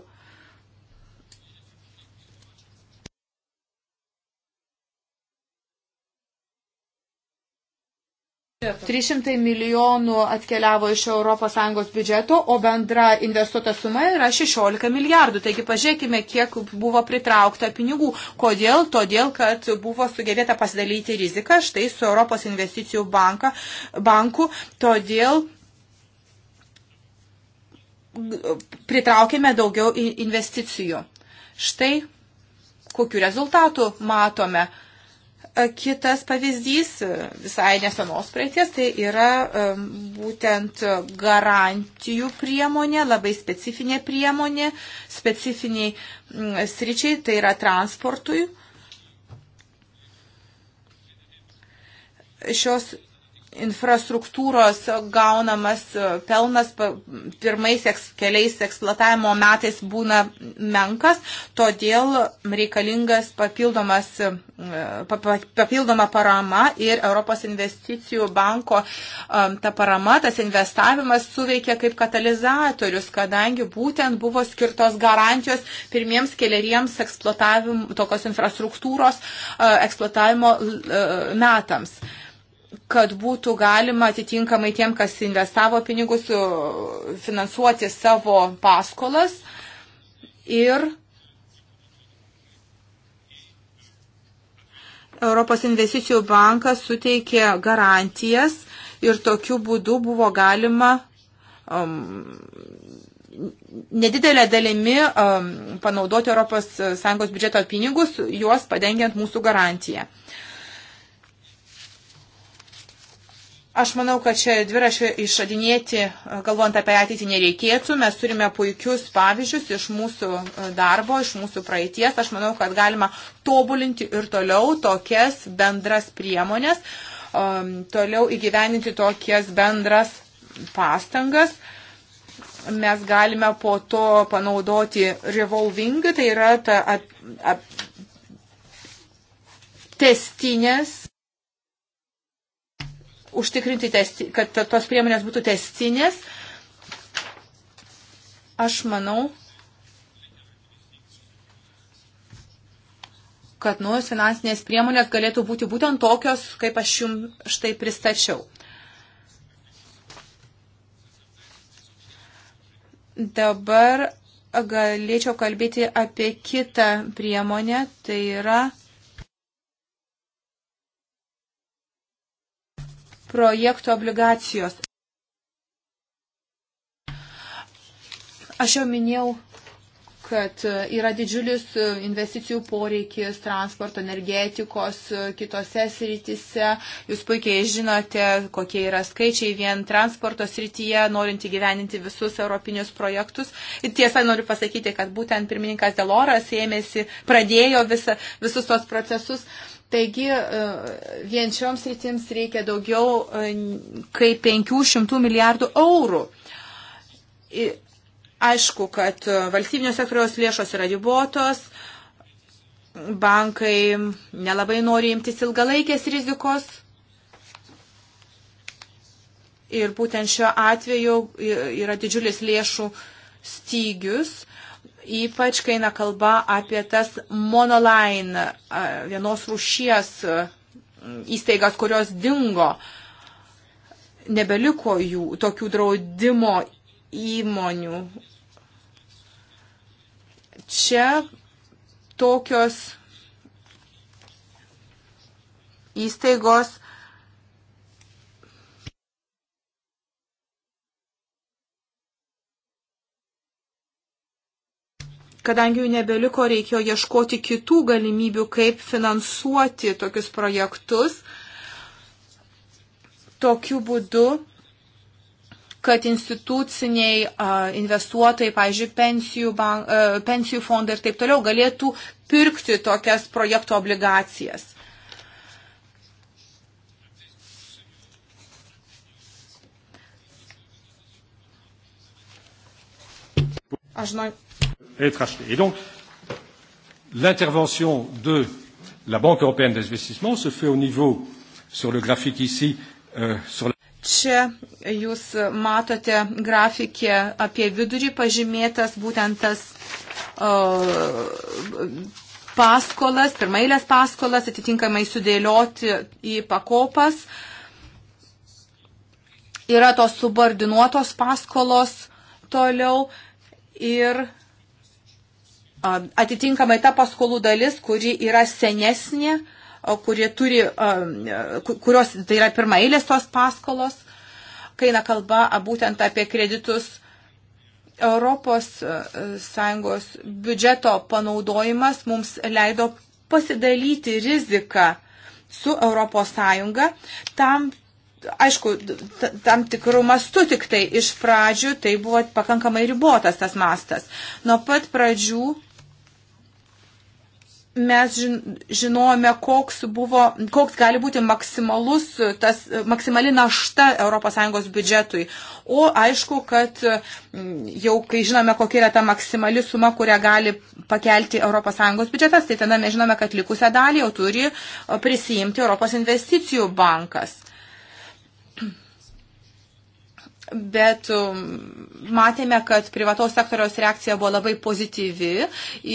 300 milijonų atkeliavo iš ES biudžeto, o bendra investuota suma yra 16 milijardų. Taigi pažiūrėkime, kiek buvo pritraukta pinigų. Kodėl? Todėl, kad buvo sugebėta pasidalyti riziką štai su Europos investicijų banka, banku. Todėl pritraukime daugiau investicijų. Štai kokiu rezultatu matome Kitas pavyzdys visai nesenos praeities, tai yra būtent garantijų priemonė, labai specifinė priemonė, specifiniai sričiai, tai yra transportui. Šios infrastruktūros gaunamas e, pelnas pirmais keliais eksploatavimo metais būna menkas, todėl reikalingas papildomas, e, papildoma parama ir Europos investicijų banko e, ta parama, tas investavimas suveikia kaip katalizatorius, kadangi būtent buvo skirtos garantijos pirmiems keliariems eksploatavimo, tokios infrastruktūros eksploatavimo metams kad būtų galima atitinkamai tiem, kas investavo pinigus, finansuoti savo paskolas ir Europos investicijų bankas suteikė garantijas ir tokiu būdu buvo galima um, nedidelę dalimi um, panaudoti ES biudžeto pinigus, juos padengiant mūsų garantiją. Uh, Aš manau, kad čia dviračio išradinėti, e, galvojant apie ateitį, nereikėtų. Mes turime puikius pavyzdžius iš mūsų e, darbo, iš mūsų praeities. Aš manau, kad galima tobulinti ir toliau tokias bendras priemonės, um, toliau įgyveninti tokias bendras pastangas mes galime po to panaudoti revolving, tai yra ta at, at, testinės užtikrinti, testi, kad tos priemonės būtų testinės, aš manau, kad naujos finansinės priemonės galėtų būti būtent tokios, kaip aš jums štai pristačiau. Dabar galėčiau kalbėti apie kitą priemonę, tai yra projektų obligacijos. Aš jau minėjau, kad yra didžiulis investicijų poreikis transporto, energetikos, kitose sritise. Jūs puikiai žinote, kokie yra skaičiai vien transporto srityje, norint įgyveninti visus europinius projektus. Ir tiesa, noriu pasakyti, kad būtent pirmininkas Deloras ėmėsi, pradėjo visa, visus tos procesus. Taigi e, vien šioms rytims reikia daugiau e, kaip 500 milijardų eurų. Aišku, kad e, valstybinio sektoriaus lėšos yra ribotos, bankai nelabai nori imtis ilgalaikės rizikos. Ir būtent šiuo atveju yra didžiulis lėšų stygius ypač kai eina kalba apie tas monoline vienos rūšies įstaigas, kurios dingo. Nebeliko jų tokių draudimo įmonių. Čia tokios įstaigos kadangi jų nebeliko, reikėjo ieškoti kitų galimybių, kaip finansuoti tokius projektus. Tokiu būdu kad instituciniai a, investuotojai, pavyzdžiui, pensijų, bank, a, pensijų fondai ir taip toliau galėtų pirkti tokias projektų obligacijas. Aš noriu être achetés. Et donc, l'intervention de la Banque européenne d'investissement se fait au niveau, sur le graphique ici, euh, sur la Čia jūs matote grafikė apie vidurį pažymėtas būtent tas uh, paskolas, pirmailės paskolas atitinkamai sudėlioti į pakopas. Yra tos subordinuotos paskolos toliau ir Um, atitinkamai ta paskolų dalis, kuri yra senesnė, uh, kuri turi, um, uh, kurios tai yra pirmą eilės tos paskolos, kai eina kalba būtent apie kreditus Europos uh, Sąjungos biudžeto panaudojimas mums leido pasidalyti riziką su Europos Sąjunga tam aišku, tam tikrų mastų tik tai iš pradžių tai buvo pakankamai ribotas tas mastas. Nuo pat pradžių mes žinojome, koks, buvo, koks gali būti maksimalus, tas, maksimali našta ES biudžetui. O aišku, kad jau kai žinome, kokia yra ta maksimali suma, kurią gali pakelti ES biudžetas, tai tada mes žinome, kad likusią dalį jau turi prisijimti Europos investicijų bankas bet um, matėme, kad privataus sektoriaus reakcija buvo labai pozityvi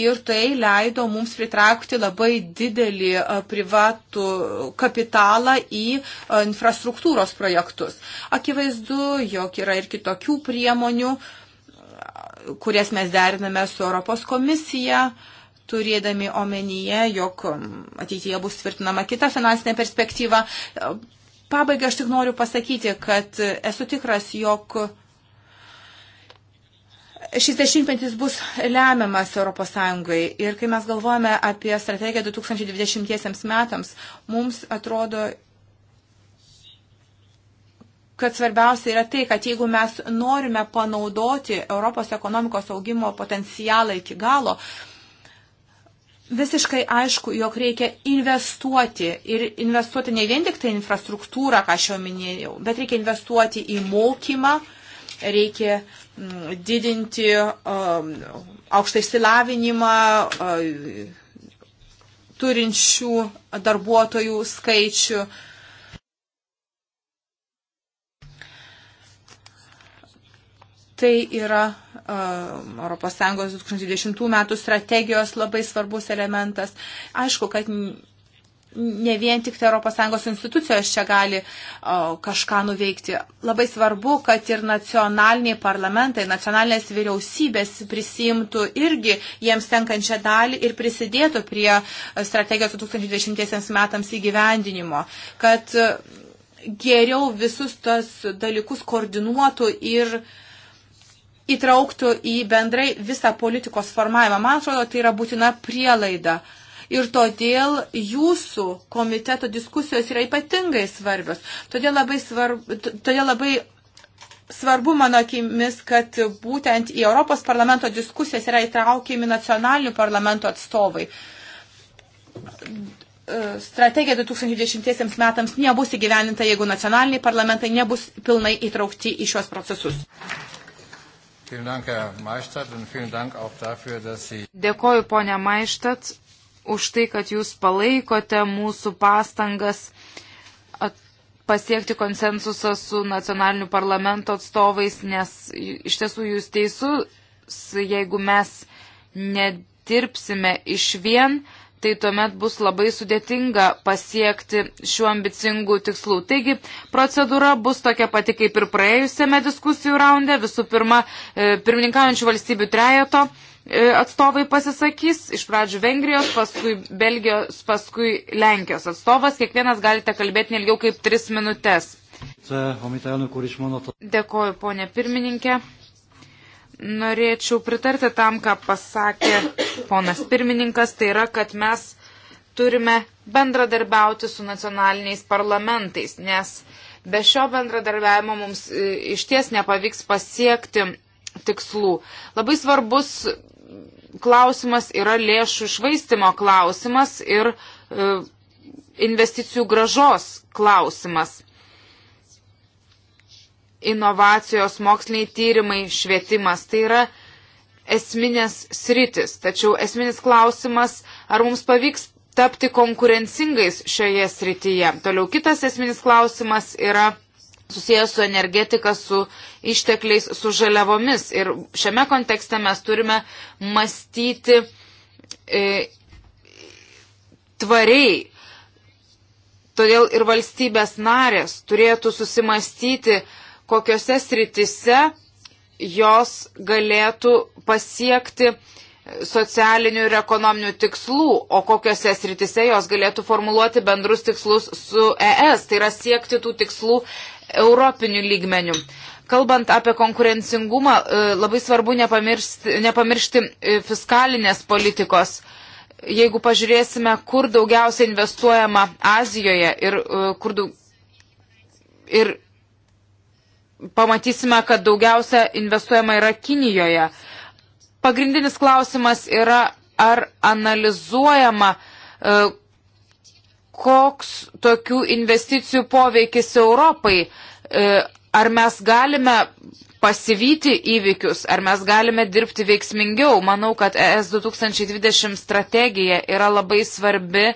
ir tai leido mums pritraukti labai didelį uh, privatų kapitalą į uh, infrastruktūros projektus. Akivaizdu, jog yra ir kitokių priemonių, kurias mes deriname su Europos komisija turėdami omenyje, jog um, ateityje bus tvirtinama kita finansinė perspektyva, Pabaigai aš tik noriu pasakyti, kad esu tikras, jog šis dešimtmetis bus lemiamas ES ir kai mes galvojame apie strategiją 2020 metams, mums atrodo, kad svarbiausia yra tai, kad jeigu mes norime panaudoti Europos ekonomikos augimo potencialą iki galo, visiškai aišku, jog reikia investuoti ir investuoti ne vien tik tai infrastruktūrą, ką aš jau minėjau, bet reikia investuoti į mokymą, reikia mm, didinti um, aukštą išsilavinimą um, turinčių darbuotojų skaičių. Tai yra ES 2020 metų strategijos labai svarbus elementas. Aišku, kad ne vien tik tai ES institucijos čia gali o, kažką nuveikti. Labai svarbu, kad ir nacionaliniai parlamentai, nacionalinės vyriausybės prisimtų irgi jiems tenkančią dalį ir prisidėtų prie strategijos 2020 metams įgyvendinimo. Kad geriau visus tas dalykus koordinuotų ir uh, įtrauktų į bendrai visą politikos formavimą. Man atrodo, tai yra būtina prielaida. Ir todėl jūsų komiteto diskusijos yra ypatingai svarbios. Todėl labai, svarb, todėl labai svarbu, mano akimis, kad būtent į Europos parlamento diskusijas yra įtraukiami nacionalinių parlamento atstovai. Strategija 2010 metams nebus įgyveninta, jeigu nacionaliniai parlamentai nebus pilnai įtraukti į šios procesus. Dėkoju, ponia Maištat, už tai, kad jūs palaikote mūsų pastangas pasiekti konsensusą su nacionaliniu parlamento atstovais, nes iš tiesų jūs teisus, jeigu mes nedirbsime iš vien, tai tuomet bus labai sudėtinga pasiekti šiuo ambicingu tikslu. Taigi procedūra bus tokia pati kaip ir praėjusiame diskusijų raunde. Visų pirma, e, pirmininkaujančių valstybių trejeto e, atstovai pasisakys, iš pradžių Vengrijos, paskui Belgijos, paskui Lenkijos atstovas. Kiekvienas galite kalbėti nelgiau kaip tris minutės. Dėkoju, ponė pirmininkė. Norėčiau pritarti tam, ką pasakė ponas pirmininkas, tai yra, kad mes turime bendradarbiauti su nacionaliniais parlamentais, nes be šio bendradarbiavimo mums e, iš ties nepavyks pasiekti tikslų. Labai svarbus klausimas yra lėšų išvaistimo klausimas ir e, investicijų gražos klausimas inovacijos, moksliniai tyrimai, švietimas. Tai yra esminės sritis. Tačiau esminis klausimas, ar mums pavyks tapti konkurencingais šioje srityje. Toliau kitas esminis klausimas yra susijęs su energetika, su ištekliais, su žaliavomis. Ir šiame kontekste mes turime mąstyti e, tvariai. Todėl ir valstybės narės turėtų susimastyti, kokiuose sritise jos galėtų pasiekti socialinių ir ekonominių tikslų, o kokiuose sritise jos galėtų formuluoti bendrus tikslus su ES, tai yra siekti tų tikslų europinių lygmenių. Kalbant apie konkurencingumą, e, labai svarbu nepamiršti, nepamiršti e, fiskalinės politikos jeigu pažiūrėsime, kur daugiausia investuojama Azijoje ir, e, kur daug, ir pamatysime, kad daugiausia investuojama yra Kinijoje. Pagrindinis klausimas yra, ar analizuojama, e, koks tokių investicijų poveikis Europai. E, ar mes galime pasivyti įvykius, ar mes galime dirbti veiksmingiau. Manau, kad ES 2020 strategija yra labai svarbi,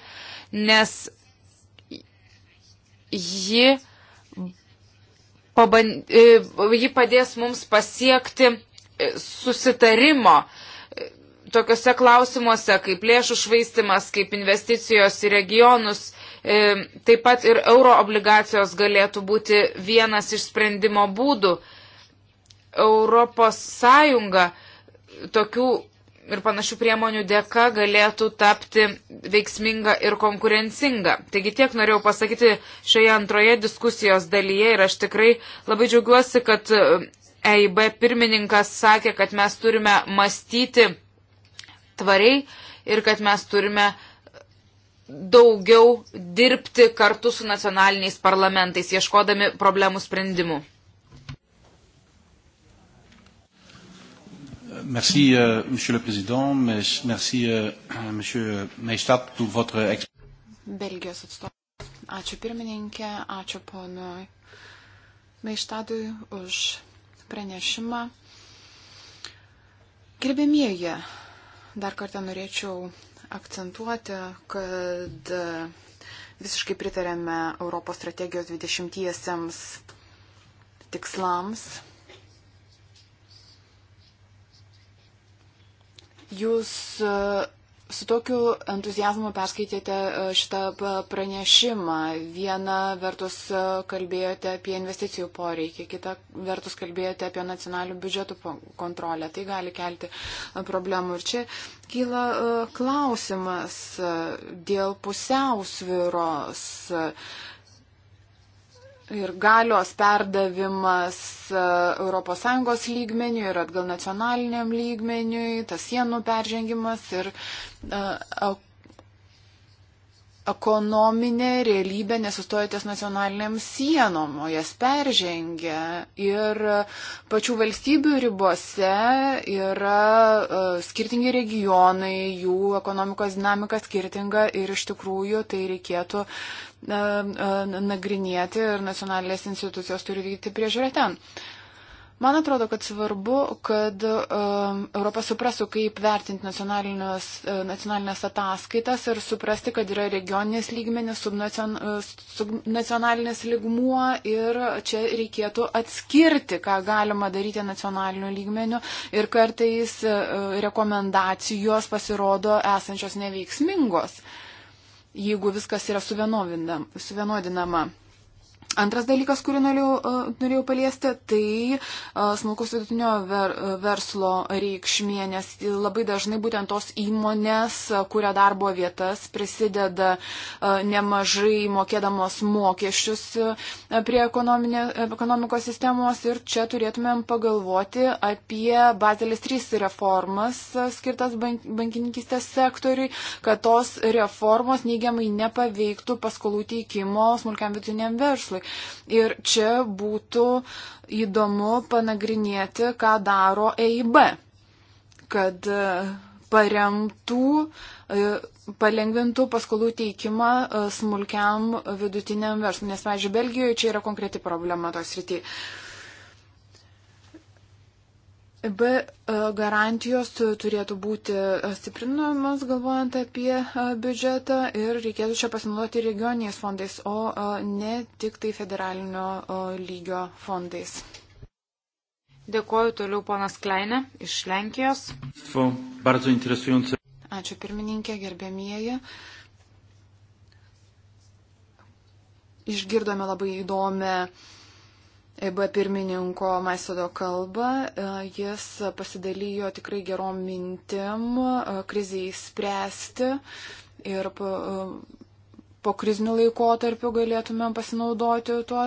nes ji paban, e, ji padės mums pasiekti e, susitarimo e, tokiuose klausimuose, kaip lėšų švaistimas, kaip investicijos į regionus, taip pat ir euro obligacijos galėtų būti vienas iš sprendimo būdų. Europos Sąjunga tokių ir panašių priemonių dėka galėtų tapti veiksminga ir konkurencinga. Taigi tiek norėjau pasakyti šioje antroje diskusijos dalyje ir aš tikrai labai džiaugiuosi, kad EIB e pirmininkas sakė, kad mes turime mąstyti tvariai ir kad mes turime daugiau dirbti kartu su nacionaliniais parlamentais, ieškodami problemų sprendimų. Merci, euh, Monsieur le Président. Merci, euh, [CLEARS THROAT] Monsieur Meistat, pour votre Belgijos atstovas. Ačiū pirmininkė, ačiū ponui Meištadui už pranešimą. Gerbėmieji, dar kartą norėčiau akcentuoti, kad visiškai pritarėme Europos strategijos 20-iesiams tikslams Jūs e, su tokiu entuzijazmu perskaitėte e, šitą pranešimą. Viena vertus e, kalbėjote apie investicijų poreikį, kita vertus kalbėjote apie nacionalių biudžetų kontrolę. Tai gali kelti problemų. Ir čia kyla klausimas dėl pusiausviros ir galios perdavimas ES lygmeniui ir atgal nacionaliniam lygmeniui, tas sienų peržengimas ir e, ekonominė realybė nesustoja ties nacionaliniam sienom, o jas peržengia. Ir pačių valstybių ribose yra e, skirtingi regionai, jų ekonomikos dinamika skirtinga ir iš tikrųjų tai reikėtų nagrinėti ir nacionalinės institucijos turi vykti priežiūrę ten. Man atrodo, kad svarbu, kad um, Europa suprastų, kaip vertinti nacionalinės ataskaitas ir suprasti, kad yra regioninis lygmenis, subnacionalinis lygmuo ir čia reikėtų atskirti, ką galima daryti nacionaliniu lygmeniu ir kartais uh, rekomendacijos pasirodo esančios neveiksmingos. Uh, jeigu viskas yra suvienodinama. Antras dalykas, kurį norėjau, e, norėjau paliesti, tai e, smulkus vidutinio ver, e, verslo reikšmė, nes labai dažnai būtent tos įmonės, kuria darbo vietas, prisideda nemažai mokėdamos mokesčius prie ekonomikos sistemos ir čia turėtumėm pagalvoti apie Bazelis 3 reformas skirtas bank, bankininkistės sektoriui, kad tos reformos neigiamai nepaveiktų paskolų teikimo smulkiam vidutiniam verslui verslui. Ir čia būtų įdomu panagrinėti, ką daro EIB, kad e, paremtų, e, palengvintų paskolų teikimą e, smulkiam vidutiniam verslui. Nes, pavyzdžiui, Belgijoje čia yra konkreti problema tos rytyje. B e, garantijos turėtų būti e, stiprinamos galvojant apie e, biudžetą ir reikėtų čia pasinaudoti regioniniais fondais, o ne tik tai federalinio lygio fondais. Dėkoju toliau ponas Kleinė iš Lenkijos. Ačiū pirmininkė, gerbėmieji. Išgirdome labai įdomią EB pirmininko Maisodo kalbą. E, jis pasidalijo tikrai gerom mintim e, kriziai spręsti ir e, po krizinių laikotarpių galėtumėm pasinaudoti tuo,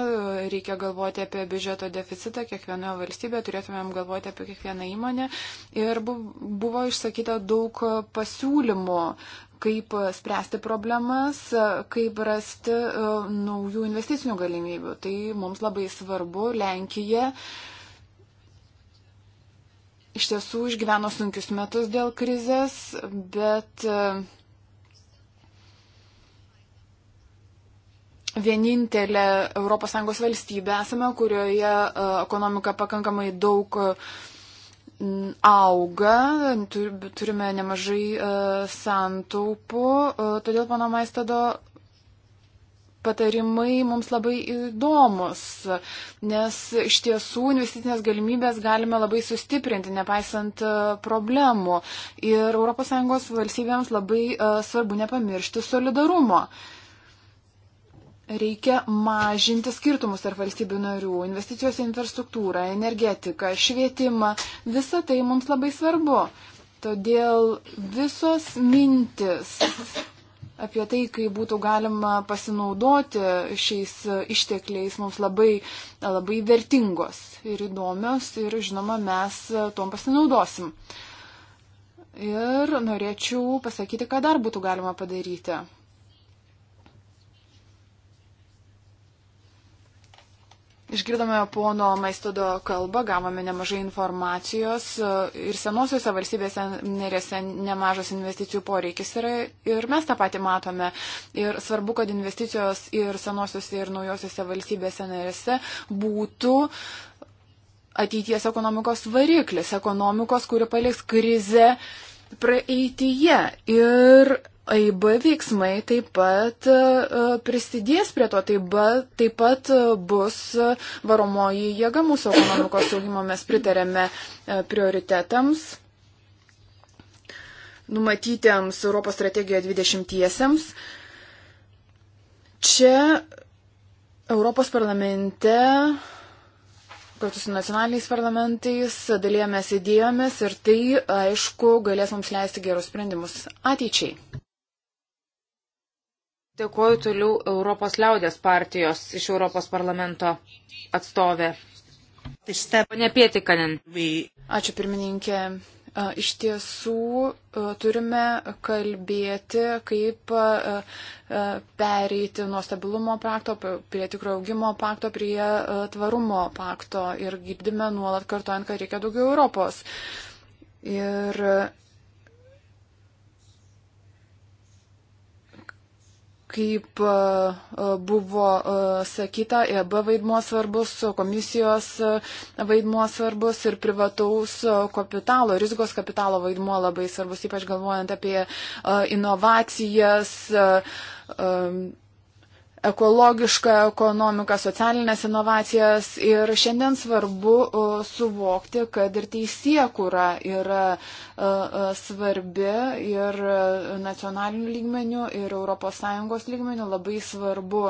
reikia galvoti apie biudžeto deficitą kiekvienoje valstybėje, turėtumėm galvoti apie kiekvieną įmonę. Ir buvo išsakyta daug pasiūlymų, kaip spręsti problemas, kaip rasti e, naujų investicinių galimybių. Tai mums labai svarbu. Lenkija iš tiesų išgyveno sunkius metus dėl krizės, bet e, vienintelė ES valstybė esame, kurioje e, ekonomika pakankamai daug auga, turime nemažai e, santaupų, e, todėl pana Maistodo patarimai mums labai įdomus, nes iš tiesų investicinės galimybės galime labai sustiprinti, nepaisant e, problemų. Ir ES valstybėms labai svarbu nepamiršti solidarumo. Uh, reikia mažinti skirtumus tarp valstybių narių, investicijos į infrastruktūrą, energetiką, švietimą. Visa tai mums labai svarbu. Todėl visos mintis apie tai, kaip būtų galima pasinaudoti šiais ištekliais, mums labai, labai vertingos ir įdomios ir, žinoma, mes tom pasinaudosim. Ir norėčiau pasakyti, ką dar būtų galima padaryti. Išgirdome pono Maistodo kalbą, gavome nemažai informacijos e, ir senosiuose valstybėse nerėse nemažas investicijų poreikis yra ir mes tą patį matome. Ir svarbu, kad investicijos ir senosiuose ir naujosiuose valstybėse nerėse būtų ateities ekonomikos variklis, ekonomikos, kuri paliks krizę praeityje. Ir AIB veiksmai taip pat e, prisidės prie to, taip pat, taip pat e, bus e, varomoji jėga mūsų ekonomikos augimo. Mes pritarėme prioritetams numatytiems Europos strategijoje 20-iesiams. Čia Europos parlamente kartu su nacionaliniais parlamentais, dalyjamės idėjomis ir tai, aišku, galės mums leisti gerus sprendimus ateičiai. Dėkuoju toliau Europos liaudės partijos iš Europos parlamento atstovė. Pone Pietikanin. Ačiū pirmininkė. Iš tiesų turime kalbėti, kaip pereiti nuo stabilumo pakto prie tikro augimo pakto, prie tvarumo pakto ir girdime nuolat kartuojant, kad reikia daugiau Europos. Ir Kaip e, e, buvo e, sakyta, EB vaidmuo svarbus, komisijos vaidmuo svarbus ir privataus kapitalo, rizikos kapitalo vaidmuo labai svarbus, ypač galvojant apie inovacijas ekologišką ekonomiką, socialinės inovacijas. Ir šiandien svarbu suvokti, kad ir teisėkūra yra svarbi ir nacionalinių lygmenių, ir ES lygmenių labai svarbu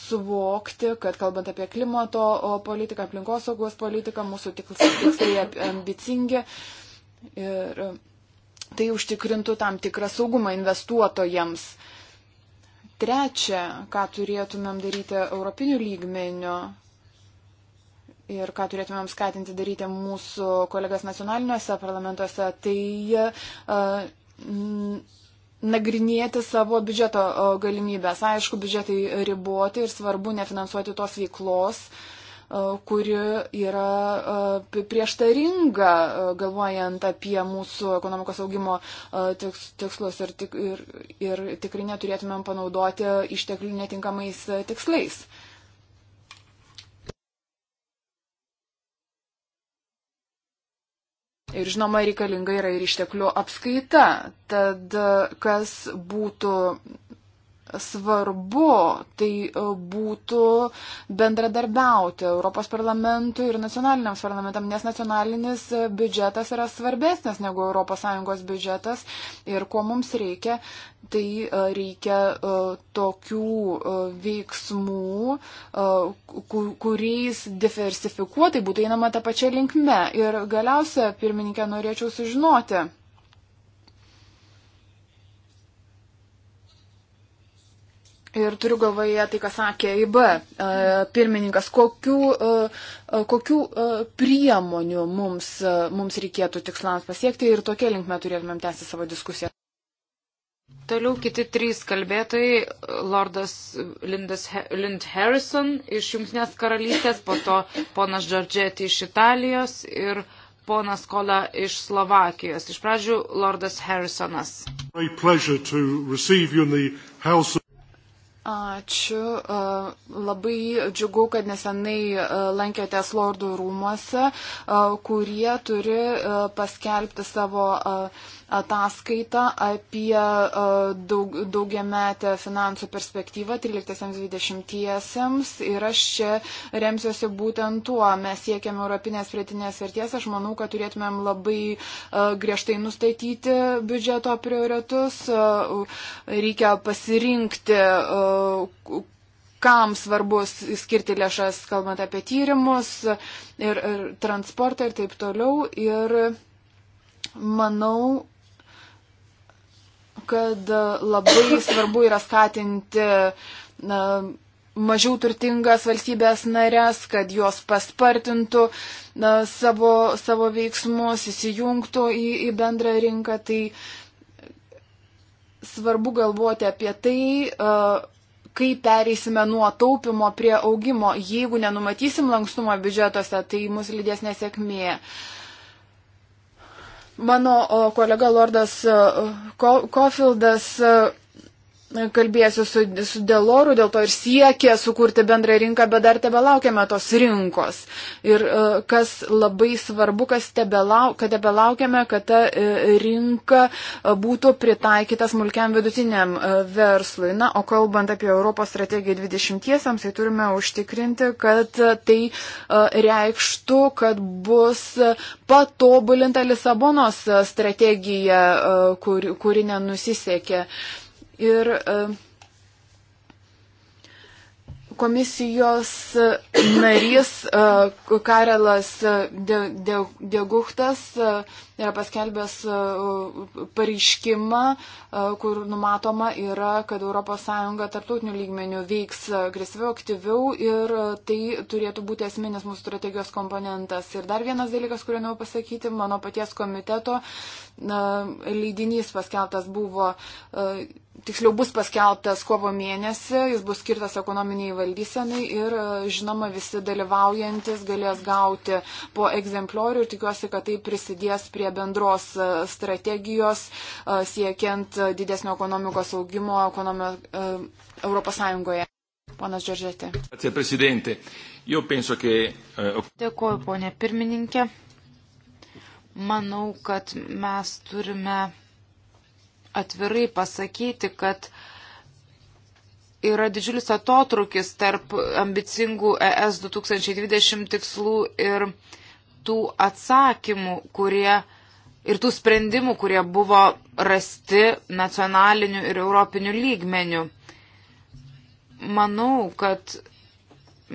suvokti, kad kalbant apie klimato politiką, aplinkosaugos politiką, mūsų tikslai ambicingi. Ir tai užtikrintų tam tikrą saugumą investuotojams. Uh, Trečia, ką turėtumėm daryti europinių lygmenių ir ką turėtumėm skatinti daryti mūsų kolegas nacionaliniuose parlamentuose, tai uh, nagrinėti savo biudžeto e, galimybės. Aišku, biudžetai riboti ir svarbu nefinansuoti tos veiklos, uh, kuri yra prieštaringa, galvojant apie mūsų ekonomikos augimo tikslus ir, tik, ir, ir tikrai neturėtumėm panaudoti išteklių netinkamais tikslais. Ir žinoma, reikalinga yra ir išteklių apskaita. Tad kas būtų svarbu tai e, būtų bendradarbiauti Europos parlamentui ir nacionaliniams parlamentam, nes nacionalinis e, biudžetas yra svarbesnis negu ES biudžetas ir ko mums reikia, tai e, reikia tokių veiksmų, kuriais diversifikuotai būtų einama tą pačią linkmę. Ir galiausia, pirmininkė, norėčiau sužinoti. Ir turiu galvoje tai, ką sakė IB pirmininkas, kokių, kokių priemonių mums, mums reikėtų tikslams pasiekti ir tokia linkme turėtumėm tęsti savo diskusiją. Toliau kiti trys kalbėtojai, Lordas Lindas, Lind Harrison iš Junktinės karalystės, po to ponas Džordžetė iš Italijos ir ponas Kola iš Slovakijos. Iš pradžių Lordas Harrisonas. Ačiū. Labai džiugu, kad nesenai lankėtės lordų rūmose, kurie turi paskelbti savo ataskaitą apie e, daug, daugiametę finansų perspektyvą 13-20-iesiams ir aš čia remsiuosi būtent tuo. Mes siekiam europinės prietinės vertės, aš manau, kad turėtumėm labai e, griežtai nustatyti biudžeto prioritetus, e, reikia pasirinkti kam svarbus skirti lėšas, kalbant apie tyrimus ir, ir transportą ir taip toliau. Ir manau, kad e, labai [COUGHS] svarbu yra skatinti na, mažiau turtingas valstybės narės, kad jos paspartintų na, savo, savo veiksmus, įsijungtų į, į bendrą rinką. Tai svarbu galvoti apie tai, e, kaip pereisime nuo taupimo prie augimo. Jeigu nenumatysim lankstumo biudžetuose, tai mus lydės nesėkmė. Uh, Mano kolega Lordas Kofildas. Ko kalbėsiu su, su Deloru, dėl to ir siekė sukurti bendrą rinką, bet dar tebe laukiame tos rinkos. Ir e, kas labai svarbu, kas tebe lau, kad tebe laukiame, kad ta e, rinka e, būtų pritaikyta smulkiam vidutiniam verslui. Na, o kalbant apie Europos strategiją 20-iesiams, tai turime užtikrinti, kad tai reikštų, kad bus patobulinta Lisabonos strategija, kur, kuri nenusisekė. Uh, ir e, komisijos e, narys e, Karelas Deguchtas yra paskelbęs pareiškimą, kur numatoma yra, kad ES tarptautinių lygmenių veiks agresyviau, aktyviau ir tai turėtų būti esminis mūsų strategijos komponentas. Ir dar vienas dalykas, kurį noriu pasakyti, mano paties komiteto leidinys paskeltas buvo tiksliau bus paskelbtas kovo mėnesį, jis bus skirtas ekonominiai valdysenai ir e, žinoma visi dalyvaujantis galės gauti po egzempliorių ir tikiuosi, kad tai prisidės prie bendros e, strategijos e, siekiant didesnio ekonomikos augimo ekonomio, Europos Sąjungoje. Ponas Džordžetė. Eh, Dėkuoju, ponė pirmininkė. Manau, kad mes turime atvirai pasakyti, kad yra didžiulis atotrukis tarp ambicingų ES 2020 tikslų ir tų atsakymų, kurie ir tų sprendimų, kurie buvo rasti nacionaliniu ir europiniu lygmeniu. Manau, kad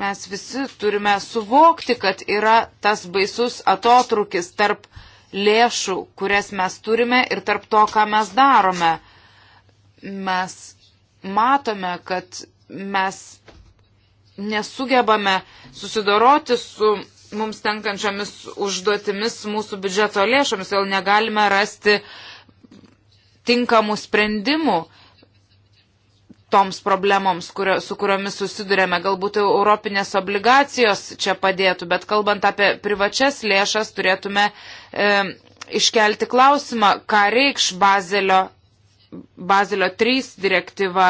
mes visi turime suvokti, kad yra tas baisus atotrukis tarp lėšų, kurias mes turime ir tarp to, ką mes darome. Mes matome, kad mes nesugebame susidoroti su mums tenkančiomis užduotimis mūsų biudžeto lėšomis, jau negalime rasti tinkamų sprendimų toms problemoms, kurio, su kuriomis susidurėme. Galbūt europinės obligacijos čia padėtų, bet kalbant apie privačias lėšas, turėtume e, iškelti klausimą, ką reikš Bazelio, Bazelio 3 direktyva.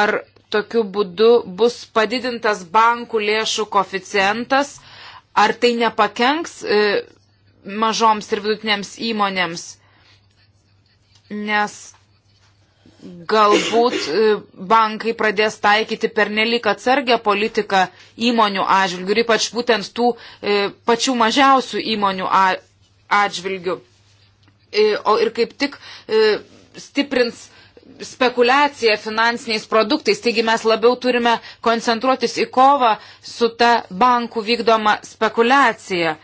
Ar tokiu būdu bus padidintas bankų lėšų koficientas, ar tai nepakenks e, mažoms ir vidutinėms įmonėms? Nes galbūt e, bankai pradės taikyti pernelyg atsargę politiką įmonių atžvilgių ir ypač būtent tų e, pačių mažiausių įmonių atžvilgių. E, o ir kaip tik stiprins spekulacija finansiniais produktais. Taigi mes labiau turime koncentruotis į kovą su ta bankų vykdoma spekulacija.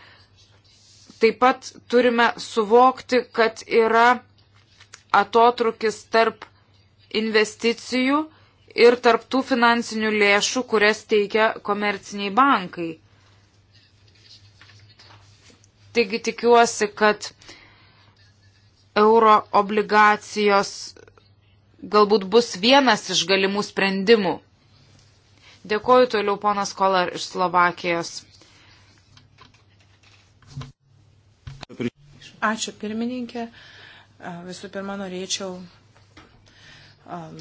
Taip pat turime suvokti, kad yra atotrukis tarp investicijų ir tarptų finansinių lėšų, kurias teikia komerciniai bankai. Taigi tikiuosi, kad euro obligacijos galbūt bus vienas iš galimų sprendimų. Dėkoju toliau ponas Kolar iš Slovakijos. Ačiū pirmininkė. Visų pirma, norėčiau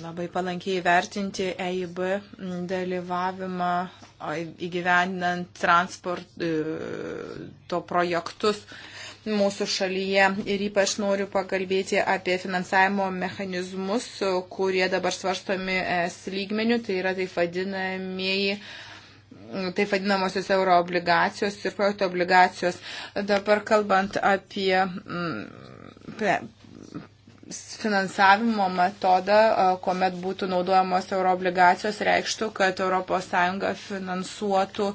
labai palankiai vertinti EIB dalyvavimą įgyvendinant transporto e, projektus mūsų šalyje ir ypač noriu pakalbėti apie finansavimo mechanizmus, kurie dabar svarstomi es lygmenių, tai yra taip vadinamieji taip vadinamosios euroobligacijos ir projekto obligacijos. Dabar kalbant apie mm, finansavimo metodą, kuomet būtų naudojamos euroobligacijos, reikštų, kad ES finansuotų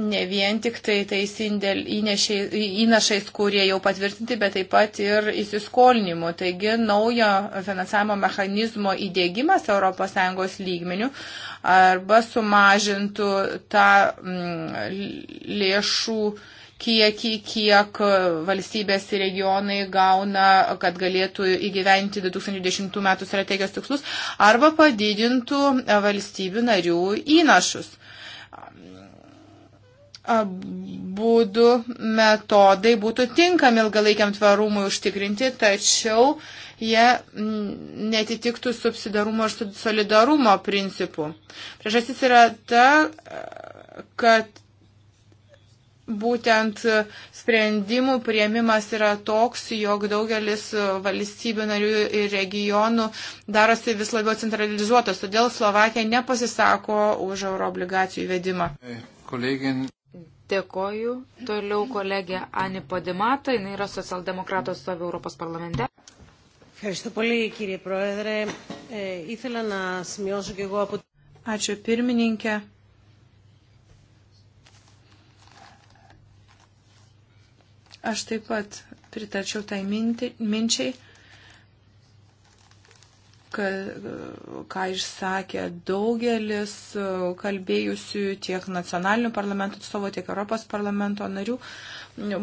ne vien tik tai tais indėl, įnešiais, įnašais, kurie jau patvirtinti, bet taip pat ir įsiskolinimu. Taigi naujo finansavimo mechanizmo įdėgymas ES lygmenių arba sumažintų tą m, mm, lėšų kiekį, kiek valstybės ir regionai gauna, kad galėtų įgyventi 2010 metų strategijos tikslus, arba padidintų valstybių narių įnašus būdų metodai būtų tinkami ilgalaikiam tvarumui užtikrinti, tačiau jie netitiktų subsidarumo ir solidarumo principų. Priežastis yra ta, kad būtent sprendimų prieimimas yra toks, jog daugelis valstybių narių ir regionų darosi vis labiau centralizuotas, todėl Slovakija nepasisako už euroobligacijų įvedimą. Kolegin. Dėkoju. Toliau kolegė Ani Podimata, jinai yra socialdemokratų atstovė Europos parlamente. Ευχαριστώ πολύ κύριε Πρόεδρε. Ε, ήθελα να σημειώσω και εγώ από... Ačiū pirmininkė. Aš taip pat pritarčiau tai minti, minčiai, ka, ką išsakė daugelis kalbėjusių tiek nacionalinių parlamentų atstovų, tiek Europos parlamento narių.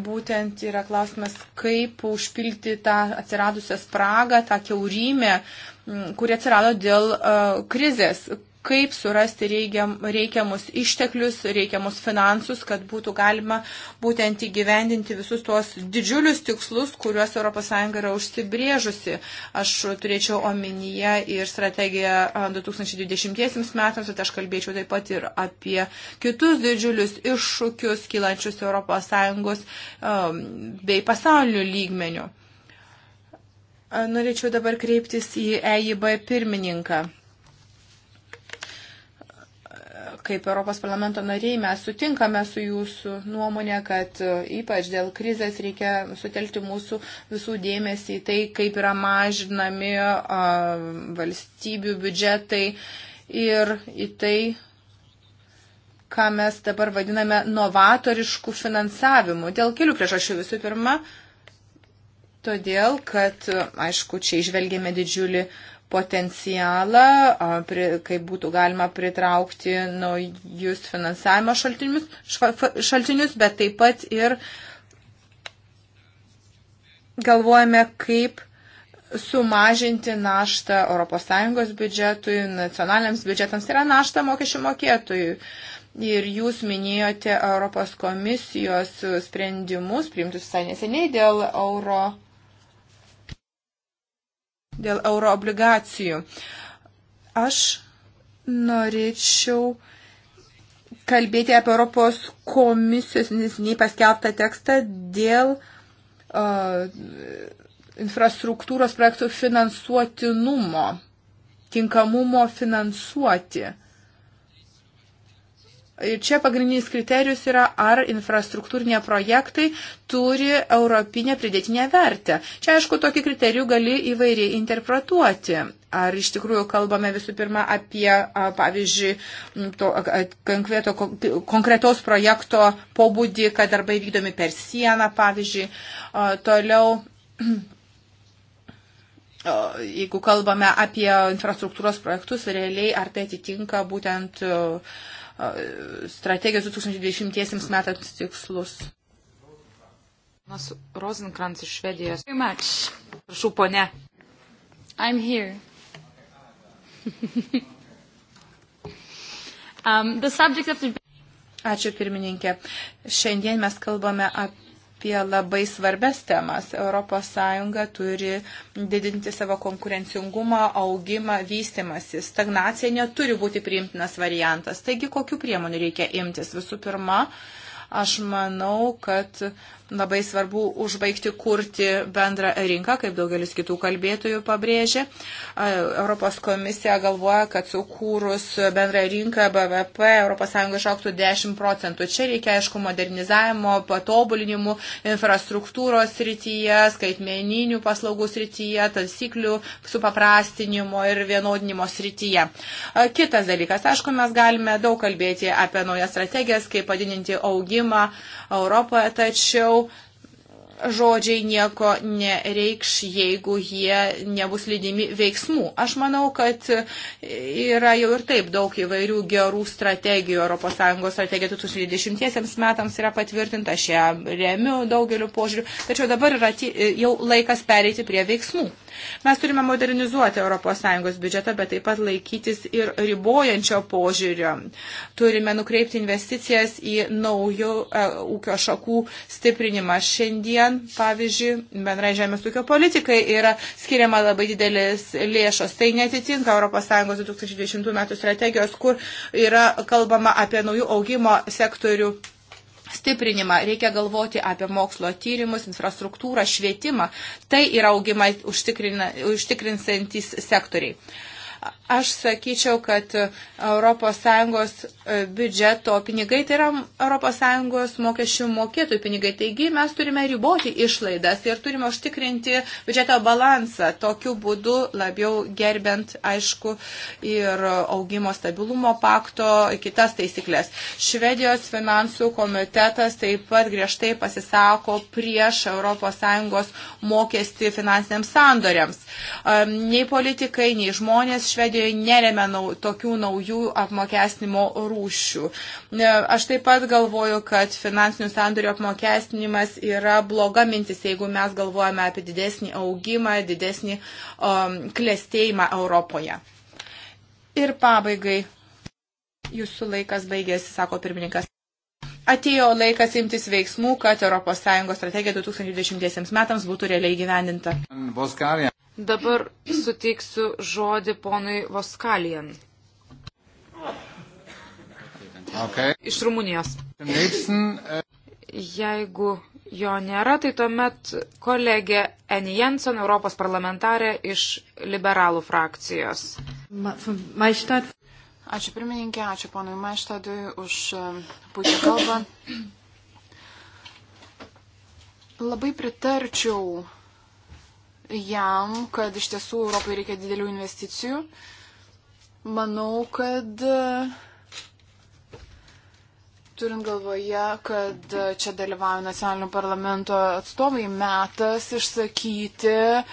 Būtent yra klausimas, kaip užpilti tą atsiradusią spragą, tą keurymę, kuri atsirado dėl uh, krizės kaip surasti reikiam, reikiamus išteklius, reikiamus finansus, kad būtų galima būtent įgyvendinti visus tuos didžiulius tikslus, kuriuos ES yra užsibrėžusi. Aš turėčiau omenyje ir strategiją 2020 metams, bet aš kalbėčiau taip pat ir apie kitus didžiulius iššūkius kylančius ES bei pasaulinių lygmenių. Norėčiau dabar kreiptis į EIB pirmininką. kaip Europos parlamento nariai mes sutinkame su jūsų nuomonė, kad e, ypač dėl krizės reikia sutelkti mūsų visų dėmesį į tai, kaip yra mažinami valstybių biudžetai ir į tai, ką mes dabar vadiname novatoriškų finansavimu. Dėl kelių priežasčių visų pirma, todėl, kad, e, aišku, čia išvelgėme didžiulį uh, potencialą, kaip būtų galima pritraukti naujus finansavimo šaltinius, šaltinius, bet taip pat ir galvojame, kaip sumažinti naštą ES biudžetui, nacionaliniams biudžetams, tai yra naštą mokesčių mokėtojui. Ir jūs minėjote Europos komisijos sprendimus, priimtus visai neseniai dėl euro dėl euroobligacijų. Aš norėčiau kalbėti apie Europos komisijos nesiniai paskelbtą tekstą dėl uh, infrastruktūros projektų finansuotinumo, tinkamumo finansuoti. Uh, Ir čia pagrindinis kriterijus yra, ar infrastruktūriniai projektai turi europinę pridėtinę vertę. Čia, aišku, tokį kriterijų gali įvairiai interpretuoti. Ar iš tikrųjų kalbame visų pirma apie, pavyzdžiui, to, konkreto, konkretos projekto pobūdį, kad darbai vykdomi per sieną, pavyzdžiui, toliau [CLEARS THROAT] jeigu kalbame apie infrastruktūros projektus, realiai ar tai atitinka būtent strategijos 2020 metams tikslus. Mas Rosenkrantz iš Švedijos. Prašau, ponė. I'm here. [LAUGHS] um, the subject of the... Ačiū pirmininkė. Šiandien mes kalbame apie apie labai svarbes temas. ES turi didinti savo konkurencingumą, augimą, vystimasi. Stagnacija neturi būti priimtinas variantas. Taigi, kokiu priemonių reikia imtis? Visų pirma, aš manau, kad Labai svarbu užbaigti kurti bendrą rinką, kaip daugelis kitų kalbėtojų pabrėžė. Europos komisija galvoja, kad sukūrus bendrą rinką BVP ES išauktų 10 procentų. Čia reikia, aišku, modernizavimo, patobulinimų infrastruktūros srityje, skaitmeninių paslaugų srityje, taisyklių supaprastinimo ir vienodinimo srityje. Kitas dalykas, aišku, mes galime daug kalbėti apie naujas strategijas, kaip padidinti augimą Europoje, tačiau toliau žodžiai nieko nereikš, jeigu jie nebus lydimi veiksmų. Aš manau, kad yra jau ir taip daug įvairių gerų strategijų. ES strategija 2020 metams yra patvirtinta, aš ją remiu daugeliu požiūrių, tačiau dabar yra jau laikas pereiti prie veiksmų. Mes turime modernizuoti ES biudžetą, bet taip pat laikytis ir ribojančio požiūrio. Turime nukreipti investicijas į naujų e, ūkio šakų stiprinimą. Šiandien ten, pavyzdžiui, bendrai žemės ūkio politikai yra skiriama labai didelis lėšos. Tai netitinka ES 2020 metų strategijos, kur yra kalbama apie naujų augimo sektorių. Stiprinimą reikia galvoti apie mokslo tyrimus, infrastruktūrą, švietimą. Tai yra augimą užtikrinsantis sektoriai. Aš sakyčiau, kad ES E, biudžeto pinigai, tai yra ES mokesčių mokėtojų pinigai. Taigi mes turime riboti išlaidas ir turime užtikrinti biudžeto balansą, tokiu būdu labiau gerbent, aišku, ir augimo stabilumo pakto kitas taisyklės. Švedijos finansų komitetas taip pat griežtai pasisako prieš ES mokestį finansiniams sandoriams. E, nei politikai, nei žmonės Švedijoje neremia tokių naujų apmokestinimo rūmų rūšių. Aš taip pat galvoju, kad finansinių sandorių apmokestinimas yra bloga mintis, jeigu mes galvojame apie didesnį augimą, didesnį um, klėstėjimą Europoje. Ir pabaigai. Jūsų laikas baigėsi, sako pirmininkas. Atėjo laikas imtis veiksmų, kad ES strategija 2020 metams būtų realiai gyvendinta. Voskalian. Dabar suteiksiu žodį ponui Voskalijan. Okay. Iš Rumunijos. Eh. Jeigu jo nėra, tai tuomet kolegė Eni Jenson, Europos parlamentarė iš liberalų frakcijos. Ačiū pirmininkė, ačiū ponui Maištadui už eh, puikią kalbą. Labai pritarčiau jam, kad iš tiesų Europai reikia didelių investicijų. Manau, kad Turint galvoje, kad čia dalyvauja nacionalinio parlamento atstovai, metas išsakyti e,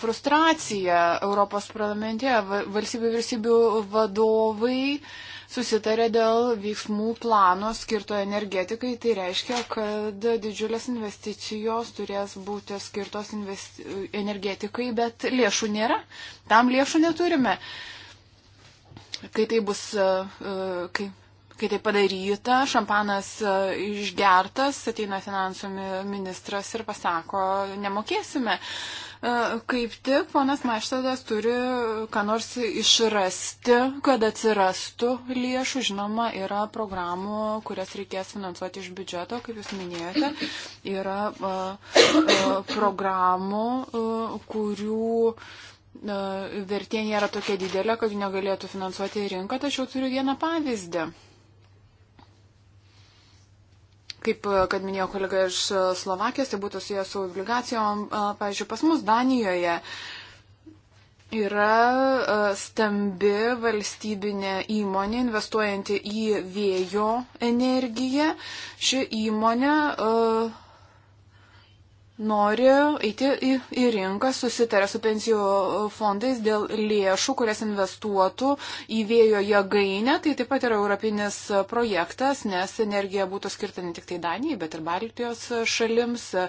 frustraciją Europos parlamente. Valstybių vyriausybių vadovai susitarė dėl veiksmų plano skirto energetikai. Tai reiškia, kad didžiulės investicijos turės būti skirtos investi... energetikai, bet lėšų nėra. Tam lėšų neturime. Kai tai bus, e, e, kai Kai tai padaryta, šampanas e, išgertas, ateina finansų ministras ir pasako, nemokėsime. E, kaip tik ponas Maštadas turi ką nors išrasti, kad atsirastų lėšų. Žinoma, yra programų, kurias reikės finansuoti iš biudžeto, kaip jūs minėjote. Yra e, programų, kurių vertė nėra tokia didelė, kad negalėtų finansuoti rinką, tačiau turiu vieną pavyzdį kaip, e, kad minėjo kolega iš e, Slovakijos, tai būtų su jie su obligacijom, e, pavyzdžiui, pas mus Danijoje yra stambi valstybinė įmonė investuojanti į vėjo energiją. Ši įmonė nori eiti į, į rinką, susitarė su pensijų fondais dėl lėšų, kurias investuotų į vėjo jėgainę. Tai taip pat yra europinis projektas, nes energija būtų skirta ne tik tai Danijai, bet ir Baltijos šalims, e,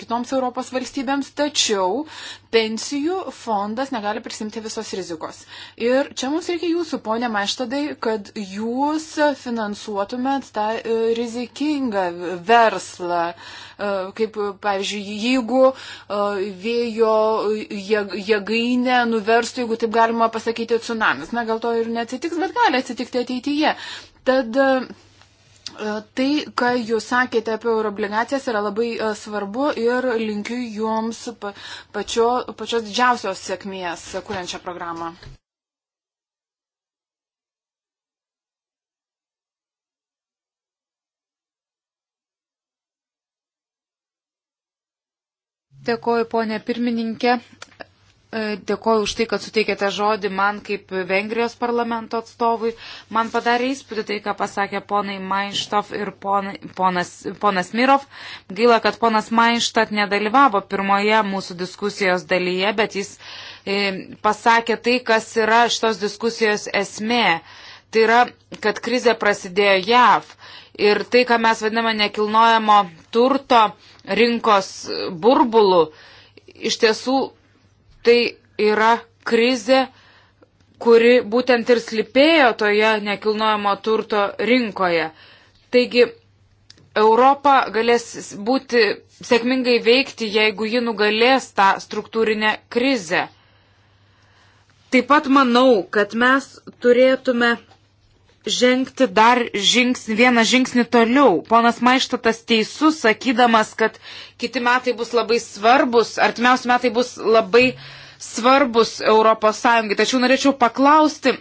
kitoms Europos valstybėms. Tačiau pensijų fondas negali prisimti visos rizikos. Ir čia mums reikia jūsų, ponė Maštadai, kad jūs finansuotumėt tą e, rizikingą verslą, e, kaip, pavyzdžiui, jeigu vėjo jėgainę nuverstų, jeigu taip galima pasakyti, tsunamis. Na, gal to ir neatsitiks, bet gali atsitikti ateityje. Tad Tai, ką jūs sakėte apie euroobligacijas, yra labai svarbu ir linkiu jums pačio, pačios didžiausios sėkmės, kuriant šią programą. Dėkoju, ponė pirmininkė. E, dėkoju už tai, kad suteikėte žodį man kaip Vengrijos parlamento atstovui. Man padarė įspūdį tai, ką pasakė ponai Mainštov ir ponai, ponas, ponas Mirov. Gaila, kad ponas Mainštat nedalyvavo pirmoje mūsų diskusijos dalyje, bet jis e, pasakė tai, kas yra šitos diskusijos esmė. Tai yra, kad krizė prasidėjo JAV ir tai, ką mes vadiname nekilnojamo turto rinkos burbulų. Iš tiesų, tai yra krizė, kuri būtent ir slipėjo toje nekilnojamo turto rinkoje. Taigi, Europa galės būti sėkmingai veikti, jeigu ji nugalės tą struktūrinę krizę. Taip pat manau, kad mes turėtume žengti dar žingsnį, vieną žingsnį toliau. Ponas Maištatas teisus, sakydamas, kad kiti metai bus labai svarbus, artimiausi metai bus labai svarbus ES. Tačiau norėčiau paklausti,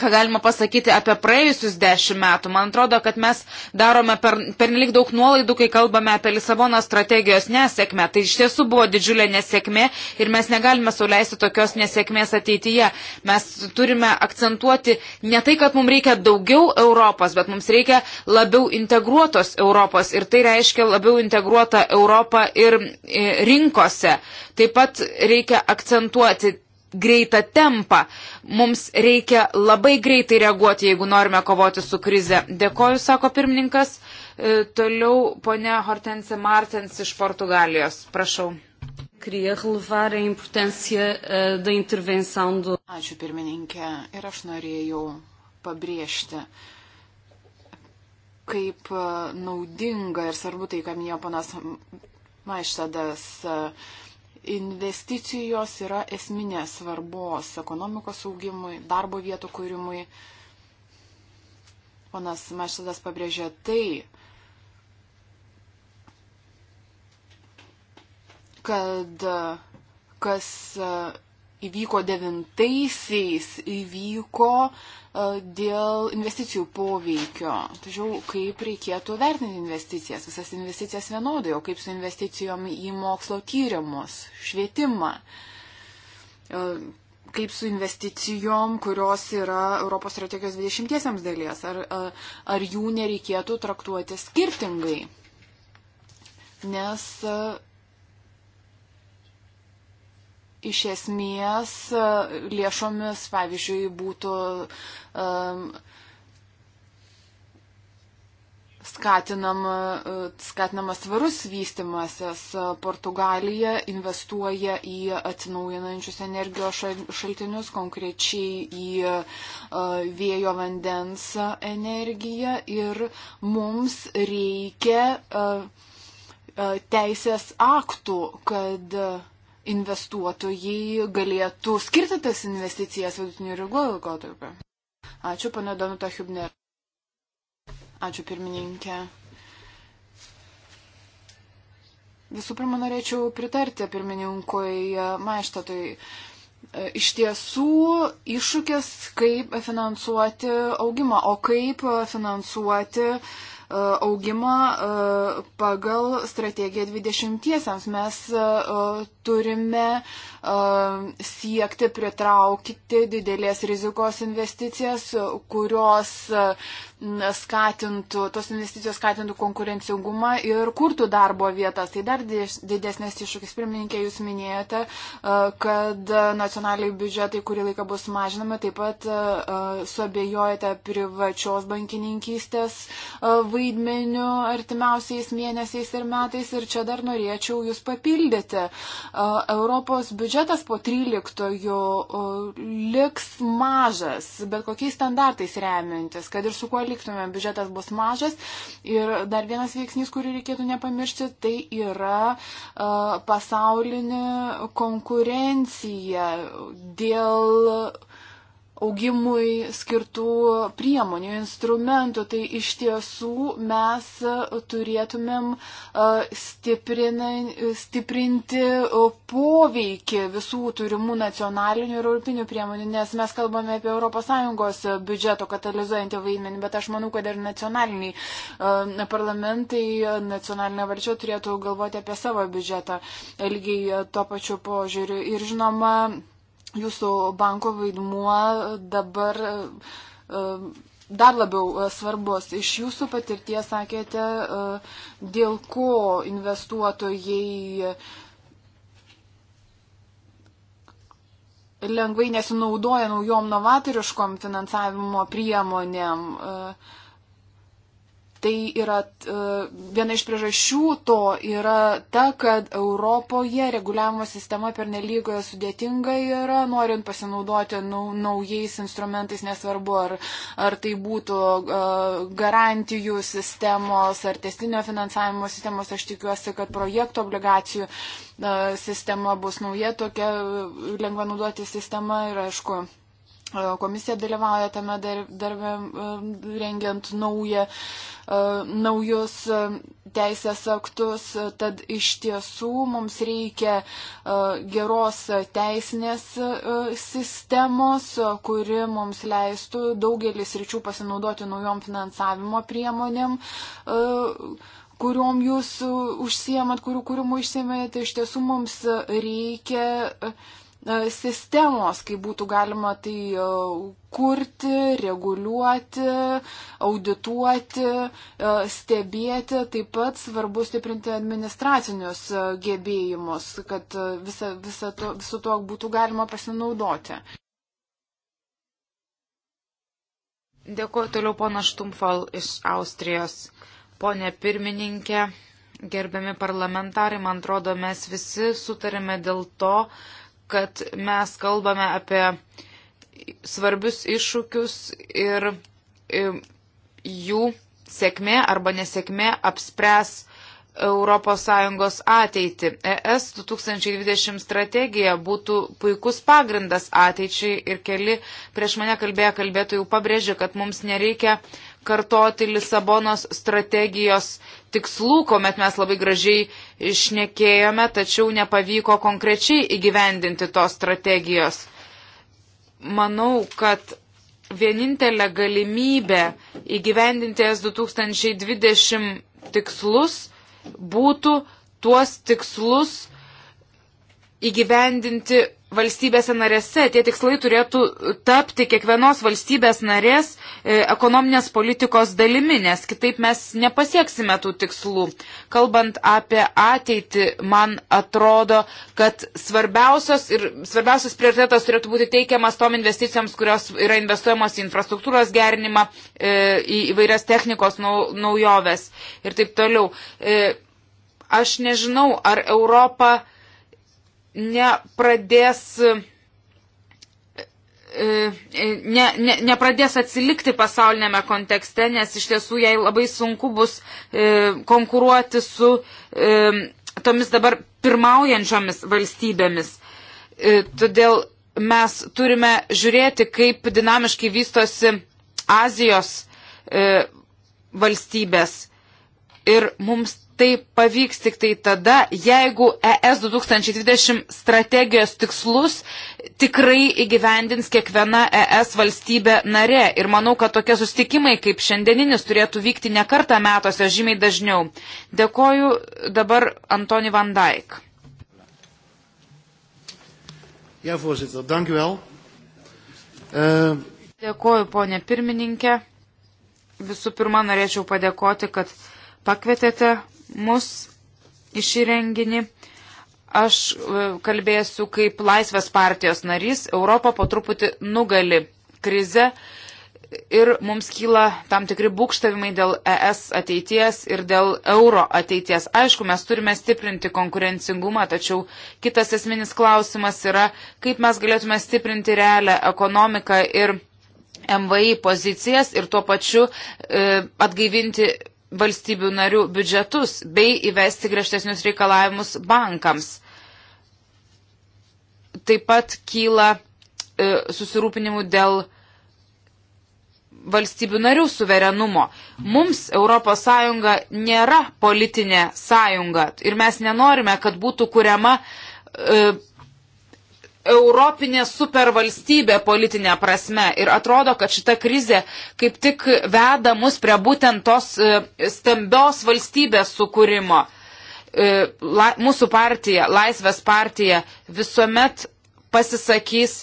ką galima pasakyti apie praėjusius dešimt metų. Man atrodo, kad mes darome per, per nelik daug nuolaidų, kai kalbame apie Lisabono strategijos nesėkmę. Tai iš tiesų buvo didžiulė nesėkmė ir mes negalime sauliaisti tokios nesėkmės ateityje. Mes turime akcentuoti ne tai, kad mums reikia daugiau Europos, bet mums reikia labiau integruotos Europos ir tai reiškia labiau integruotą Europą ir e, rinkose. Taip pat reikia akcentuoti greitą tempą. Mums reikia labai greitai reaguoti, jeigu norime kovoti su krize. Dėkoju, sako pirmininkas. E, toliau ponia Hortense Martens iš Portugalijos. Prašau. Eh, Ačiū pirmininkė ir aš norėjau pabrėžti, kaip eh, naudinga ir svarbu tai, ką minėjo panas Maištadas. Uh, investicijos yra esminės svarbos ekonomikos augimui, darbo vietų kūrimui. Ponas Maštadas pabrėžė tai, kad kas įvyko devintaisiais, įvyko e, dėl investicijų poveikio. Tačiau kaip reikėtų vertinti investicijas, visas investicijas vienodai, o kaip su investicijom į mokslo tyrimus, švietimą, e, kaip su investicijom, kurios yra Europos strategijos 20-iesiams dalies, ar, e, ar jų nereikėtų traktuoti skirtingai. Nes iš esmės e, lėšomis, pavyzdžiui, būtų um, skatinam, e, skatinamas tvarus vystimasis. Portugalija investuoja į atsinaujinančius energijos šaltinius, konkrečiai į e, vėjo vandens energiją ir mums reikia teisės aktų, kad investuotojai galėtų skirti tas investicijas vidutinių ir ilgo laikotarpio. Ačiū, pana Danuta Hubner. Ačiū, pirmininkė. Visų pirma, norėčiau pritarti pirmininkui Maištatui. Iš tiesų iššūkis, kaip finansuoti augimą, o kaip finansuoti uh, E, augimą e, pagal strategiją 20-iesiams. Mes e, turime siekti pritraukti didelės rizikos investicijas, kurios skatintų, tos investicijos skatintų konkurencingumą ir kurtų darbo vietas. Tai dar didesnės iššūkis. Pirmininkė, jūs minėjote, e, kad nacionaliai biudžetai kurį laiką bus mažinami, taip pat e, suabejojate privačios bankininkystės e, vaidmeniu artimiausiais mėnesiais ir metais. Ir čia dar norėčiau jūs papildyti. Europos biudžetas po 13 liks mažas, bet kokiais standartais remiantis, kad ir su kuo atliktume. Biudžetas bus mažas. Ir dar vienas veiksnys, kurį reikėtų nepamiršti, tai yra pasaulinė konkurencija dėl augimui skirtų priemonių, instrumentų, tai iš tiesų mes turėtumėm e, stiprinti e, poveikį visų turimų nacionalinių ir europinių priemonių, nes mes kalbame apie ES biudžeto katalizuojantį vaidmenį, bet aš manau, kad ir nacionaliniai e, parlamentai, nacionalinė valdžia turėtų galvoti apie savo biudžetą, lygiai to pačiu požiūriu. Ir žinoma, jūsų banko vaidmuo dabar e, e, dar labiau e, svarbus. Iš jūsų patirties sakėte, dėl ko investuotojai lengvai nesinaudoja naujom novatoriškom finansavimo priemonėm. Uh, Tai yra e, viena iš priežasčių to yra ta, kad Europoje reguliavimo sistema pernelyg sudėtinga yra, norint pasinaudoti naujais instrumentais, nesvarbu, ar, ar tai būtų e, garantijų sistemos ar testinio finansavimo sistemos. Aš tikiuosi, kad projektų obligacijų e, sistema bus nauja tokia lengva naudoti sistema ir aišku E, komisija dalyvauja tame darbe e, rengiant naują, e, naujus teisės aktus, tad iš tiesų mums reikia geros teisinės sistemos, kuri mums leistų daugelis ryčių pasinaudoti naujom finansavimo priemonėm kuriuom jūs užsiemat, kurių kūrimų užsiemėte, iš tiesų mums reikia uh, sistemos, kaip būtų galima tai e, kurti, reguliuoti, audituoti, e, stebėti. Taip pat svarbu stiprinti administracinius e, gebėjimus, kad visa, visa to, visu to būtų galima pasinaudoti. Dėkuoju toliau pona Štumfal iš Austrijos. Pone pirmininkė, gerbiami parlamentarai, man atrodo, mes visi sutarėme dėl to, kad mes kalbame apie svarbius iššūkius ir e, jų sėkmė arba nesėkmė apspręs ES ateitį. ES 2020 strategija būtų puikus pagrindas ateičiai ir keli prieš mane kalbėję kalbėtojų pabrėžė, kad mums nereikia kartoti Lisabonos strategijos tikslų, kuomet mes labai gražiai išnekėjome, tačiau nepavyko konkrečiai įgyvendinti tos strategijos. Manau, kad vienintelė galimybė įgyvendinti S2020 tikslus būtų tuos tikslus įgyvendinti valstybėse narėse. Tie tikslai turėtų tapti kiekvienos valstybės narės e, ekonominės politikos dalimi, nes kitaip mes nepasieksime tų tikslų. Kalbant apie ateitį, man atrodo, kad svarbiausios ir svarbiausias prioritetas turėtų būti teikiamas tom investicijoms, kurios yra investuojamos į infrastruktūros gerinimą, e, į įvairias technikos naujoves ir taip toliau. E, aš nežinau, ar Europa nepradės e, e, ne, ne, nepradės atsilikti pasaulinėme kontekste, nes iš tiesų jai labai sunku bus e, konkuruoti su e, tomis dabar pirmaujančiomis valstybėmis. E, todėl mes turime žiūrėti, kaip dinamiškai vystosi Azijos e, valstybės. Ir mums tai pavyks tik tai tada, jeigu ES 2020 strategijos tikslus tikrai įgyvendins kiekviena ES valstybė narė. Ir manau, kad tokie sustikimai kaip šiandieninis turėtų vykti ne kartą metuose, žymiai dažniau. Dėkoju dabar Antoni Van Dijk. Ja, voorzitter, dank u wel. Uh... Dėkoju, ponė pirmininkė. Visų pirma, norėčiau padėkoti, kad pakvietėte mus į šį renginį. Aš e, kalbėsiu kaip Laisvės partijos narys. Europa po truputį nugali krizę ir mums kyla tam tikri būkštavimai dėl ES ateities ir dėl euro ateities. Aišku, mes turime stiprinti konkurencingumą, tačiau kitas esminis klausimas yra, kaip mes galėtume stiprinti realią ekonomiką ir MVI pozicijas ir tuo pačiu e, atgaivinti valstybių narių biudžetus bei įvesti griežtesnius reikalavimus bankams. Taip pat kyla e, susirūpinimų dėl valstybių narių suverenumo. Mums ES nėra politinė sąjunga ir mes nenorime, kad būtų kuriama e, Europinė supervalstybė politinė prasme ir atrodo, kad šita krizė kaip tik veda mus prie būtent tos e, stambios valstybės sukūrimo. E, mūsų partija, Laisvės partija, visuomet pasisakys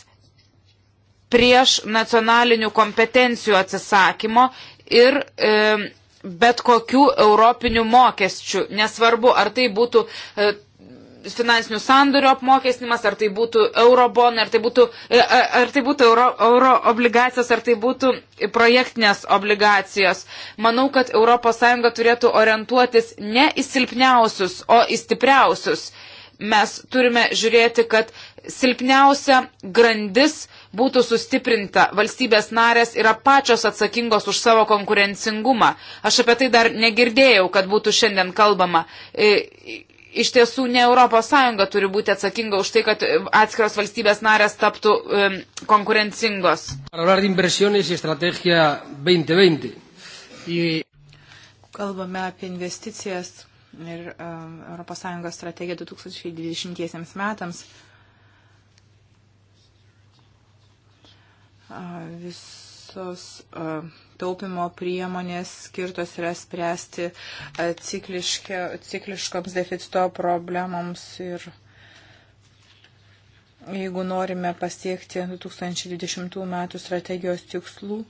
prieš nacionalinių kompetencijų atsisakymo ir e, bet kokių europinių mokesčių. Nesvarbu, ar tai būtų e, finansinių sandorių apmokestinimas, ar tai būtų eurobonai, ar tai būtų, e, e, ar tai būtų euro, euro obligacijos, ar tai būtų projektinės obligacijos. Manau, kad ES turėtų orientuotis ne į silpniausius, o į stipriausius. Mes turime žiūrėti, kad silpniausia grandis būtų sustiprinta, valstybės narės yra pačios atsakingos už savo konkurencingumą. Aš apie tai dar negirdėjau, kad būtų šiandien kalbama. E, iš tiesų ne ES turi būti atsakinga už tai, kad e, atskiros valstybės narės taptų um, konkurencingos. Kalbame apie investicijas ir um, e, ES strategiją 2020 metams. Uh, visos uh, taupimo priemonės skirtos yra spręsti e, cikliškoms deficito problemams ir jeigu norime pasiekti 2020 metų strategijos tikslų,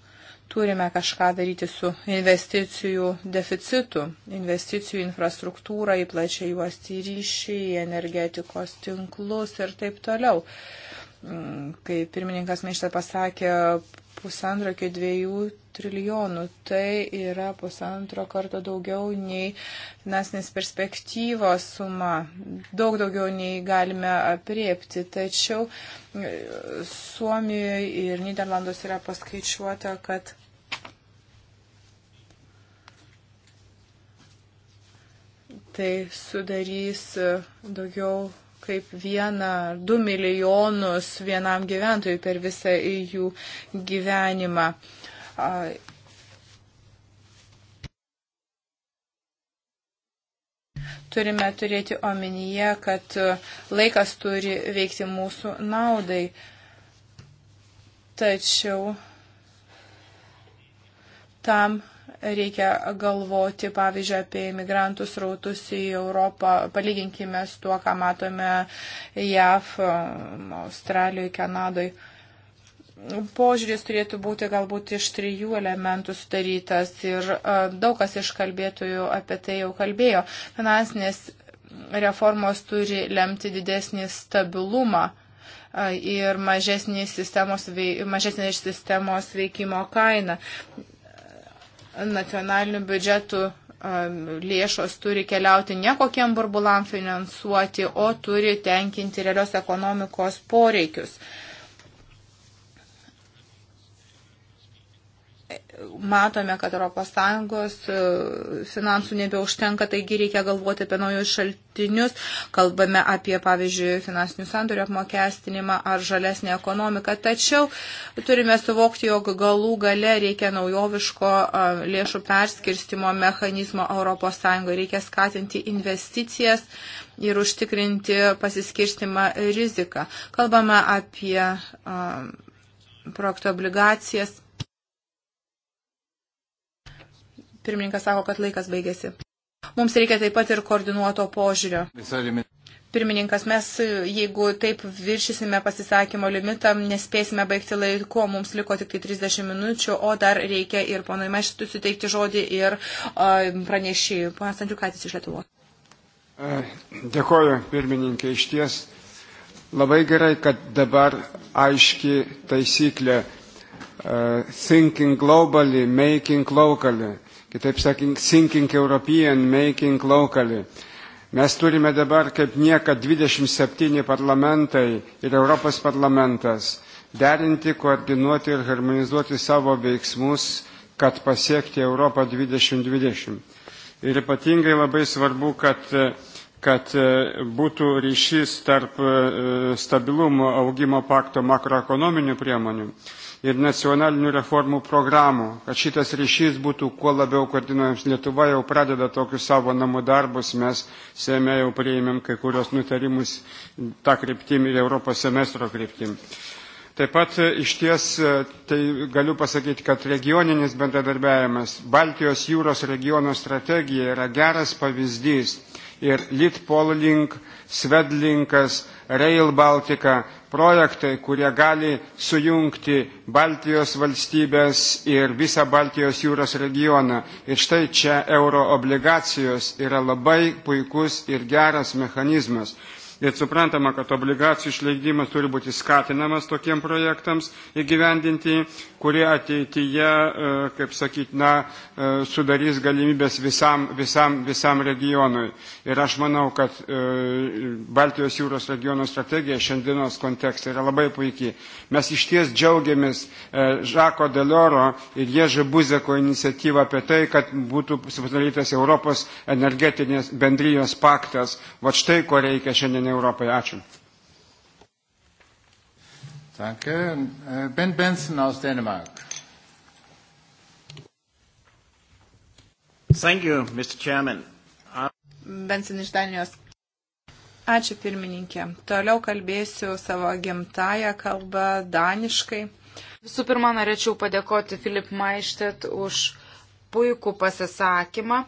turime kažką daryti su investicijų deficitu, investicijų infrastruktūrą, į plačiai juos į ryšį, į energetikos tinklus ir taip toliau. Mm, kai pirmininkas Meištė pasakė, pusantro iki dviejų trilijonų. Tai yra pusantro karto daugiau nei finansinės perspektyvos suma. Daug daugiau nei galime apriepti. Tačiau e, Suomijoje ir Niderlandos yra paskaičiuota, kad tai sudarys e, daugiau kaip vieną ar du milijonus vienam gyventojui per visą jų gyvenimą. Turime turėti omenyje, kad laikas turi veikti mūsų naudai. Tačiau tam Reikia galvoti, pavyzdžiui, apie imigrantus rautus į Europą. Palyginkime su tuo, ką matome JAV, Australijoje, Kanadoje požiūris turėtų būti galbūt iš trijų elementų sudarytas ir e, daug kas iš kalbėtojų apie tai jau kalbėjo. Finansinės reformos turi lemti didesnį stabilumą e, ir mažesnį sistemos, mažesnį sistemos veikimo kainą nacionalinių biudžetų lėšos turi keliauti ne kokiem burbulam finansuoti, o turi tenkinti realios ekonomikos poreikius. matome, kad ES e, finansų nebeužtenka, taigi reikia galvoti apie naujus šaltinius. Kalbame apie, pavyzdžiui, finansinių sandorių apmokestinimą ar žalesnį ekonomiką. Tačiau turime suvokti, jog galų gale reikia naujoviško e, lėšų perskirstimo mechanizmo ES. Reikia skatinti investicijas ir užtikrinti pasiskirstimą riziką. Kalbame apie e, projekto obligacijas Pirmininkas sako, kad laikas baigėsi. Mums reikia taip pat ir koordinuoto požiūrio. Pirmininkas, mes jeigu taip viršysime pasisakymo limitą, nespėsime baigti laiko, mums liko tik tai 30 minučių, o dar reikia ir ponui Meštų suteikti žodį ir uh, pranešėjų. Ponas Andriukaitis iš Lietuvos. Dėkoju, pirmininkė, iš ties. Labai gerai, kad dabar aiški taisyklė uh, thinking globally, making locally kitaip sakant, thinking European, making locally. Mes turime dabar kaip niekad 27 parlamentai ir Europos parlamentas derinti, koordinuoti ir harmonizuoti savo veiksmus, kad pasiekti Europą 2020. Ir ypatingai labai svarbu, kad, kad e, būtų ryšys tarp e, stabilumo augimo pakto makroekonominių priemonių ir nacionalinių reformų programų, kad šitas ryšys būtų kuo labiau koordinuojams. Lietuva jau pradeda tokius savo namų darbus, mes Seime jau prieimėm kai kurios nutarimus tą kryptimį ir Europos semestro kryptimį. Taip pat e, iš ties e, tai galiu pasakyti, kad regioninis bendradarbiavimas, Baltijos jūros regiono strategija yra geras pavyzdys ir Litpol link, Svedlinkas, Rail Baltica projektai, kurie gali sujungti Baltijos valstybės ir visą Baltijos jūros regioną. Ir štai čia euro obligacijos yra labai puikus ir geras mechanizmas ir suprantama, kad obligacijų išleidimas turi būti skatinamas tokiem projektams įgyvendinti, kurie ateityje, e, kaip sakyt, na, e, sudarys galimybės visam, visam, visam regionui. Ir aš manau, kad e, Baltijos jūros regiono strategija šiandienos kontekste yra labai puikiai. Mes iš ties džiaugiamės Žako Delioro ir Ježė Buzeko iniciatyvą apie tai, kad būtų sudarytas Europos energetinės bendrijos paktas. Va štai ko reikia šiandien pramonė Europoje. Ačiū. Danke. Äh, ben Benson aus Dänemark. Thank you, Mr. Chairman. Uh, Benson iš Danijos. Ačiū pirmininkė. Toliau kalbėsiu savo gimtają kalbą daniškai. Visų pirma, norėčiau padėkoti Filip Maištet už puikų pasisakymą.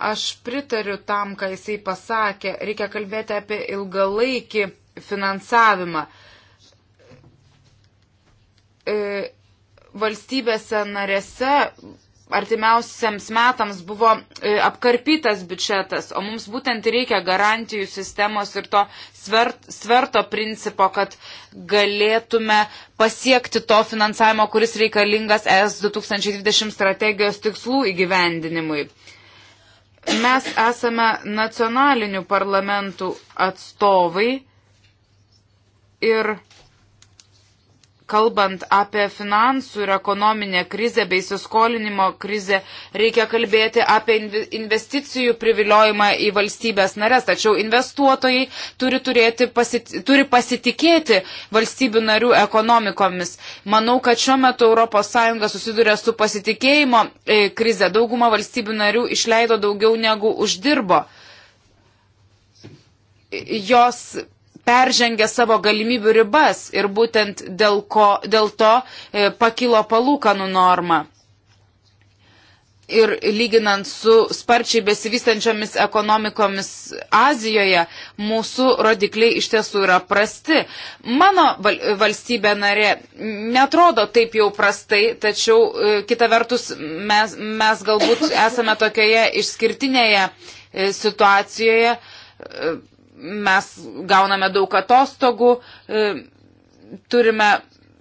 Aš pritariu tam, ką jisai pasakė. Reikia kalbėti apie ilgalaikį finansavimą. E, valstybėse narėse artimiausiams metams buvo e, apkarpytas biudžetas, o mums būtent reikia garantijų sistemos ir to sverto principo, kad galėtume pasiekti to finansavimo, kuris reikalingas ES 2020 strategijos tikslų įgyvendinimui mes esame nacionalinių parlamentų atstovai ir kalbant apie finansų ir ekonominę krizę bei įsiskolinimo krizę, reikia kalbėti apie investicijų priviliojimą į valstybės narės. Tačiau investuotojai turi, turėti, pasit, turi pasitikėti valstybių narių ekonomikomis. Manau, kad šiuo metu ES susiduria su pasitikėjimo e, krize. Dauguma valstybių narių išleido daugiau negu uždirbo. Jos peržengia savo galimybių ribas ir būtent dėl, ko, dėl to e, pakilo palūkanų norma. Ir lyginant su sparčiai besivystančiomis ekonomikomis Azijoje, mūsų rodikliai iš tiesų yra prasti. Mano val valstybė narė netrodo taip jau prastai, tačiau e, kita vertus mes, mes galbūt esame tokioje išskirtinėje e, situacijoje, e, mes gauname daug atostogų, e, turime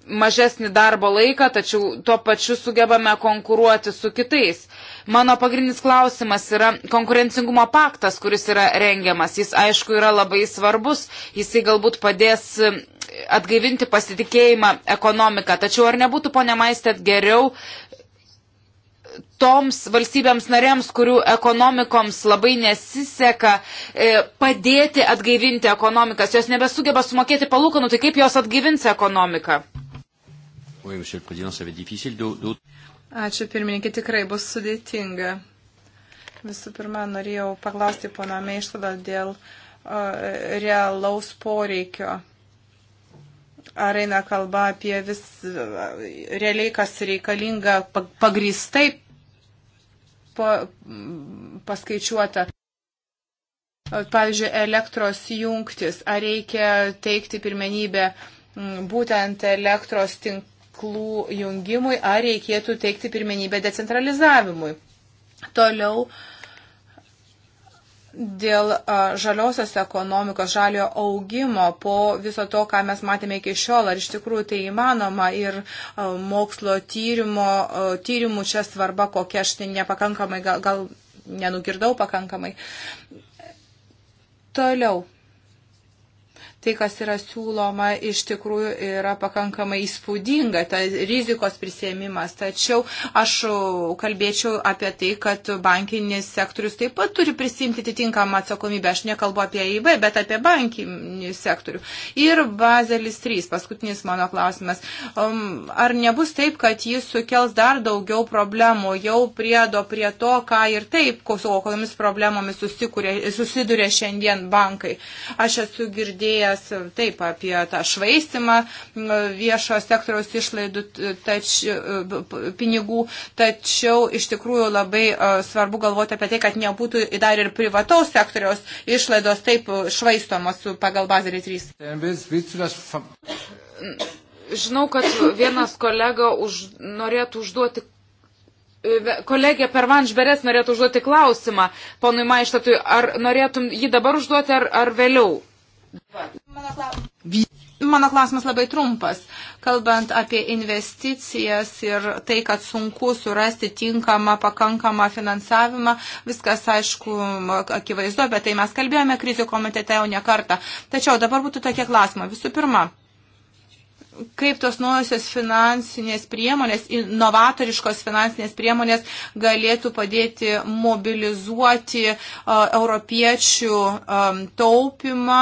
mažesnį darbo laiką, tačiau tuo pačiu sugebame konkuruoti su kitais. Mano pagrindinis klausimas yra konkurencingumo paktas, kuris yra rengiamas. Jis aišku yra labai svarbus, jisai galbūt padės e, atgaivinti pasitikėjimą ekonomiką. Tačiau ar nebūtų, ponia Maistėt, geriau toms valstybėms narėms, kurių ekonomikoms labai nesiseka e, padėti atgaivinti ekonomikas. Jos nebesugeba sumokėti palūkanų, tai kaip jos atgaivins ekonomiką? Ačiū pirmininkė, tikrai bus sudėtinga. Visų pirma, norėjau paklausti pono Meištada dėl realaus poreikio ar eina kalba apie vis realiai, kas reikalinga pagristai pa, paskaičiuota. Pavyzdžiui, elektros jungtis. Ar reikia teikti pirmenybę būtent elektros tinklų jungimui, ar reikėtų teikti pirmenybę decentralizavimui. Toliau uh, dėl žaliosios ekonomikos, žalio augimo po viso to, ką mes matėme iki šiol, ar iš tikrųjų tai įmanoma ir mokslo tyrimo, tyrimų čia svarba, kokia aš tai nepakankamai, gal, gal nenugirdau pakankamai. Toliau tai, kas yra siūloma, iš tikrųjų yra pakankamai įspūdinga, ta rizikos prisėmimas. Tačiau aš kalbėčiau apie tai, kad bankinis sektorius taip pat turi prisimti atitinkamą atsakomybę. Aš nekalbu apie EIB, bet apie bankinį sektorių. Ir Bazelis 3, paskutinis mano klausimas. Um, ar nebus taip, kad jis sukels dar daugiau problemų jau priedo prie to, ką ir taip, su kokiamis problemomis susiduria šiandien bankai? Aš esu girdėjęs kalbėjęs taip apie tą švaistimą viešo sektoriaus išlaidų tač, pinigų, tačiau iš tikrųjų labai svarbu galvoti apie tai, kad nebūtų dar ir privataus sektoriaus išlaidos taip švaistomos pagal bazarį 3. Žinau, kad vienas kolega už, norėtų užduoti e, kolegė Pervanš Beres norėtų užduoti klausimą ponui Maištatui, ar norėtum jį dabar užduoti ar, ar vėliau? Mano klausimas. Mano klausimas labai trumpas. Kalbant apie investicijas ir tai, kad sunku surasti tinkamą, pakankamą finansavimą, viskas aišku, akivaizdu, apie tai mes kalbėjome krizių komitete jau ne kartą. Tačiau dabar būtų tokie klausimai. Visų pirma, kaip tos naujosios finansinės priemonės, inovatoriškos finansinės priemonės galėtų padėti mobilizuoti uh, europiečių um, taupimą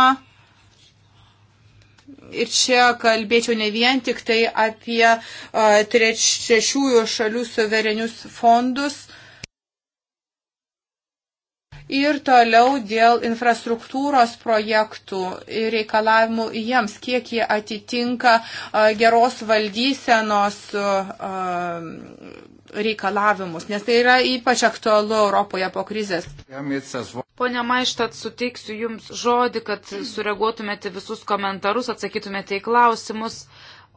Ir čia kalbėčiau ne vien tik tai apie trečiųjų šalių suverenius fondus. Ir toliau dėl infrastruktūros projektų ir reikalavimų jiems, kiek jie atitinka geros valdysenos reikalavimus, nes tai yra ypač aktualu Europoje po krizės. Pone Maištat, suteiksiu Jums žodį, kad sureaguotumėte visus komentarus, atsakytumėte į klausimus,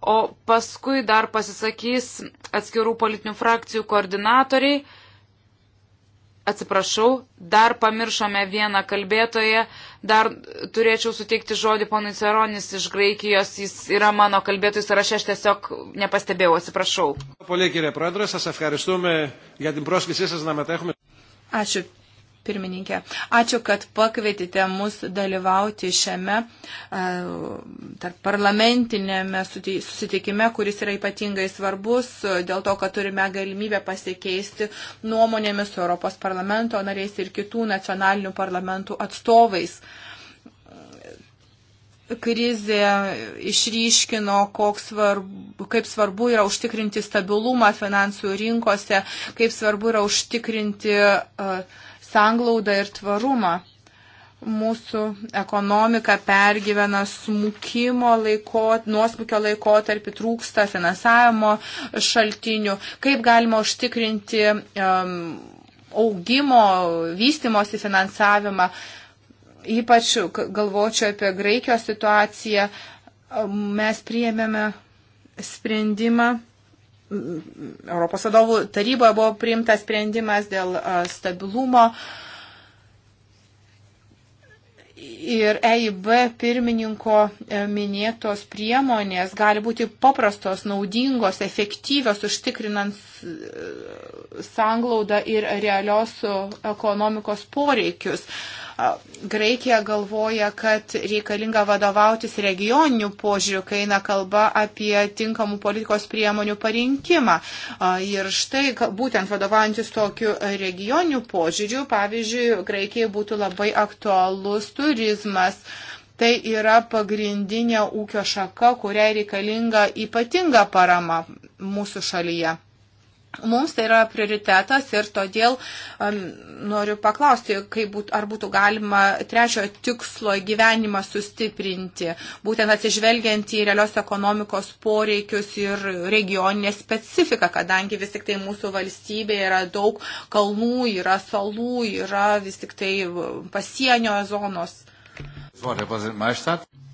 o paskui dar pasisakys atskirų politinių frakcijų koordinatoriai Atsiprašau, dar pamiršome vieną kalbėtoją, dar turėčiau suteikti žodį ponui Ceronis iš Graikijos, jis yra mano kalbėtojus ir aš aš tiesiog nepastebėjau, atsiprašau. Ačiū pirmininkė. Ačiū, kad pakvietėte mus dalyvauti šiame e, tarp parlamentinėme susitikime, kuris yra ypatingai svarbus dėl to, kad turime galimybę pasikeisti nuomonėmis su Europos parlamento nariais ir kitų nacionalinių parlamentų atstovais. Krizė išryškino, svarbu, kaip svarbu yra užtikrinti stabilumą finansų rinkose, kaip svarbu yra užtikrinti uh, sanglaudą ir tvarumą. Mūsų ekonomika pergyvena smukimo laiko, nuosmukio laikotarpį, trūksta finansavimo šaltinių. Kaip galima užtikrinti um, augimo, vystimosi finansavimą? Ypač galvočiau apie Graikijos situaciją. Mes priėmėme sprendimą Europos vadovų taryboje buvo priimtas sprendimas dėl stabilumo ir EIB pirmininko e, minėtos priemonės gali būti paprastos, naudingos, efektyvios, užtikrinant e, sanglaudą ir realios e, ekonomikos poreikius. Graikija galvoja, kad reikalinga vadovautis regioniniu požiūriu, kai eina kalba apie tinkamų politikos priemonių parinkimą. Ir štai, būtent vadovaujantis tokiu regioniniu požiūriu, pavyzdžiui, Graikijai būtų labai aktualus turizmas. Tai yra pagrindinė ūkio šaka, kuriai reikalinga ypatinga parama mūsų šalyje. Mums tai yra prioritetas ir todėl um, noriu paklausti, būt, ar būtų galima trečiojo tikslo gyvenimą sustiprinti, būtent atsižvelgiant į realios ekonomikos poreikius ir regioninę specifiką, kadangi vis tik tai mūsų valstybėje yra daug kalnų, yra salų, yra vis tik tai pasienio zonos.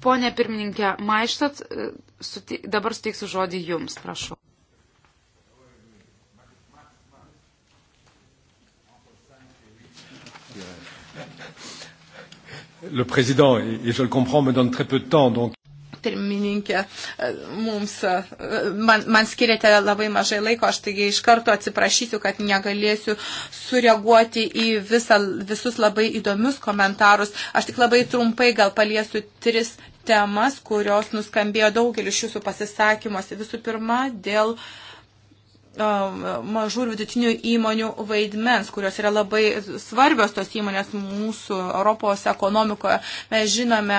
Pone pirmininkė, Maištat, e, suti, dabar suteiksiu žodį Jums, prašau. le président, et je le comprends, me donne très peu de temps, donc pirmininkė, e, mums, e, man, man skiriate labai mažai laiko, aš taigi iš karto atsiprašysiu, kad negalėsiu sureaguoti į visą, visus labai įdomius komentarus. Aš tik labai trumpai gal paliesiu tris temas, kurios nuskambėjo daugelis jūsų pasisakymuose. Visų pirma, dėl uh, Um, mažų ir vidutinių įmonių vaidmens, kurios yra labai svarbios tos įmonės mūsų Europos ekonomikoje. Mes žinome,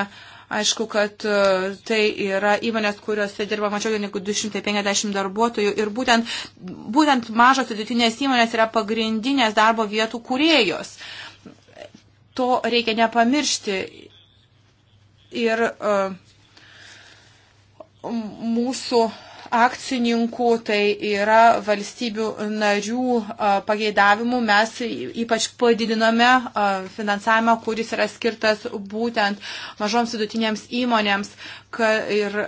aišku, kad uh, tai yra įmonės, kuriuose dirba mažiau negu 250 darbuotojų ir būtent, būtent mažos vidutinės įmonės yra pagrindinės darbo vietų kuriejos. To reikia nepamiršti. Ir uh, mūsų uh, akcininkų, tai yra valstybių narių pageidavimų. Mes ypač padidinome finansavimą, kuris yra skirtas būtent mažoms vidutinėms įmonėms. Ir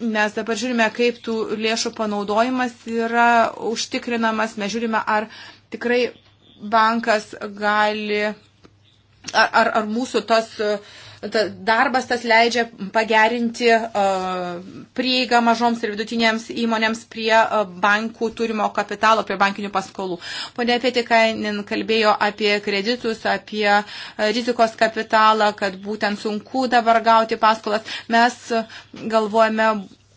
mes dabar žiūrime, kaip tų lėšų panaudojimas yra užtikrinamas, mes žiūrime, ar tikrai bankas gali, ar, ar, ar mūsų tas uh, darbas tas leidžia pagerinti prieigą mažoms ir vidutinėms įmonėms prie bankų turimo kapitalo, prie bankinių paskolų. Pone Pietikainin kalbėjo apie kreditus, apie rizikos kapitalą, kad būtent sunku dabar gauti paskolas. Mes galvojame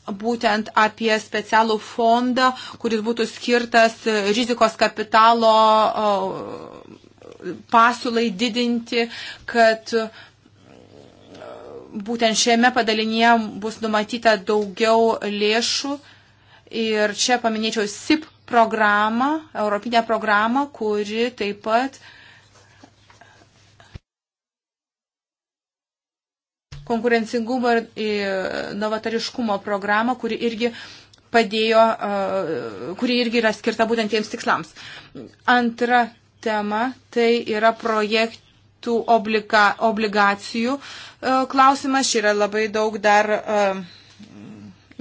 būtent apie specialų fondą, kuris būtų skirtas rizikos kapitalo pasiūlai didinti, kad uh, būtent šiame padalinyje bus numatyta daugiau lėšų. Ir čia paminėčiau SIP programą, europinę programą, kuri taip pat konkurencingumo ir novatariškumo programą, kuri irgi padėjo, e, kuri irgi yra skirta būtent tiems tikslams. Antra tema tai yra projekt, tų obliga, obligacijų e, klausimas. Čia yra labai daug dar e,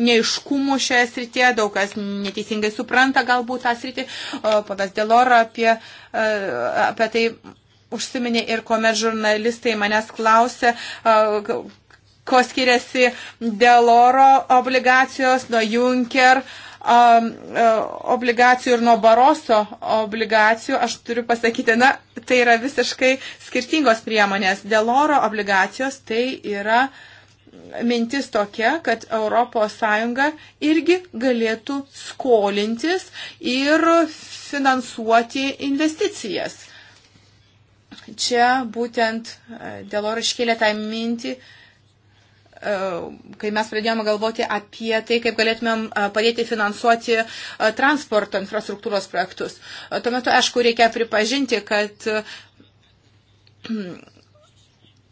neiškumų šioje srityje, daug kas neteisingai supranta galbūt tą sritį. E, Panas Delora apie, apie tai užsiminė ir kuomet žurnalistai manęs klausė, ko skiriasi Deloro obligacijos nuo Junker obligacijos Um, e, obligacijų ir nuo baroso obligacijų, aš turiu pasakyti, na, tai yra visiškai skirtingos priemonės. Dėl oro obligacijos tai yra mintis tokia, kad ES irgi galėtų skolintis ir finansuoti investicijas. Čia būtent e, dėl oro iškėlė tą mintį, uh, E, kai mes pradėjome galvoti apie tai, kaip galėtumėm e, padėti finansuoti e, transporto infrastruktūros projektus. Tuo metu, aišku, reikia pripažinti, kad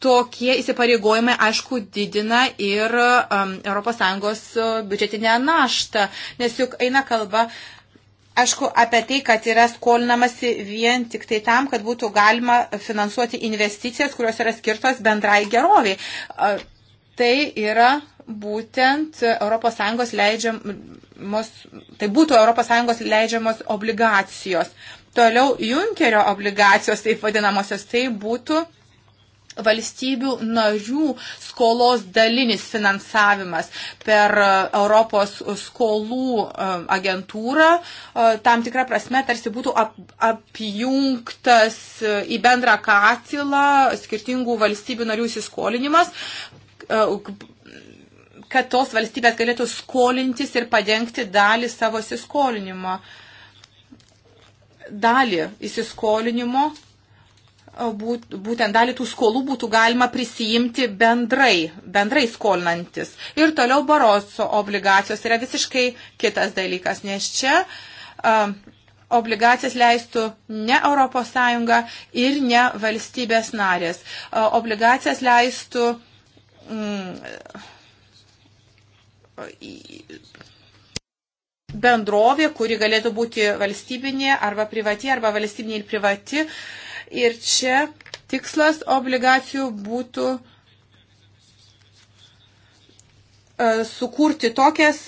tokie įsipareigojimai, aišku, didina ir um, ES biudžetinę naštą, nes juk eina kalba aišku, apie tai, kad yra skolinamasi vien tik tai tam, kad būtų galima finansuoti investicijas, kurios yra skirtos bendrai geroviai tai yra būtent ES leidžiamos, tai būtų ES leidžiamos obligacijos. Toliau Junkerio obligacijos, taip vadinamosios, tai būtų valstybių narių skolos dalinis finansavimas per e, Europos skolų e, agentūrą e, tam tikrą prasme tarsi būtų ap, apjungtas į bendrą katilą skirtingų valstybių narių įsiskolinimas, E, kad tos valstybės galėtų skolintis ir padengti dalį savo įsiskolinimo. Dalį įsiskolinimo, e, būtent dalį tų skolų būtų galima prisijimti bendrai, bendrai skolinantis. Ir toliau baroso obligacijos yra visiškai kitas dalykas, nes čia uh, obligacijas leistų ne ES ir ne valstybės narės. Obligacijas leistų Mm, bendrovė, kuri galėtų būti valstybinė arba privati, arba valstybinė ir privati. Ir čia tikslas obligacijų būtų e, sukurti tokias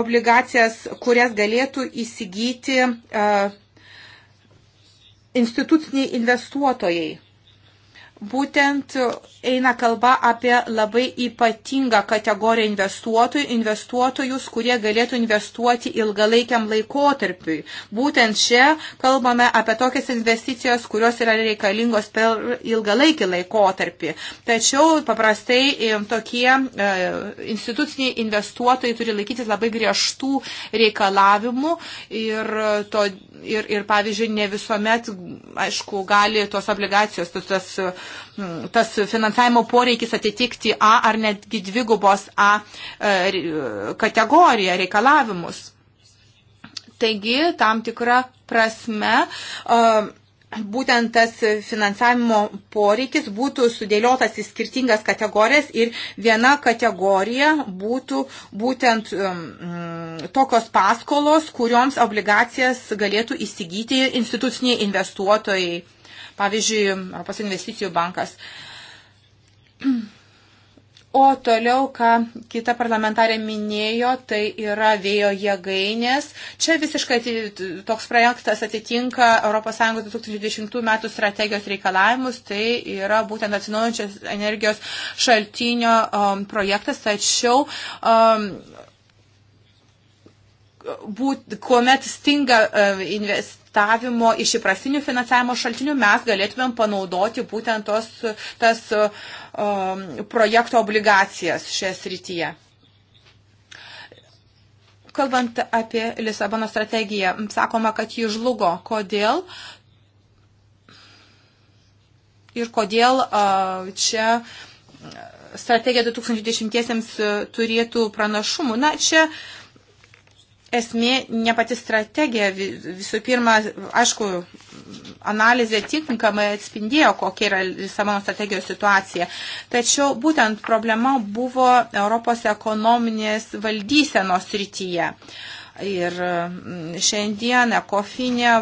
obligacijas, kurias galėtų įsigyti e, instituciniai investuotojai būtent eina kalba apie labai ypatingą kategoriją investuotojų, investuotojus, kurie galėtų investuoti ilgalaikiam laikotarpiui. Būtent čia kalbame apie tokias investicijas, kurios yra reikalingos per ilgalaikį laikotarpį. Tačiau paprastai e, tokie e, instituciniai investuotojai turi laikytis labai griežtų reikalavimų ir e, to ir, ir pavyzdžiui, ne visuomet, aišku, gali tos obligacijos, tas, mm, tas finansavimo poreikis atitikti A ar netgi dvigubos A e, kategoriją reikalavimus. Taigi, tam tikra prasme. Uh, būtent tas finansavimo poreikis būtų sudėliotas į skirtingas kategorijas ir viena kategorija būtų būtent um, mm, tokios paskolos, kurioms obligacijas galėtų įsigyti instituciniai investuotojai, pavyzdžiui, Europos investicijų bankas. O toliau, ką kita parlamentarė minėjo, tai yra vėjo jėgainės. Čia visiškai toks projektas atitinka ES 2020 m. strategijos reikalavimus. Tai yra būtent atsinaujančios energijos šaltinio um, projektas. Tačiau. Um, Būt, kuomet stinga um, invest, investavimo iš įprastinių finansavimo šaltinių mes galėtumėm panaudoti būtent tos, tas um, projekto obligacijas šioje srityje. Kalbant apie Lisabono strategiją, sakoma, kad ji žlugo. Kodėl? Ir kodėl uh, čia strategija 2010-iesiams turėtų pranašumų? Na, čia uh, esmė ne pati strategija. Visų pirma, aišku, analizė tinkamai atspindėjo, kokia yra Lisabono strategijos situacija. Tačiau būtent problema buvo Europos ekonominės valdysenos rytyje. Ir mm, šiandien ekofinė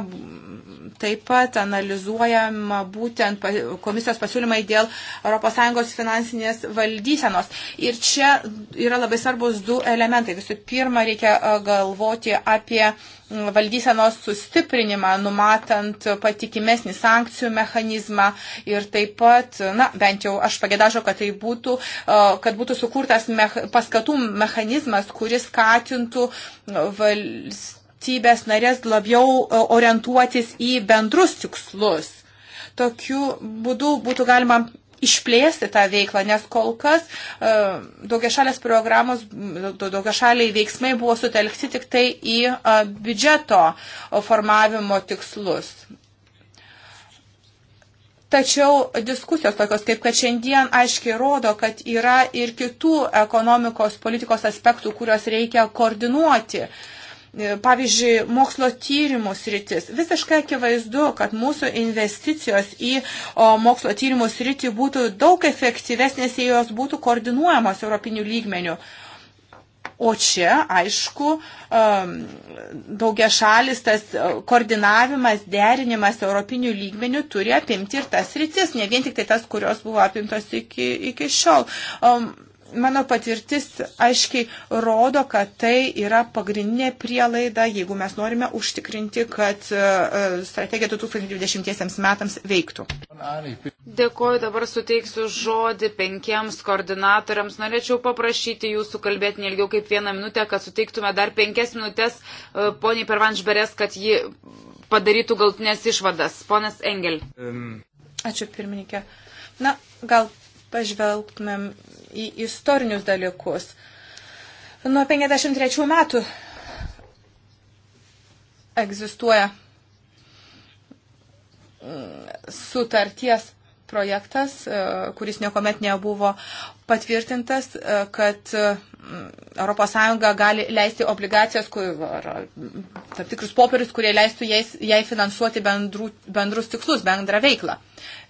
taip pat analizuojama būtent komisijos pasiūlymai dėl ES finansinės valdysenos. Ir čia yra labai svarbus du elementai. Visų pirma, reikia galvoti apie valdysenos sustiprinimą, numatant patikimesnį sankcijų mechanizmą ir taip pat, na, bent jau aš pagėdažau, kad tai būtų, kad būtų sukurtas meha, paskatų mechanizmas, kuris skatintų valstybės valstybės narės labiau e, orientuotis į bendrus tikslus. Tokiu būdu būtų galima išplėsti tą veiklą, nes kol kas e, daugiašalės programos, daugiašaliai veiksmai buvo sutelkti tik tai į e, biudžeto formavimo tikslus. Tačiau diskusijos tokios, kaip kad šiandien aiškiai rodo, kad yra ir kitų ekonomikos politikos aspektų, kuriuos reikia koordinuoti. Uh, E, pavyzdžiui, mokslo tyrimų sritis. Visiškai akivaizdu, kad mūsų investicijos į o, mokslo tyrimų sritį būtų daug efektyvesnės, jei jos būtų koordinuojamos europinių lygmenių. O čia, aišku, um, daugia šalis tas e, koordinavimas, derinimas europinių lygmenių turi apimti ir tas rytis, ne vien tik tai tas, kurios buvo apimtos iki, iki šiol. Um, mano patirtis aiškiai rodo, kad tai yra pagrindinė prielaida, jeigu mes norime užtikrinti, kad e, e, strategija 2020 metams veiktų. Dėkuoju, dabar suteiksiu žodį penkiems koordinatoriams. Norėčiau paprašyti jūsų kalbėti nelgiau kaip vieną minutę, kad suteiktume dar penkias minutės e, poniai Pervanšberės, kad ji padarytų galtinės išvadas. Ponas Engel. Ačiū pirmininkė. Na, gal pažvelgtumėm į istorinius dalykus. Nuo 53 metų egzistuoja mm, sutarties projektas, e, kuris niekuomet nebuvo patvirtintas, e, kad ES gali leisti obligacijas ar tam tikrus popierius, kurie leistų jai, jai finansuoti bendrų, bendrus tikslus, bendrą veiklą.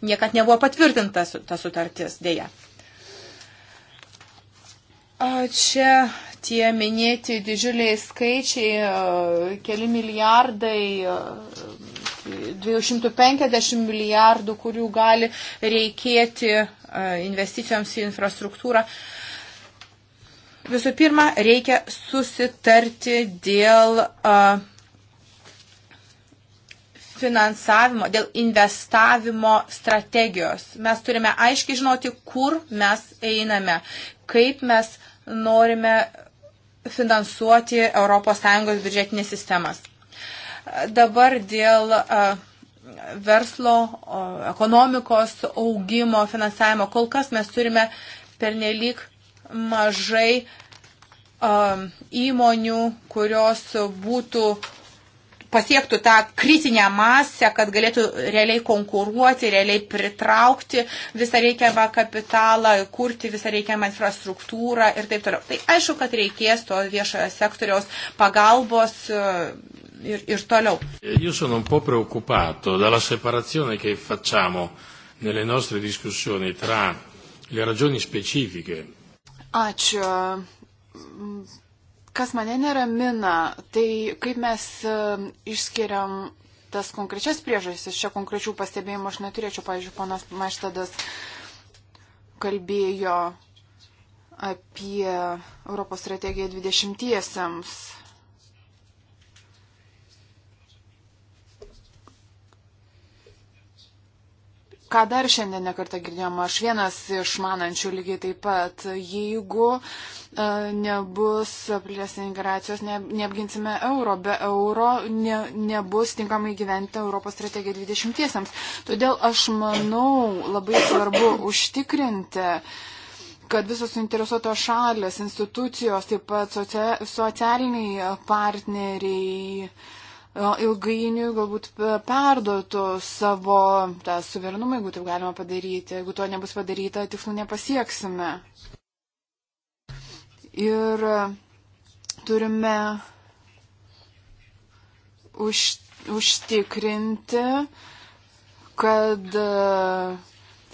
Niekad nebuvo patvirtinta ta sutartis dėja. Čia tie minėti didžiuliai skaičiai, keli milijardai, 250 milijardų, kurių gali reikėti investicijoms į infrastruktūrą. Visų pirma, reikia susitarti dėl finansavimo, dėl investavimo strategijos. Mes turime aiškiai žinoti, kur mes einame, kaip mes uh, norime finansuoti ES biudžetinės sistemas. Dabar dėl verslo, ekonomikos augimo finansavimo. Kol kas mes turime pernelyg mažai įmonių, kurios būtų pasiektų tą kritinę masę, kad galėtų realiai konkuruoti, realiai pritraukti visą reikiamą kapitalą, kurti visą reikiamą infrastruktūrą ir taip toliau. Tai aišku, kad reikės to viešojo sektoriaus pagalbos. E, ir, ir toliau. Io sono un po' preoccupato dalla separazione che facciamo nelle nostre discussioni tra le ragioni specifiche. Ačiū Kas mane neramina, tai kaip mes e, išskiriam tas konkrečias priežastis, čia konkrečių pastebėjimų aš neturėčiau, pavyzdžiui, ponas Maštadas kalbėjo apie Europos strategiją 20-iesiams ką dar šiandien nekartą girdėjom, aš vienas iš manančių lygiai taip pat, jeigu e, nebus plėsnės integracijos, ne, neapginsime euro, be euro ne, nebus tinkamai gyventi Europos strategija 20-iesiams. Todėl aš manau labai svarbu užtikrinti, kad visos suinteresuotos šalės, institucijos, taip pat socia socialiniai partneriai, ilgainiui galbūt perduotų savo tą suverenumą, jeigu taip galima padaryti. Jeigu to nebus padaryta, tikslų nepasieksime. Ir e, turime už, užtikrinti, kad e,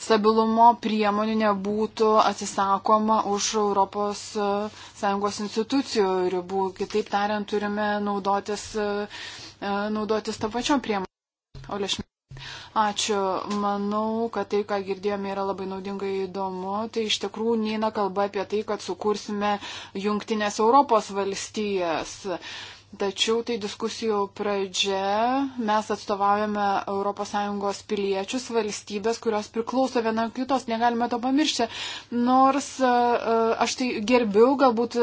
stabilumo priemonių nebūtų atsisakoma už ES e, institucijų ribų. Kitaip tariant, turime naudotis uh, E, naudotis tą pačią priemonę. Ole Šmit. Ačiū. Manau, kad tai, ką girdėjome, yra labai naudingai įdomu. Tai iš tikrųjų neina kalba apie tai, kad sukursime jungtinės Europos valstijas. Uh, Tačiau tai diskusijų pradžia. Mes atstovaujame ES piliečius, valstybės, kurios priklauso viena kitos, negalime to pamiršti. Nors e, e, aš tai gerbiu, galbūt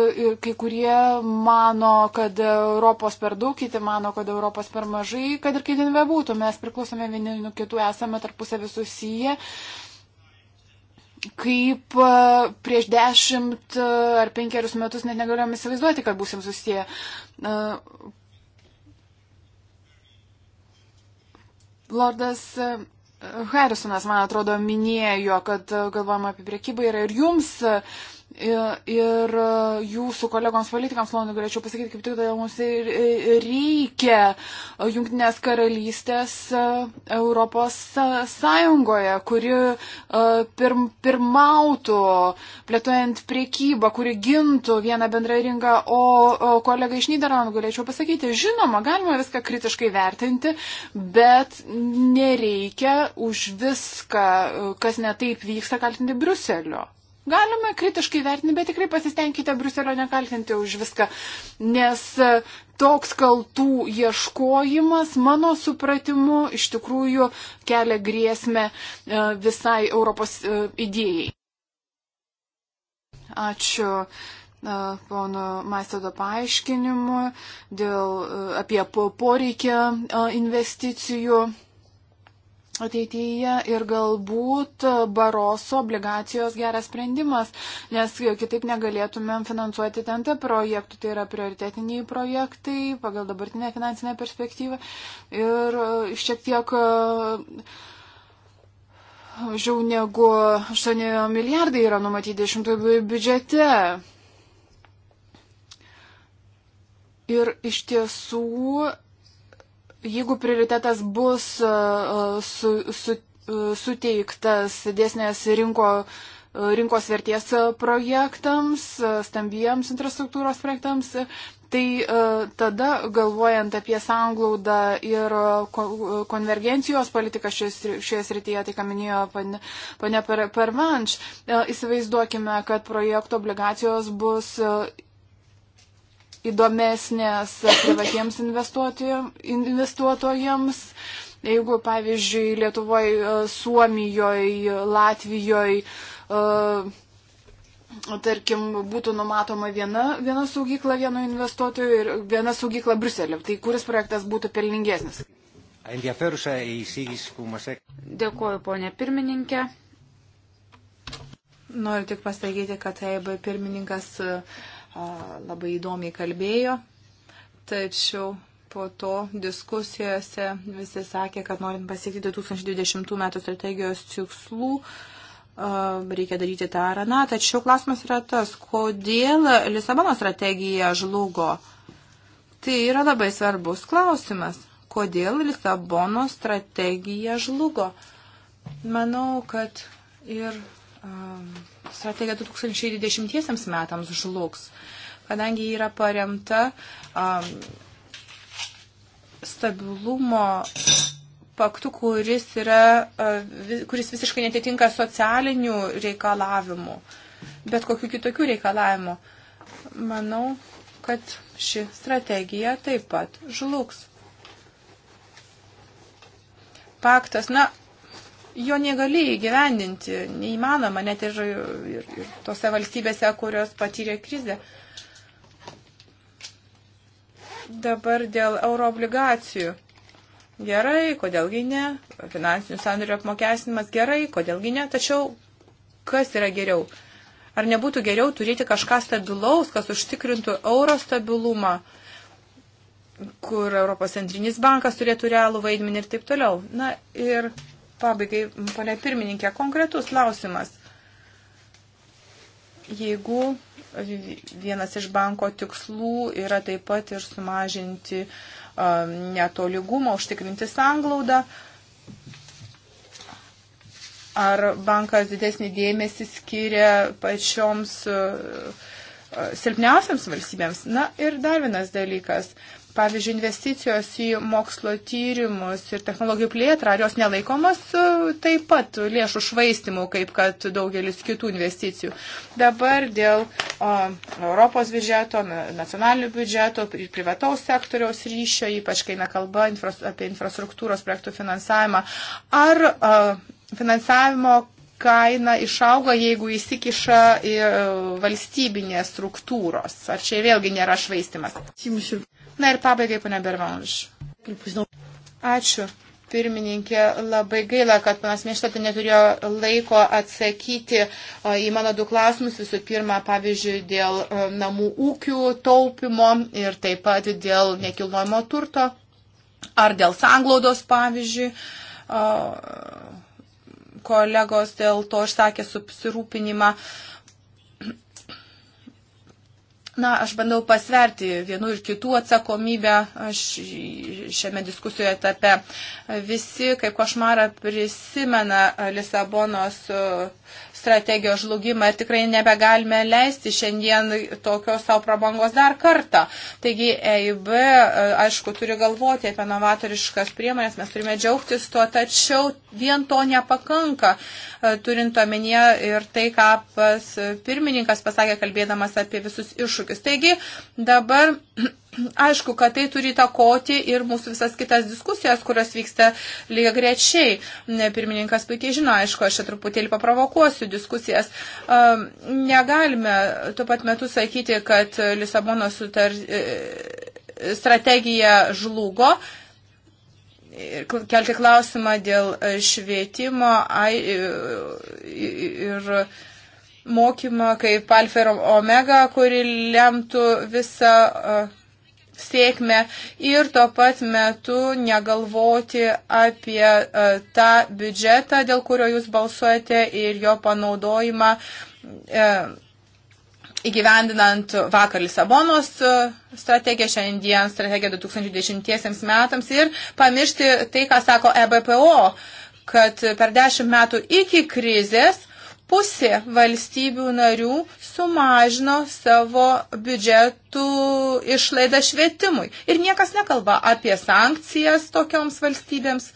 kai kurie mano, kad Europos per daug, kiti mano, kad Europos per mažai, kad ir kaip ten bebūtų, mes priklausome vieni nuo kitų, esame tarpusavį susiję. Uh, kaip e, prieš dešimt e, ar penkerius metus net negalėjom įsivaizduoti, kad būsim susiję. E, Lordas Harrisonas, man atrodo, minėjo, kad galvojama apie priekybą yra ir jums Ir e, jūsų kolegoms politikams Londonui galėčiau pasakyti, kaip tik todėl mums e, reikia e, Junktinės karalystės Europos Sąjungoje, kuri pirm, pirmautų plėtojant priekybą, kuri gintų vieną bendrą rinką, o, o kolegai iš Niderlandų galėčiau pasakyti, žinoma, galima viską kritiškai vertinti, bet nereikia už viską, kas netaip vyksta, kaltinti Bruselio. Galime kritiškai vertinti, bet tikrai pasistengkite Bruselio nekaltinti už viską, nes e, toks kaltų ieškojimas, mano supratimu, iš tikrųjų kelia grėsmę e, visai Europos e, idėjai. Ačiū pono Maistodo paaiškinimu dėl, apie poreikį investicijų ateityje ir galbūt Baroso obligacijos geras sprendimas, nes kitaip negalėtumėm finansuoti TNT projektų, tai yra prioritetiniai projektai pagal dabartinę finansinę perspektyvą ir šiek tiek e, žiau negu 8 milijardai yra numatyti 10 biudžete. Ir iš tiesų jeigu prioritetas bus e, su, su, e, suteiktas dėsnės rinko, e, rinkos vertės projektams, stambiems infrastruktūros projektams, tai tada galvojant apie sanglaudą ir konvergencijos politiką šioje srityje, tai ką minėjo ponia Pervanš, įsivaizduokime, kad projektų obligacijos bus įdomesnės privatiems investuotojams. Jeigu, pavyzdžiui, Lietuvoje, Suomijoje, Latvijoje, tarkim, būtų numatoma viena, viena saugykla vieno investuotojo ir viena saugykla Bruselė, tai kuris projektas būtų pelningesnis? Dėkuoju, ponė pirmininkė. Noriu tik pasakyti, kad EIB pirmininkas uh, labai įdomiai kalbėjo, tačiau po to diskusijose visi sakė, kad norint pasiekti 2020 m. strategijos tikslų, reikia daryti tą ar aną. Tačiau klausimas yra tas, kodėl Lisabono strategija žlugo. Tai yra labai svarbus klausimas. Kodėl Lisabono strategija žlugo? Manau, kad ir strategija 2020 metams žlugs, kadangi yra paremta stabilumo paktu, kuris, yra, kuris visiškai netitinka socialinių reikalavimų, bet kokiu kitokiu reikalavimu. Manau, kad ši strategija taip pat žlugs. Paktas, na, jo negali įgyvendinti, neįmanoma, net ir, ir, ir tose valstybėse, kurios patyrė krizę. Dabar dėl euroobligacijų. Gerai, kodėlgi ne? Finansinių sandorių apmokesinimas gerai, kodėlgi ne? Tačiau kas yra geriau? Ar nebūtų geriau turėti kažką stabilaus, kas užtikrintų euro stabilumą? kur Europos centrinis bankas turėtų realų vaidmenį ir taip toliau. Na ir pabaigai, ponia pirmininkė, konkretus klausimas. Jeigu vienas iš banko tikslų yra taip pat ir sumažinti netoligumą, užtikrinti sanglaudą, ar bankas didesnį dėmesį skiria pačioms silpniausiams valstybėms. Na ir dar vienas dalykas. Pavyzdžiui, investicijos į mokslo tyrimus ir technologijų plėtrą, ar jos nelaikomos e, taip pat lėšų švaistimu, kaip kad daugelis kitų investicijų. Dabar dėl o, Europos biudžeto, nacionalinių biudžeto ir privataus sektoriaus ryšio, ypač kai na kalba infras, apie infrastruktūros projektų finansavimą, ar o, e, finansavimo kaina išauga, jeigu įsikiša e, valstybinės struktūros. Ar čia vėlgi nėra švaistimas? Na ir pabaigai, pane Bervanž. Ačiū. Pirmininkė, labai gaila, kad panas Mėštatė neturėjo laiko atsakyti e, į mano du klausimus. Visų pirma, pavyzdžiui, dėl e, namų ūkių taupimo ir taip pat dėl nekilnojimo turto ar dėl sanglaudos, pavyzdžiui e, kolegos dėl to išsakė susirūpinimą. Uh, Na, aš bandau pasverti vienų ir kitų atsakomybę aš šiame diskusijoje etape. Visi, kaip košmarą, prisimena Lisabonos strategijos žlugimą ir tikrai nebegalime leisti šiandien tokios savo prabangos dar kartą. Taigi EIB, aišku, turi galvoti apie novatoriškas priemonės, mes turime džiaugtis tuo, tačiau vien to nepakanka, e, turint omenyje ir tai, ką pas pirmininkas pasakė, kalbėdamas apie visus iššūkius iššūkius. Taigi dabar [CLEARS THROAT] aišku, kad tai turi takoti ir mūsų visas kitas diskusijas, kurios vyksta lygiai grečiai. Pirmininkas puikiai žino, aišku, aš truputėlį paprovokuosiu diskusijas. Negalime tuo pat metu sakyti, kad Lisabono sutar... E, strategija žlugo kelti klausimą dėl švietimo ai, e, ir mokymą kaip alfa ir omega, kuri lemtų visą e, sėkmę ir tuo pat metu negalvoti apie e, tą biudžetą, dėl kurio jūs balsuojate ir jo panaudojimą e, įgyvendinant vakar Lisabonos strategiją, šiandien strategiją 2010 metams ir pamiršti tai, ką sako EBPO, kad per dešimt metų iki krizės pusė valstybių narių sumažino savo biudžetų išlaidą švietimui. Ir niekas nekalba apie sankcijas tokioms valstybėms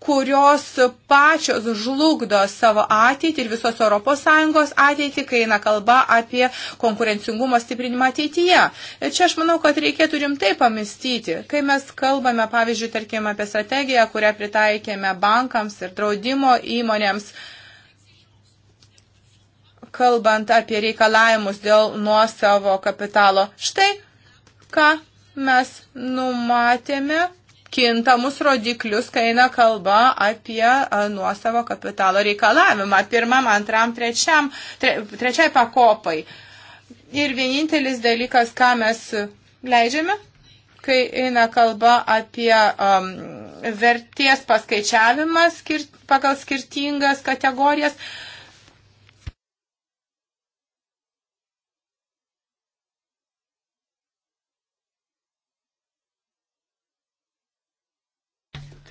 kurios pačios žlugdo savo ateitį ir visos ES ateitį, kai eina kalba apie konkurencingumo stiprinimą ateityje. Ir čia aš manau, kad reikėtų rimtai pamistyti. Kai mes kalbame, pavyzdžiui, tarkime, apie strategiją, kurią pritaikėme bankams ir draudimo įmonėms, uh, kalbant apie reikalavimus dėl nuosavo kapitalo. Štai ką mes numatėme kintamus rodiklius, kai eina kalba apie nuosavo kapitalo reikalavimą pirmam, antram, trečiam, tre, trečiai pakopai. Ir vienintelis dalykas, ką mes leidžiame, kai eina kalba apie um, vertės paskaičiavimą skir pagal skirtingas kategorijas, uh,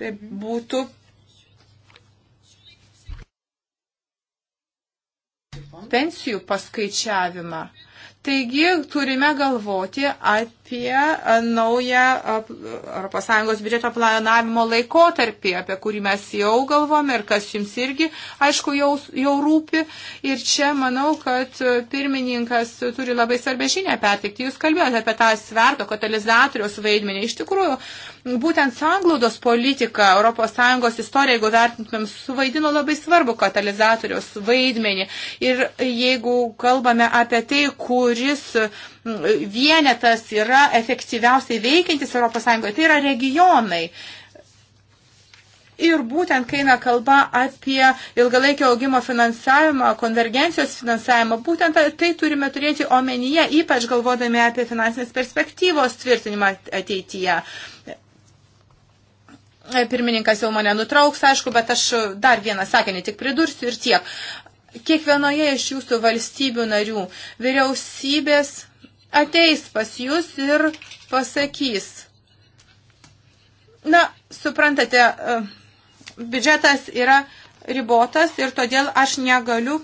Tai būtų. Pensijų paskaičiavimą. Taigi turime galvoti apie apie naują ES biudžeto planavimo laikotarpį, apie kurį mes jau galvome ir kas jums irgi, aišku, jau, jau rūpi. Ir čia manau, kad pirmininkas turi labai svarbę žinę pertikti. Jūs kalbėjote apie tą sverto katalizatoriaus vaidmenį. Iš tikrųjų, būtent sanglaudos politika ES istorija, jeigu vertintumėm, suvaidino labai svarbu katalizatoriaus vaidmenį. Ir jeigu kalbame apie tai, kuris vienetas yra efektyviausiai veikiantis ES, tai yra regionai. Ir būtent, kai eina kalba apie ilgalaikio augimo finansavimą, konvergencijos finansavimą, būtent tai turime turėti omenyje, ypač galvodami apie finansinės perspektyvos tvirtinimą ateityje. Pirmininkas jau mane nutrauks, aišku, bet aš dar vieną sakinį tik pridursiu ir tiek. Kiekvienoje iš jūsų valstybių narių vyriausybės ateis pas jūs ir pasakys. Na, suprantate, e, biudžetas yra ribotas ir todėl aš negaliu